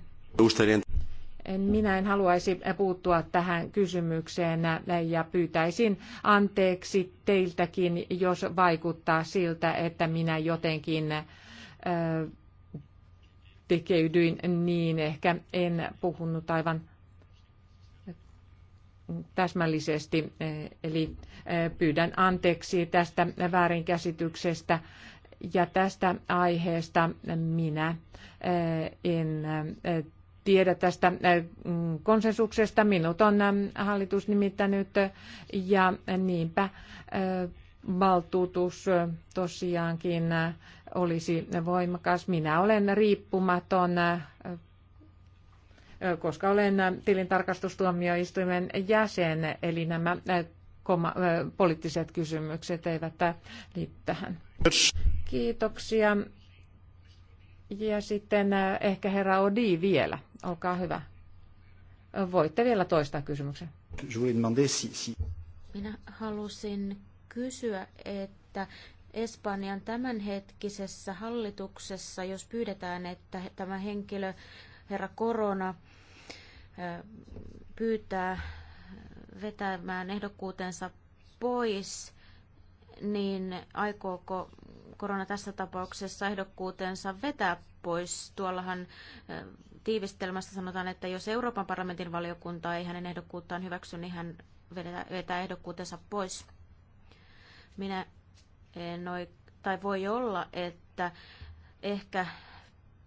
Minä en haluaisi puuttua tähän kysymykseen ja pyytäisin anteeksi teiltäkin, jos vaikuttaa siltä, että minä jotenkin tekeydyin niin. Ehkä en puhunut aivan täsmällisesti, eli pyydän anteeksi tästä väärinkäsityksestä ja tästä aiheesta minä en tiedä tästä äh, mm, konsensuksesta. Minut on ähm, hallitus nimittänyt äh, ja niinpä äh, valtuutus tosiaankin olisi voimakas. Minä olen riippumaton, koska olen tilintarkastustuomioistuimen jäsen, eli nämä poliittiset kysymykset eivät liity tähän. Kiitoksia. Ja sitten äh, ehkä herra Odi vielä. Olkaa hyvä. Voitte vielä toistaa kysymyksen. Minä halusin kysyä, että Espanjan tämänhetkisessä hallituksessa, jos pyydetään, että tämä henkilö, herra Korona, pyytää vetämään ehdokkuutensa pois, niin aikooko korona tässä tapauksessa ehdokkuutensa vetää pois. Tuollahan tiivistelmässä sanotaan, että jos Euroopan parlamentin valiokunta ei hänen ehdokkuuttaan hyväksy, niin hän vetää ehdokkuutensa pois. Minä en oi, tai voi olla, että ehkä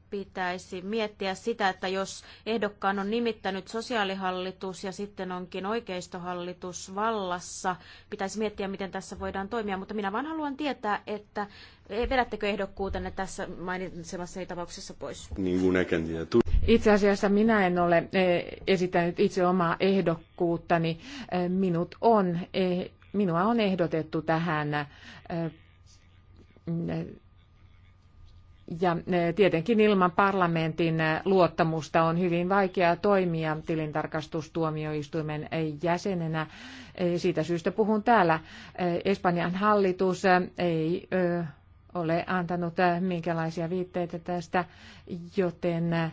pitäisi miettiä sitä, että jos ehdokkaan on nimittänyt sosiaalihallitus ja sitten onkin oikeistohallitus vallassa, pitäisi miettiä, miten tässä voidaan toimia. Mutta minä vaan haluan tietää, että e, vedättekö ehdokkuutenne tässä mainitsemassa tapauksessa pois? Itse asiassa minä en ole e, esittänyt itse omaa ehdokkuuttani. E, minut on, minua on ehdotettu tähän ja eh, tietenkin ilman parlamentin eh, luottamusta on hyvin vaikea toimia tilintarkastustuomioistuimen eh, jäsenenä. Siitä syystä puhun täällä. Espanjan hallitus ei ole antanut minkälaisia viitteitä tästä, joten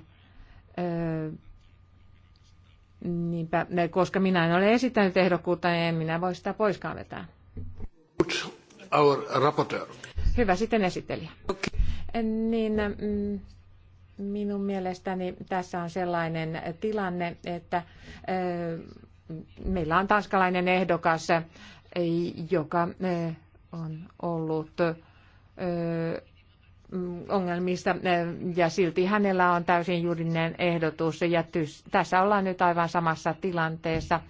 niinpä, koska minä en ole esittänyt ehdokkuutta, niin en minä voi sitä poiskaan vetää. Our Hyvä, sitten esittelijä. Okay niin mm, minun mielestäni tässä on sellainen tilanne, että meillä on tanskalainen ehdokas, joka on ollut ongelmista ja silti hänellä on täysin juridinen ehdotus ja tässä ollaan nyt aivan samassa tilanteessa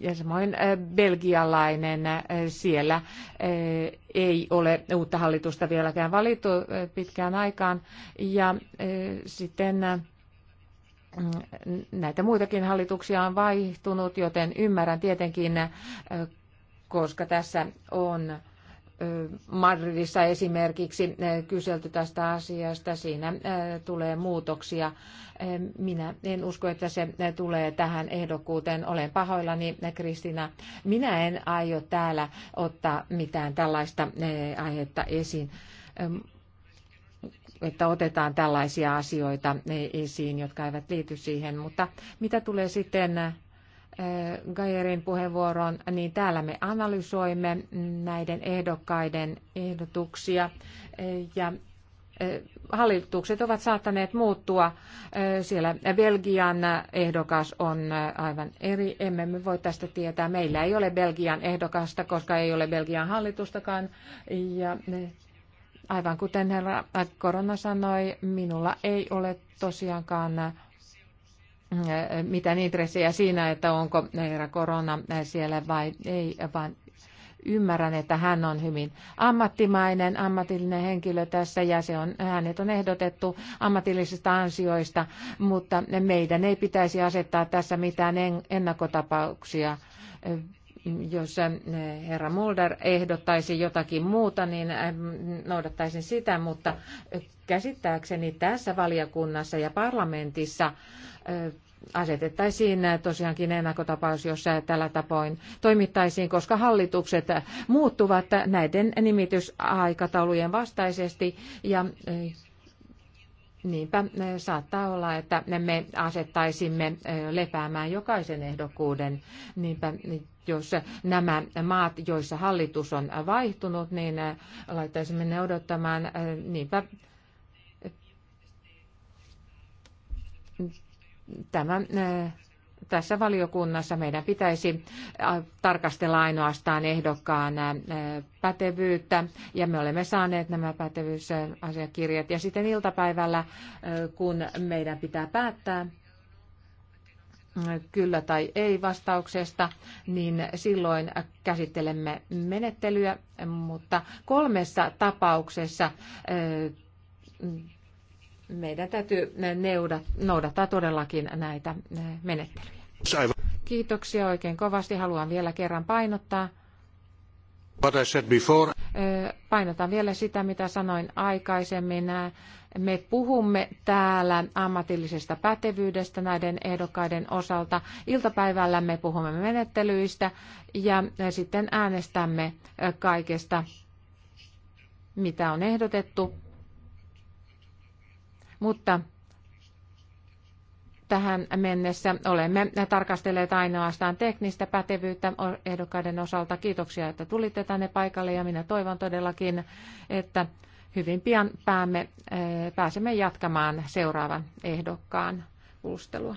ja samoin eh, belgialainen eh, siellä eh, ei ole uutta hallitusta vieläkään valittu pitkään aikaan. Ja sitten mm, näitä muitakin hallituksia on vaihtunut, joten ymmärrän tietenkin, koska tässä on Madridissa esimerkiksi eh, kyselty tästä asiasta. Siinä eh, tulee muutoksia. Eh, minä en usko, että se tulee tähän ehdokkuuteen. Olen pahoillani, Kristina. Minä en aio täällä ottaa mitään tällaista aihetta esiin että otetaan tällaisia asioita esiin, jotka eivät liity siihen. Mutta mitä tulee sitten Gajerin puheenvuoron, niin täällä me analysoimme näiden ehdokkaiden ehdotuksia ja e, hallitukset ovat saattaneet muuttua. E, siellä Belgian ehdokas on aivan eri. Emme me voi tästä tietää. Meillä ei ole Belgian ehdokasta, koska ei ole Belgian hallitustakaan. Ja e, aivan kuten herra Korona sanoi, minulla ei ole tosiaankaan mitään intressejä siinä, että onko herra korona siellä vai ei, vaan ymmärrän, että hän on hyvin ammattimainen, ammatillinen henkilö tässä ja se on, hänet on ehdotettu ammatillisista ansioista, mutta meidän ei pitäisi asettaa tässä mitään ennakkotapauksia. Jos herra Mulder ehdottaisi jotakin muuta, niin noudattaisin sitä, mutta käsittääkseni tässä valiokunnassa ja parlamentissa asetettaisiin tosiaankin ennakkotapaus, jossa tällä tapoin toimittaisiin, koska hallitukset muuttuvat näiden nimitysaikataulujen vastaisesti ja eh, Niinpä eh, saattaa olla, että me asettaisimme eh, lepäämään jokaisen ehdokkuuden. Niinpä jos nämä maat, joissa hallitus on vaihtunut, niin laittaisimme ne odottamaan. Niinpä tämä tässä valiokunnassa meidän pitäisi tarkastella ainoastaan ehdokkaan pätevyyttä, ja me olemme saaneet nämä pätevyysasiakirjat. Ja sitten iltapäivällä, kun meidän pitää päättää kyllä tai ei vastauksesta, niin silloin käsittelemme menettelyä, mutta kolmessa tapauksessa meidän täytyy neudat, noudattaa todellakin näitä menettelyjä. Kiitoksia oikein kovasti. Haluan vielä kerran painottaa. Painotan vielä sitä, mitä sanoin aikaisemmin. Me puhumme täällä ammatillisesta pätevyydestä näiden ehdokkaiden osalta. Iltapäivällä me puhumme menettelyistä ja sitten äänestämme kaikesta, mitä on ehdotettu mutta tähän mennessä olemme tarkastelleet ainoastaan teknistä pätevyyttä ehdokkaiden osalta. Kiitoksia, että tulitte tänne paikalle ja minä toivon todellakin, että hyvin pian päämme, eh, pääsemme jatkamaan seuraavan ehdokkaan kuulustelua.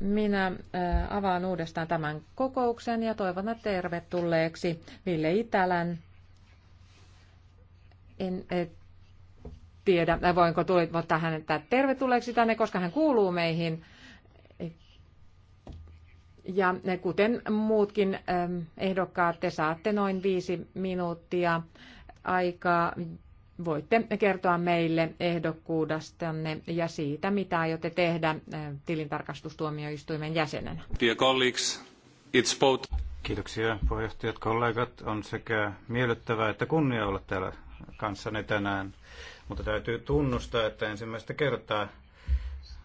Minä äh, avaan uudestaan tämän kokouksen ja toivon tervetulleeksi Ville Itälän. En tiedä, voinko tulittaa hänet tervetulleeksi tänne, koska hän kuuluu meihin. Ja kuten muutkin ähm, ehdokkaat, te saatte noin viisi minuuttia aikaa voitte kertoa meille ehdokkuudestanne ja siitä, mitä aiotte tehdä eh, tilintarkastustuomioistuimen jäsenenä. Dear colleagues, it's both. Kiitoksia puheenjohtajat, kollegat. On sekä miellyttävää että kunnia olla täällä kanssanne tänään. Mutta täytyy tunnustaa, että ensimmäistä kertaa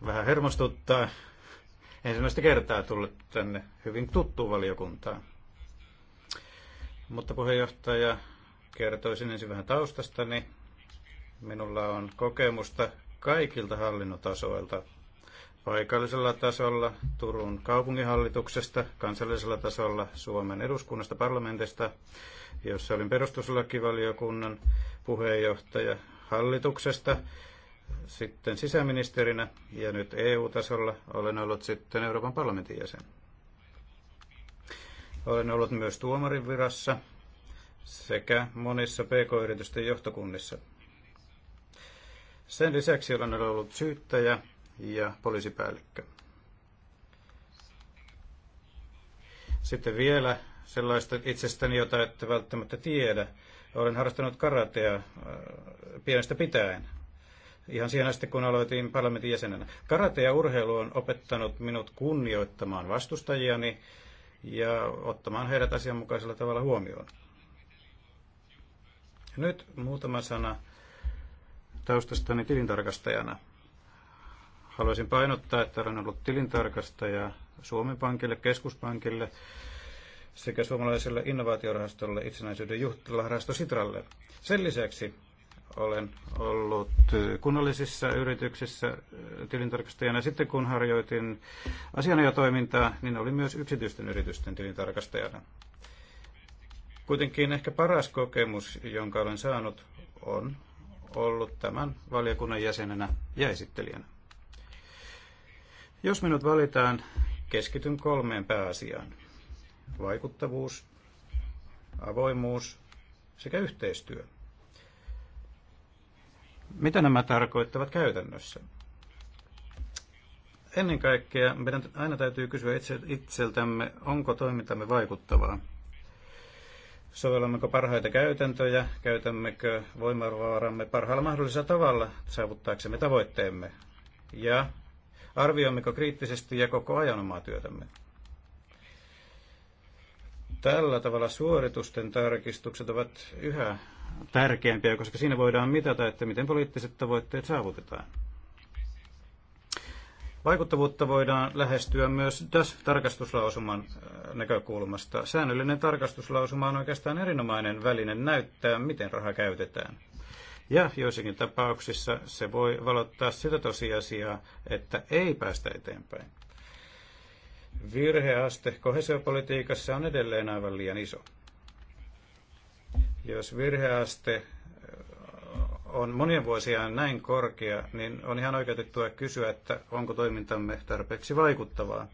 vähän hermostuttaa. Ensimmäistä kertaa tullut tänne hyvin tuttuun valiokuntaan. Mutta puheenjohtaja, kertoisin ensin vähän taustastani. Minulla on kokemusta kaikilta hallinnotasoilta. Paikallisella tasolla, Turun kaupunginhallituksesta, kansallisella tasolla, Suomen eduskunnasta, parlamentista, jossa olin perustuslakivaliokunnan puheenjohtaja hallituksesta, sitten sisäministerinä ja nyt EU-tasolla olen ollut sitten Euroopan parlamentin jäsen. Olen ollut myös tuomarin virassa sekä monissa pk-yritysten johtokunnissa. Sen lisäksi olen ollut syyttäjä ja poliisipäällikkö. Sitten vielä sellaista itsestäni, jota ette välttämättä tiedä. Olen harrastanut karatea äh, pienestä pitäen. Ihan siinä asti, kun aloitin parlamentin jäsenenä. Karate ja urheilu on opettanut minut kunnioittamaan vastustajiani ja ottamaan heidät asianmukaisella tavalla huomioon. Nyt muutama sana taustastani tilintarkastajana. Haluaisin painottaa, että olen ollut tilintarkastaja Suomen Pankille, Keskuspankille sekä suomalaiselle innovaatiorahastolle itsenäisyyden juhtilarahasto Sitralle. Sen lisäksi olen ollut kunnallisissa yrityksissä tilintarkastajana. Sitten kun harjoitin asianajotoimintaa, niin olin myös yksityisten yritysten tilintarkastajana. Kuitenkin ehkä paras kokemus, jonka olen saanut, on ollut tämän valiokunnan jäsenenä ja esittelijänä. Jos minut valitaan, keskityn kolmeen pääasiaan. Vaikuttavuus, avoimuus sekä yhteistyö. Mitä nämä tarkoittavat käytännössä? Ennen kaikkea meidän aina täytyy kysyä itse, itseltämme, onko toimintamme vaikuttavaa Sovellammeko parhaita käytäntöjä? Käytämmekö voimavaramme parhaalla mahdollisella tavalla saavuttaaksemme tavoitteemme? Ja arvioimmeko kriittisesti ja koko ajan omaa työtämme? Tällä tavalla suoritusten tarkistukset ovat yhä tärkeämpiä, koska siinä voidaan mitata, että miten poliittiset tavoitteet saavutetaan. Vaikuttavuutta voidaan lähestyä myös tässä tarkastuslausuman äh, näkökulmasta. Säännöllinen tarkastuslausuma on oikeastaan erinomainen väline näyttää, miten raha käytetään. Ja joissakin tapauksissa se voi valottaa sitä tosiasiaa, että ei päästä eteenpäin. Virheaste kohesiopolitiikassa on edelleen aivan liian iso. Jos virheaste on monien vuosien näin korkea, niin on ihan oikeutettua kysyä, että onko toimintamme tarpeeksi vaikuttavaa.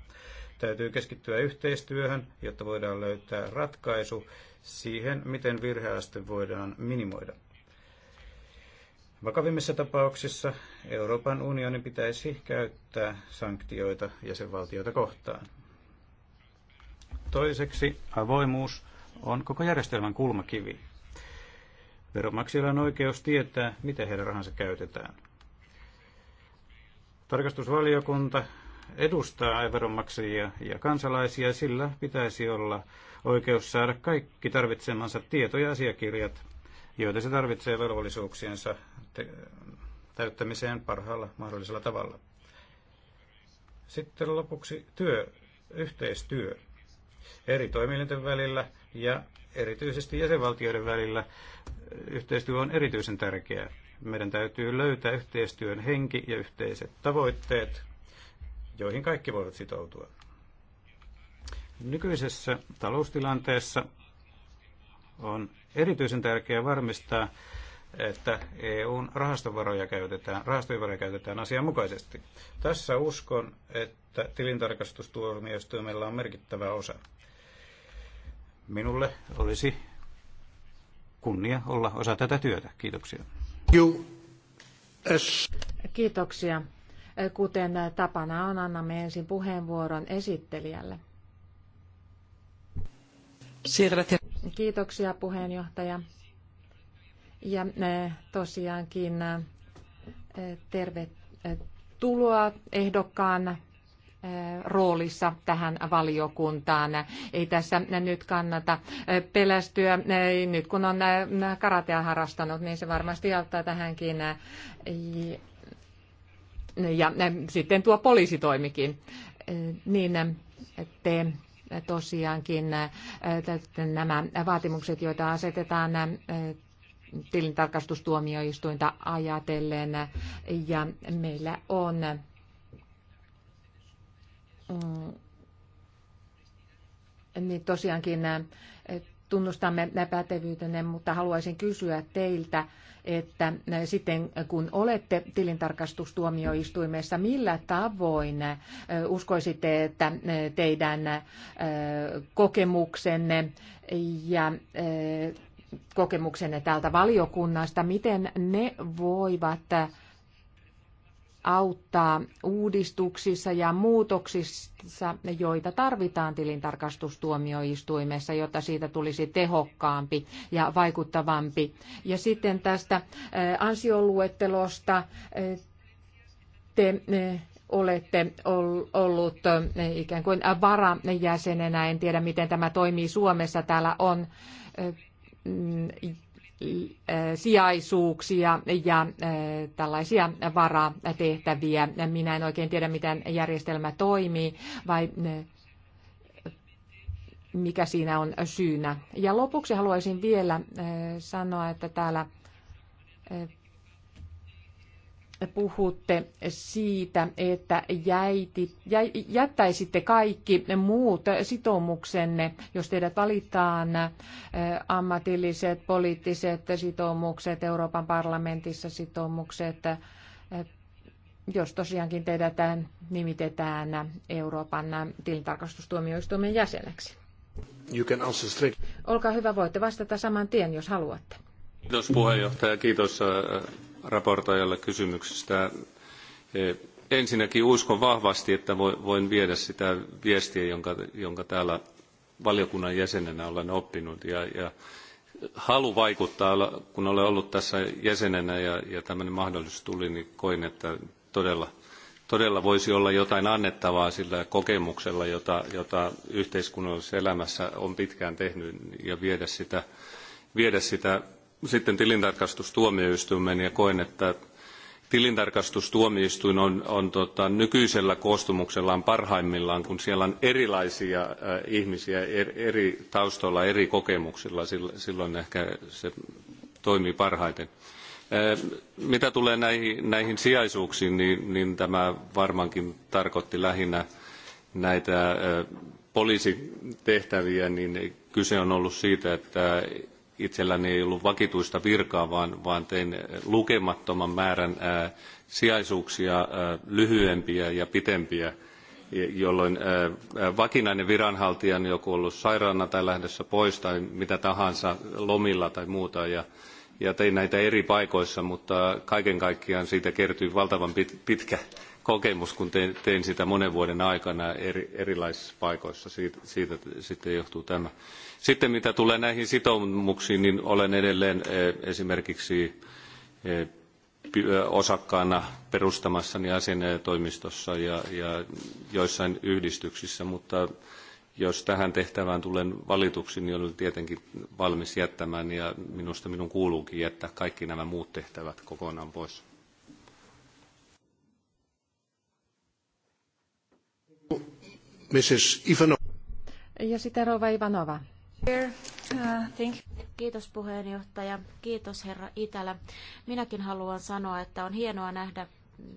Täytyy keskittyä yhteistyöhön, jotta voidaan löytää ratkaisu siihen, miten virheaste voidaan minimoida. Vakavimmissa tapauksissa Euroopan unionin pitäisi käyttää sanktioita jäsenvaltioita kohtaan. Toiseksi avoimuus on koko järjestelmän kulmakivi. Veronmaksajilla on oikeus tietää, miten heidän rahansa käytetään. Tarkastusvaliokunta edustaa veronmaksajia ja kansalaisia, sillä pitäisi olla oikeus saada kaikki tarvitsemansa tieto ja asiakirjat, joita se tarvitsee velvollisuuksiensa täyttämiseen parhaalla mahdollisella tavalla. Sitten lopuksi työ, yhteistyö eri toimielinten välillä ja erityisesti jäsenvaltioiden välillä yhteistyö on erityisen tärkeää. Meidän täytyy löytää yhteistyön henki ja yhteiset tavoitteet, joihin kaikki voivat sitoutua. Nykyisessä taloustilanteessa on erityisen tärkeää varmistaa, että EUn rahastovaroja käytetään, rahastojen varoja käytetään asianmukaisesti. Tässä uskon, että tilintarkastustuomioistuimella on merkittävä osa. Minulle olisi kunnia olla osa tätä työtä. Kiitoksia. Kiitoksia. Kuten tapana on, annamme ensin puheenvuoron esittelijälle. Kiitoksia puheenjohtaja. Ja e, tosiaankin e, tervetuloa ehdokkaan Eh, roolissa tähän valiokuntaan. Ei tässä nyt kannata eh, pelästyä. Nyt kun on eh, karatea harrastanut, niin se varmasti auttaa tähänkin. Ja sitten tuo poliisitoimikin. Niin te tosiaankin nämä vaatimukset, joita asetetaan tilintarkastustuomioistuinta ajatellen. Ja meillä on Mm. niin tosiaankin tunnustamme pätevyytenne, mutta haluaisin kysyä teiltä, että sitten kun olette tilintarkastustuomioistuimessa, millä tavoin uskoisitte, että teidän kokemuksenne ja kokemuksenne täältä valiokunnasta, miten ne voivat auttaa uudistuksissa ja muutoksissa, joita tarvitaan tilintarkastustuomioistuimessa, jotta siitä tulisi tehokkaampi ja vaikuttavampi. Ja sitten tästä eh, ansioluettelosta eh, te eh, olette ollut ikään kuin varajäsenenä. En tiedä, miten tämä toimii Suomessa. Täällä on sijaisuuksia ja tällaisia varatehtäviä. Minä en oikein tiedä, miten järjestelmä toimii vai mikä siinä on syynä. Ja lopuksi haluaisin vielä sanoa, että täällä puhutte siitä, että jättäisitte kaikki muut sitoumuksenne, jos teidät valitaan ammatilliset, poliittiset sitoumukset, Euroopan parlamentissa sitoumukset, jos tosiaankin teidät nimitetään Euroopan tilintarkastustuomioistuimen jäseneksi. You can answer straight. Olkaa hyvä, voitte vastata saman tien, jos haluatte. Kiitos puheenjohtaja, kiitos raportoijalle kysymyksestä. E, ensinnäkin uskon vahvasti, että voin viedä sitä viestiä, jonka, jonka täällä valiokunnan jäsenenä olen oppinut. Ja, ja halu vaikuttaa, kun olen ollut tässä jäsenenä ja, ja tämmöinen mahdollisuus tuli, niin koin, että todella, todella voisi olla jotain annettavaa sillä kokemuksella, jota, jota yhteiskunnallisessa elämässä on pitkään tehnyt ja viedä sitä, viedä sitä sitten tilintarkastustuomioistuimeen ja koen, että tilintarkastustuomioistuin on, on tota, nykyisellä koostumuksellaan parhaimmillaan, kun siellä on erilaisia äh, ihmisiä er, eri taustoilla, eri kokemuksilla. Silloin, silloin ehkä se toimii parhaiten. Äh, mitä tulee näihin, näihin sijaisuuksiin, niin, niin, tämä varmaankin tarkoitti lähinnä näitä äh, poliisitehtäviä, niin kyse on ollut siitä, että itselläni ei ollut vakituista virkaa, vaan, vaan tein lukemattoman määrän ää, sijaisuuksia, ää, lyhyempiä ja pitempiä, jolloin ää, vakinainen viranhaltija joku ollut sairaana tai lähdössä pois tai mitä tahansa lomilla tai muuta. Ja, ja tein näitä eri paikoissa, mutta kaiken kaikkiaan siitä kertyi valtavan pit, pitkä kokemus, kun tein, tein sitä monen vuoden aikana eri, erilaisissa paikoissa. Siitä, siitä sitten johtuu tämä. Sitten mitä tulee näihin sitoumuksiin, niin olen edelleen eh, esimerkiksi eh, eh, osakkaana perustamassani asianajotoimistossa ja, ja joissain yhdistyksissä, mutta jos tähän tehtävään tulen valituksi, niin olen tietenkin valmis jättämään ja minusta minun kuuluukin jättää kaikki nämä muut tehtävät kokonaan pois. Mrs. Ivanova. Ja sitten Rova Ivanova. Uh, kiitos puheenjohtaja, kiitos herra Itälä. Minäkin haluan sanoa, että on hienoa nähdä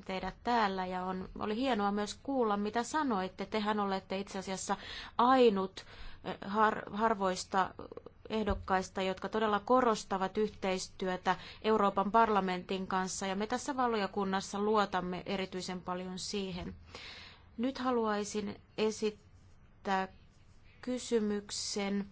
teidät täällä ja on, oli hienoa myös kuulla, mitä sanoitte. Tehän olette itse asiassa ainut eh, har, harvoista ehdokkaista, jotka todella korostavat yhteistyötä Euroopan parlamentin kanssa ja me tässä valiokunnassa luotamme erityisen paljon siihen. Nyt haluaisin esittää kysymyksen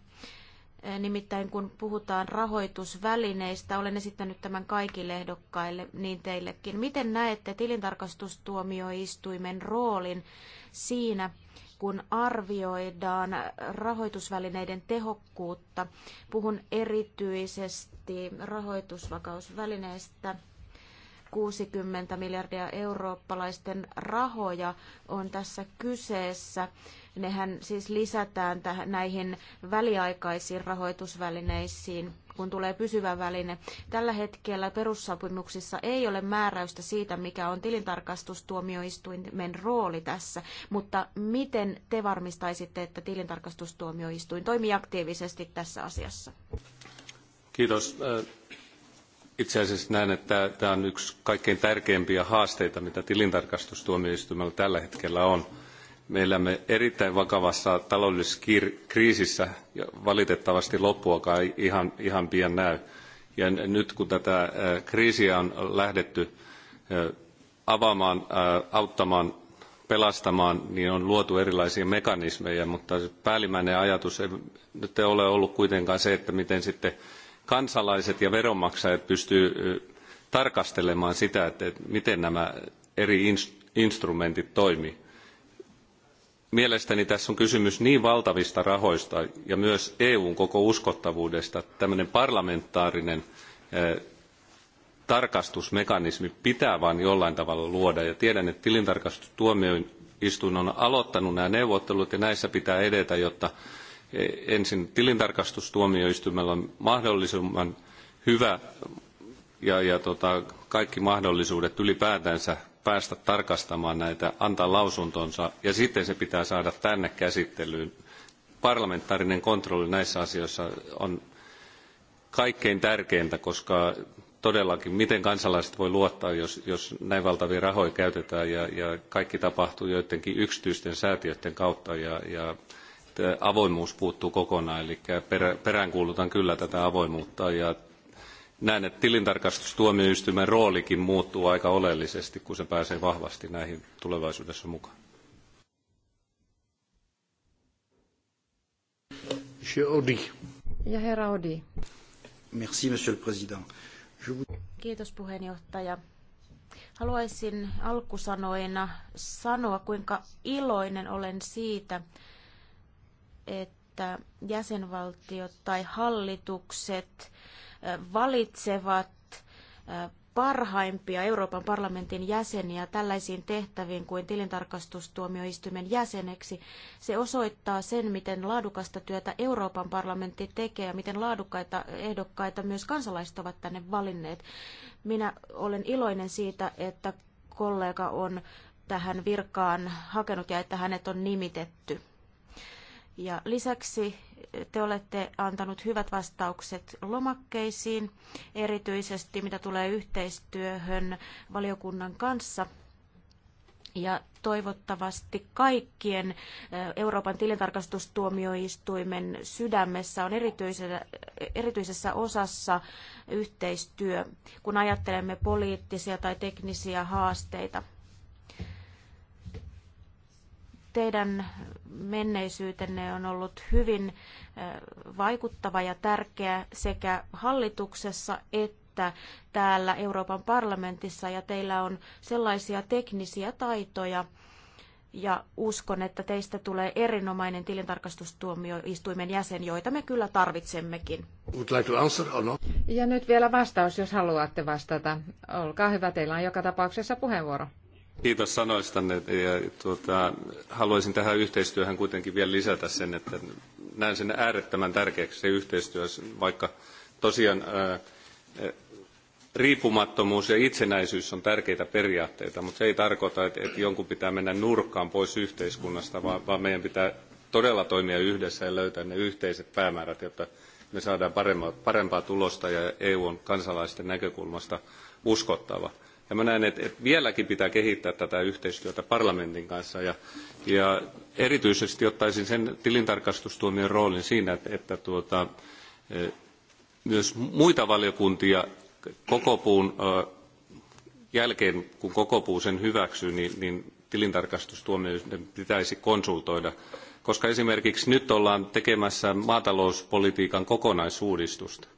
Nimittäin kun puhutaan rahoitusvälineistä, olen esittänyt tämän kaikille ehdokkaille, niin teillekin. Miten näette tilintarkastustuomioistuimen roolin siinä, kun arvioidaan rahoitusvälineiden tehokkuutta? Puhun erityisesti rahoitusvakausvälineestä 60 miljardia eurooppalaisten rahoja on tässä kyseessä. Nehän siis lisätään tähän, näihin väliaikaisiin rahoitusvälineisiin, kun tulee pysyvä väline. Tällä hetkellä perussopimuksissa ei ole määräystä siitä, mikä on tilintarkastustuomioistuimen rooli tässä, mutta miten te varmistaisitte, että tilintarkastustuomioistuin toimii aktiivisesti tässä asiassa? Kiitos. Äh, itse asiassa näen, että tämä on yksi kaikkein tärkeimpiä haasteita, mitä tilintarkastustuomioistuimella tällä hetkellä on. Meillä me erittäin vakavassa taloudellisessa kriisissä ja valitettavasti loppuakaan ei ihan, ihan pian näy. Ja nyt kun tätä kriisiä on lähdetty avaamaan, auttamaan, pelastamaan, niin on luotu erilaisia mekanismeja, mutta päällimmäinen ajatus ei nyt ei ole ollut kuitenkaan se, että miten sitten kansalaiset ja veronmaksajat pystyvät tarkastelemaan sitä, että miten nämä eri instrumentit toimivat. Mielestäni tässä on kysymys niin valtavista rahoista ja myös EUn koko uskottavuudesta, että tämmöinen parlamentaarinen tarkastusmekanismi pitää vain jollain tavalla luoda. Ja tiedän, että tilintarkastustuomioistuin on aloittanut nämä neuvottelut ja näissä pitää edetä, jotta ensin tilintarkastustuomioistuimella on mahdollisimman hyvä ja, ja tota, kaikki mahdollisuudet ylipäätänsä päästä tarkastamaan näitä, antaa lausuntonsa ja sitten se pitää saada tänne käsittelyyn. Parlamentaarinen kontrolli näissä asioissa on kaikkein tärkeintä, koska todellakin miten kansalaiset voi luottaa, jos, jos näin valtavia rahoja käytetään ja, ja kaikki tapahtuu joidenkin yksityisten säätiöiden kautta ja, ja avoimuus puuttuu kokonaan, eli peräänkuulutan kyllä tätä avoimuutta ja näen, että tilintarkastustuomioistuimen roolikin muuttuu aika oleellisesti, kun se pääsee vahvasti näihin tulevaisuudessa mukaan. Ja herra Odi. Merci, monsieur le président. Kiitos puheenjohtaja. Haluaisin alkusanoina sanoa, kuinka iloinen olen siitä, että jäsenvaltiot tai hallitukset valitsevat parhaimpia Euroopan parlamentin jäseniä tällaisiin tehtäviin kuin tilintarkastustuomioistuimen jäseneksi. Se osoittaa sen, miten laadukasta työtä Euroopan parlamentti tekee ja miten laadukkaita ehdokkaita myös kansalaiset ovat tänne valinneet. Minä olen iloinen siitä, että kollega on tähän virkaan hakenut ja että hänet on nimitetty. Ja lisäksi te olette antanut hyvät vastaukset lomakkeisiin, erityisesti mitä tulee yhteistyöhön valiokunnan kanssa. Ja toivottavasti kaikkien Euroopan tilintarkastustuomioistuimen sydämessä on erityisessä, erityisessä osassa yhteistyö, kun ajattelemme poliittisia tai teknisiä haasteita. Teidän menneisyytenne on ollut hyvin äh, vaikuttava ja tärkeä sekä hallituksessa että täällä Euroopan parlamentissa ja teillä on sellaisia teknisiä taitoja, ja uskon, että teistä tulee erinomainen tilintarkastustuomioistuimen jäsen, joita me kyllä tarvitsemmekin. Ja nyt vielä vastaus, jos haluatte vastata. Olkaa hyvä, teillä on joka tapauksessa puheenvuoro. Kiitos sanoistanne. Ja, tuota, haluaisin tähän yhteistyöhön kuitenkin vielä lisätä sen, että näen sen äärettömän tärkeäksi se yhteistyö, vaikka tosiaan ää, riippumattomuus ja itsenäisyys on tärkeitä periaatteita, mutta se ei tarkoita, että, että jonkun pitää mennä nurkkaan pois yhteiskunnasta, vaan, vaan meidän pitää todella toimia yhdessä ja löytää ne yhteiset päämäärät, jotta me saadaan parempaa, parempaa tulosta ja EU on kansalaisten näkökulmasta uskottava. Ja mä näen, että, että vieläkin pitää kehittää tätä yhteistyötä parlamentin kanssa. Ja, ja erityisesti ottaisin sen tilintarkastustuomion roolin siinä, että, että tuota, e, myös muita valiokuntia kokopuun jälkeen, kun koko sen hyväksyy, niin, niin tilintarkastustuomioiden pitäisi konsultoida. Koska esimerkiksi nyt ollaan tekemässä maatalouspolitiikan kokonaisuudistusta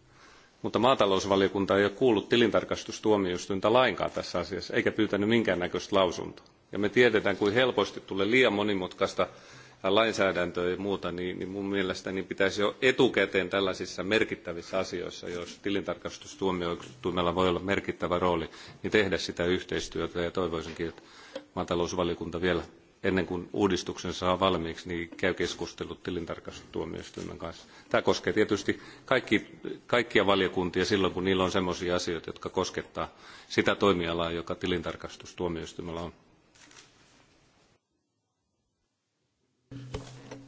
mutta maatalousvaliokunta ei ole kuullut tilintarkastustuomioistuinta lainkaan tässä asiassa eikä pyytänyt minkäännäköistä lausuntoa. Ja me tiedetään, kuin helposti tulee liian monimutkaista lainsäädäntöä ja muuta, niin, niin mun mielestäni niin pitäisi jo etukäteen tällaisissa merkittävissä asioissa, jos tilintarkastustuomioistuimella voi olla merkittävä rooli, niin tehdä sitä yhteistyötä ja toivoisinkin, että maatalousvaliokunta vielä ennen kuin uudistuksen saa valmiiksi, niin käy keskustelut tilintarkastustuomioistuimen kanssa. Tämä koskee tietysti kaikki, kaikkia valiokuntia silloin, kun niillä on sellaisia asioita, jotka koskettaa sitä toimialaa, joka tilintarkastustuomioistuimella on.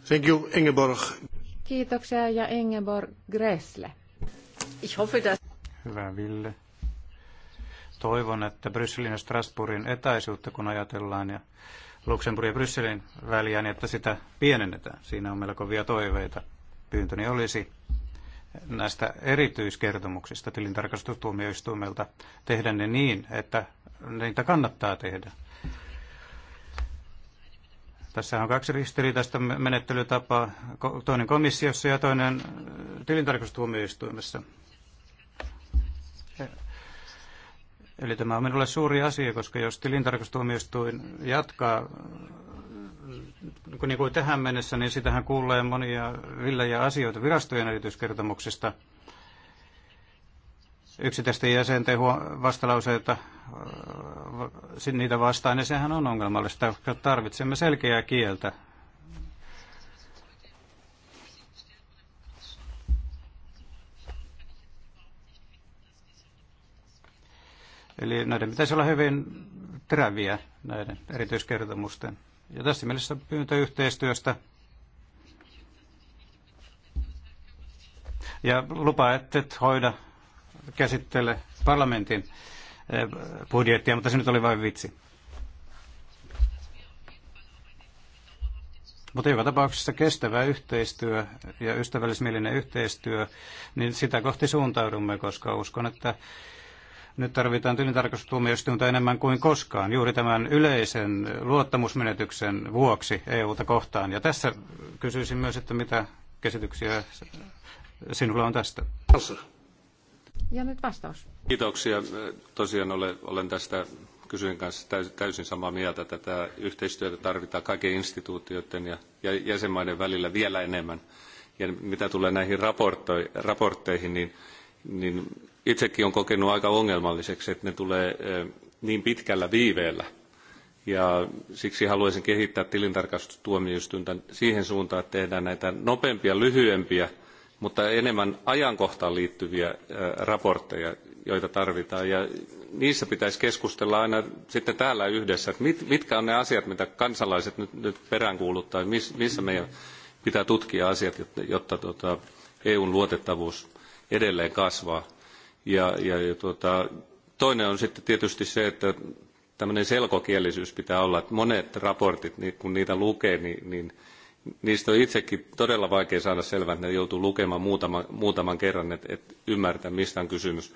Thank you, Ingeborg. Kiitoksia ja Ingeborg Gressle. Ich hoffe, dass... Hyvä Ville. Toivon, että Brysselin ja Strasbourgin etäisyyttä kun ajatellaan ja Luxemburg ja Brysselin väliä, niin että sitä pienennetään. Siinä on kovia toiveita. Pyyntöni olisi näistä erityiskertomuksista tilintarkastustuomioistuimelta tehdä ne niin, että niitä kannattaa tehdä. Tässä on kaksi ristiriitaista menettelytapaa, toinen komissiossa ja toinen äh, tilintarkastustuomioistuimessa. Eli tämä on minulle suuri asia, koska jos tilintarkastustuomioistuin jatkaa niin kuin tähän mennessä, niin sitähän kuulee monia villejä asioita virastojen erityiskertomuksista. Yksittäisten jäsenten vastalauseita niitä vastaan, niin sehän on ongelmallista. Tarvitsemme selkeää kieltä Eli näiden pitäisi olla hyvin teräviä näiden erityiskertomusten. Ja tässä mielessä pyyntö yhteistyöstä. Ja lupa, että et hoida, käsittele parlamentin eh, budjettia, mutta se nyt oli vain vitsi. Mutta joka tapauksessa kestävä yhteistyö ja ystävällismielinen yhteistyö, niin sitä kohti suuntaudumme, koska uskon, että nyt tarvitaan tilintarkastustuomioistuinta enemmän kuin koskaan juuri tämän yleisen luottamusmenetyksen vuoksi EU-ta kohtaan. Ja tässä kysyisin myös, että mitä käsityksiä sinulla on tästä? Ja nyt vastaus. Kiitoksia. Tosiaan olen, olen tästä kysyjän kanssa täysin samaa mieltä, tätä yhteistyötä tarvitaan kaiken instituutioiden ja jäsenmaiden välillä vielä enemmän. Ja mitä tulee näihin raportteihin, niin, niin itsekin on kokenut aika ongelmalliseksi, että ne tulee eh, niin pitkällä viiveellä. Ja siksi haluaisin kehittää tilintarkastustuomioistuinta siihen suuntaan, että tehdään näitä nopeampia, lyhyempiä, mutta enemmän ajankohtaan liittyviä eh, raportteja, joita tarvitaan. Ja niissä pitäisi keskustella aina sitten täällä yhdessä, että mit, mitkä on ne asiat, mitä kansalaiset nyt, nyt peräänkuuluttaa, miss, missä meidän pitää tutkia asiat, jotta, jotta tota, EUn luotettavuus edelleen kasvaa. Ja, ja, ja tuota, toinen on sitten tietysti se, että tämmöinen selkokielisyys pitää olla, että monet raportit, niin kun niitä lukee, niin, niin niistä on itsekin todella vaikea saada selvää, että ne joutuu lukemaan muutama, muutaman kerran, että ymmärtää, mistä on kysymys.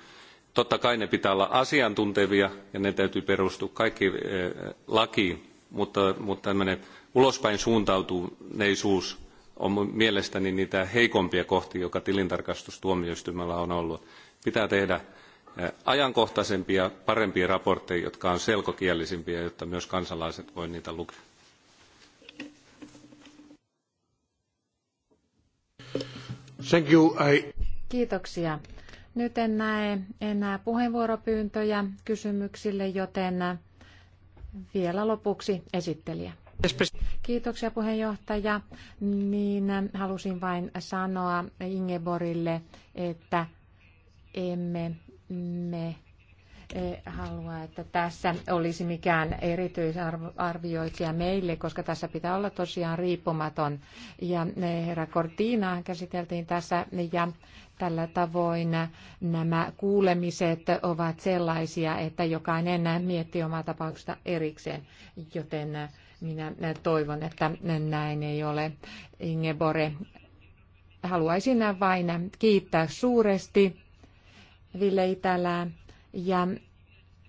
Totta kai ne pitää olla asiantuntevia ja ne täytyy perustua kaikki eh, lakiin, mutta, mutta tämmöinen ulospäin suuntautuneisuus on mielestäni niitä heikompia kohtia, joka tilintarkastustuomioistuimella on ollut Pitää tehdä ajankohtaisempia, parempia raportteja, jotka on selkokielisimpiä, jotta myös kansalaiset voi niitä lukea. Thank you. I... Kiitoksia. Nyt en näe enää puheenvuoropyyntöjä kysymyksille, joten vielä lopuksi esittelijä. Kiitoksia puheenjohtaja. Niin halusin vain sanoa Ingeborille, että emme me e, halua, että tässä olisi mikään erityisarvioitsija meille, koska tässä pitää olla tosiaan riippumaton. Ja e, herra Cortina käsiteltiin tässä ja tällä tavoin nämä kuulemiset ovat sellaisia, että jokainen miettii omaa tapauksesta erikseen, joten minä toivon, että näin ei ole. Ingebore, haluaisin vain kiittää suuresti Ville Itälää ja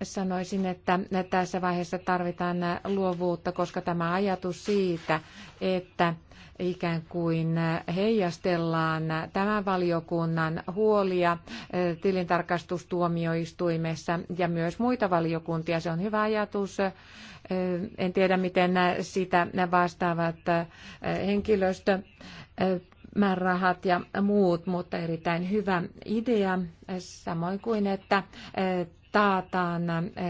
sanoisin, että tässä vaiheessa tarvitaan luovuutta, koska tämä ajatus siitä, että ikään kuin heijastellaan tämän valiokunnan huolia eh, tilintarkastustuomioistuimessa ja myös muita valiokuntia. Se on hyvä ajatus. Eh, en tiedä, miten sitä vastaavat eh, henkilöstö määrärahat ja muut, mutta erittäin hyvä idea, samoin kuin että e, taataan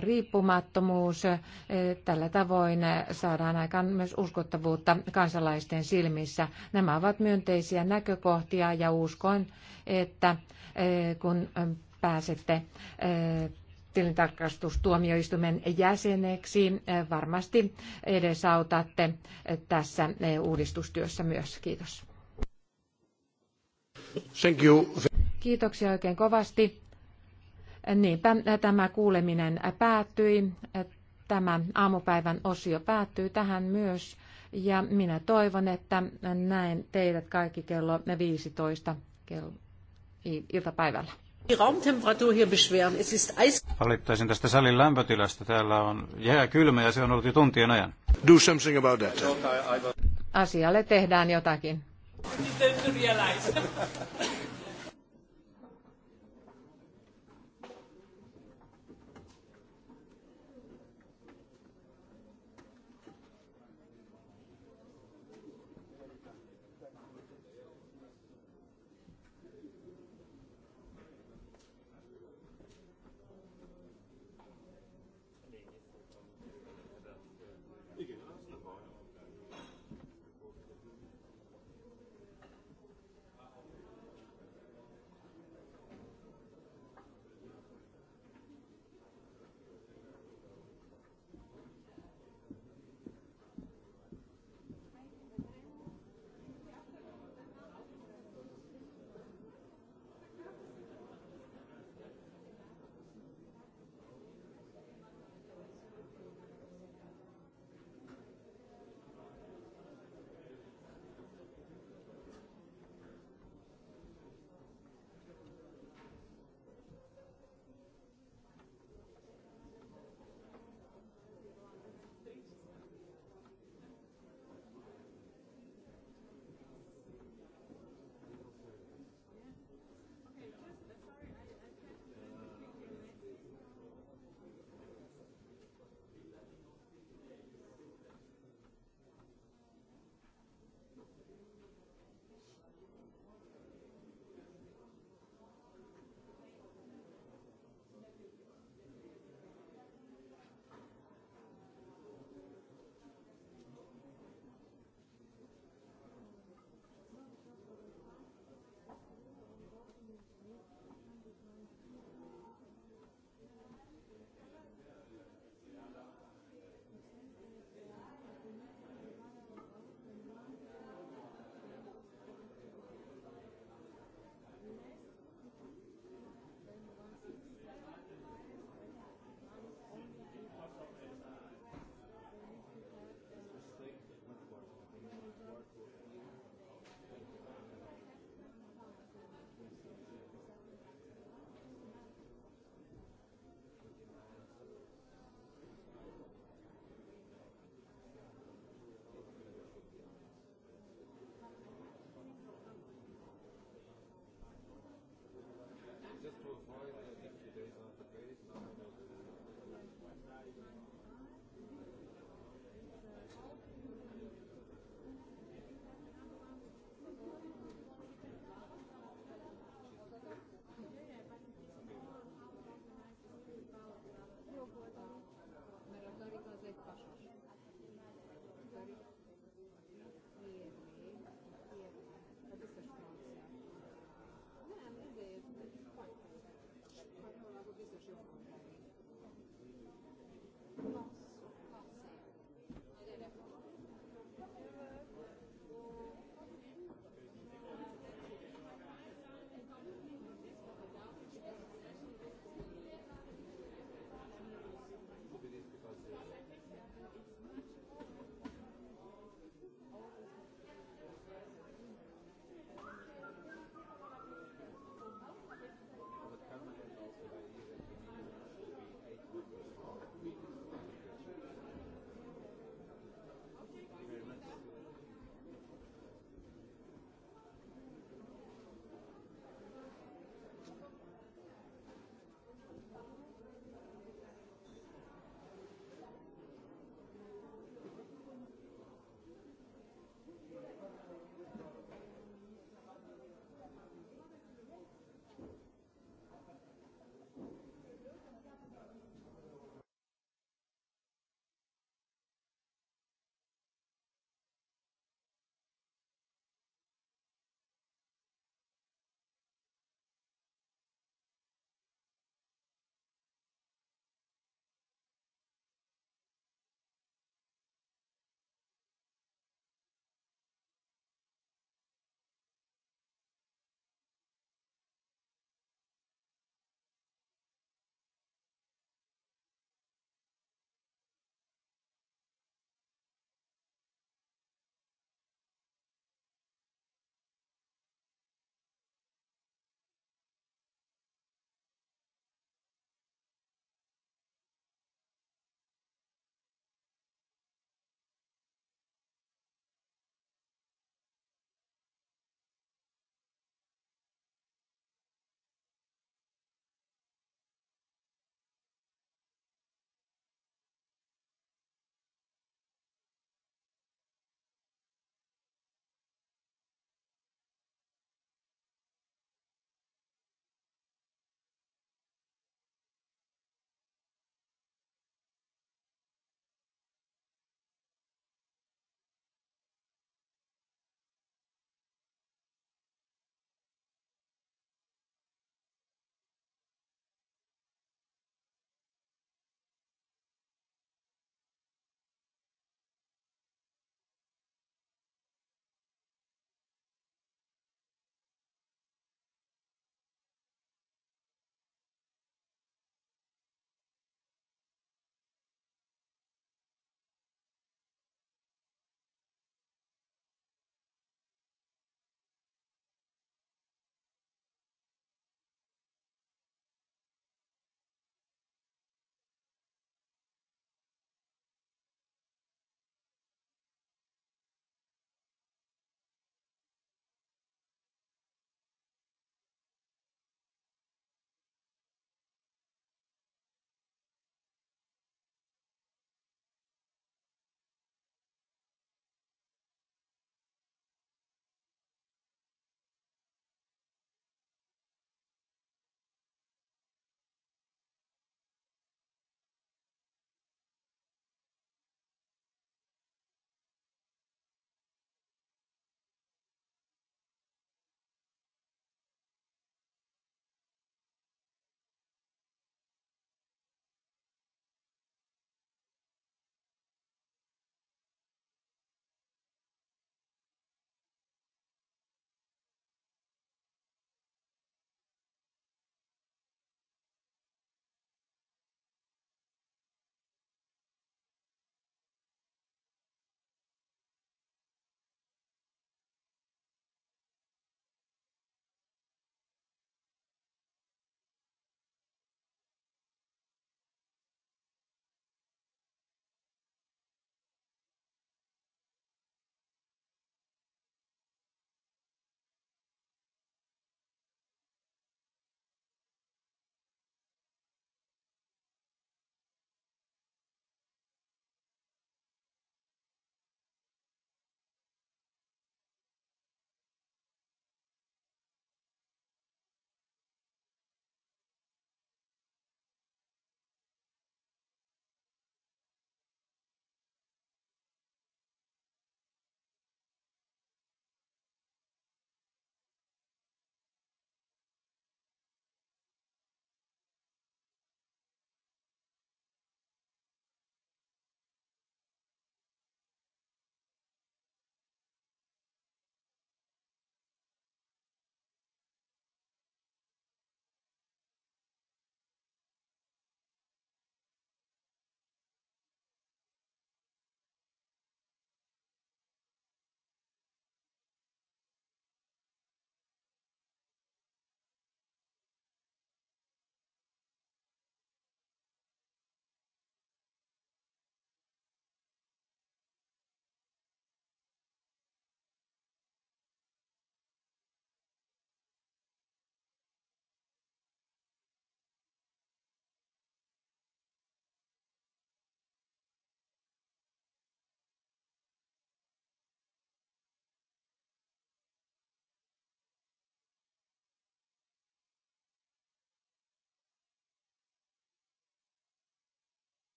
riippumattomuus. E, tällä tavoin saadaan aikaan myös uskottavuutta kansalaisten silmissä. Nämä ovat myönteisiä näkökohtia ja uskon, että e, kun pääsette tilintarkastustuomioistuimen jäseneksi. Varmasti edesautatte tässä uudistustyössä myös. Kiitos. Kiitoksia oikein kovasti. Niinpä tämä kuuleminen päättyi. Tämä aamupäivän osio päättyy tähän myös. Ja minä toivon, että näen teidät kaikki kello 15 kello iltapäivällä. Valittaisin tästä salin lämpötilasta. Täällä on jää kylmä ja se on ollut jo tuntien ajan. Do something about that. Asialle tehdään jotakin. You don't realize.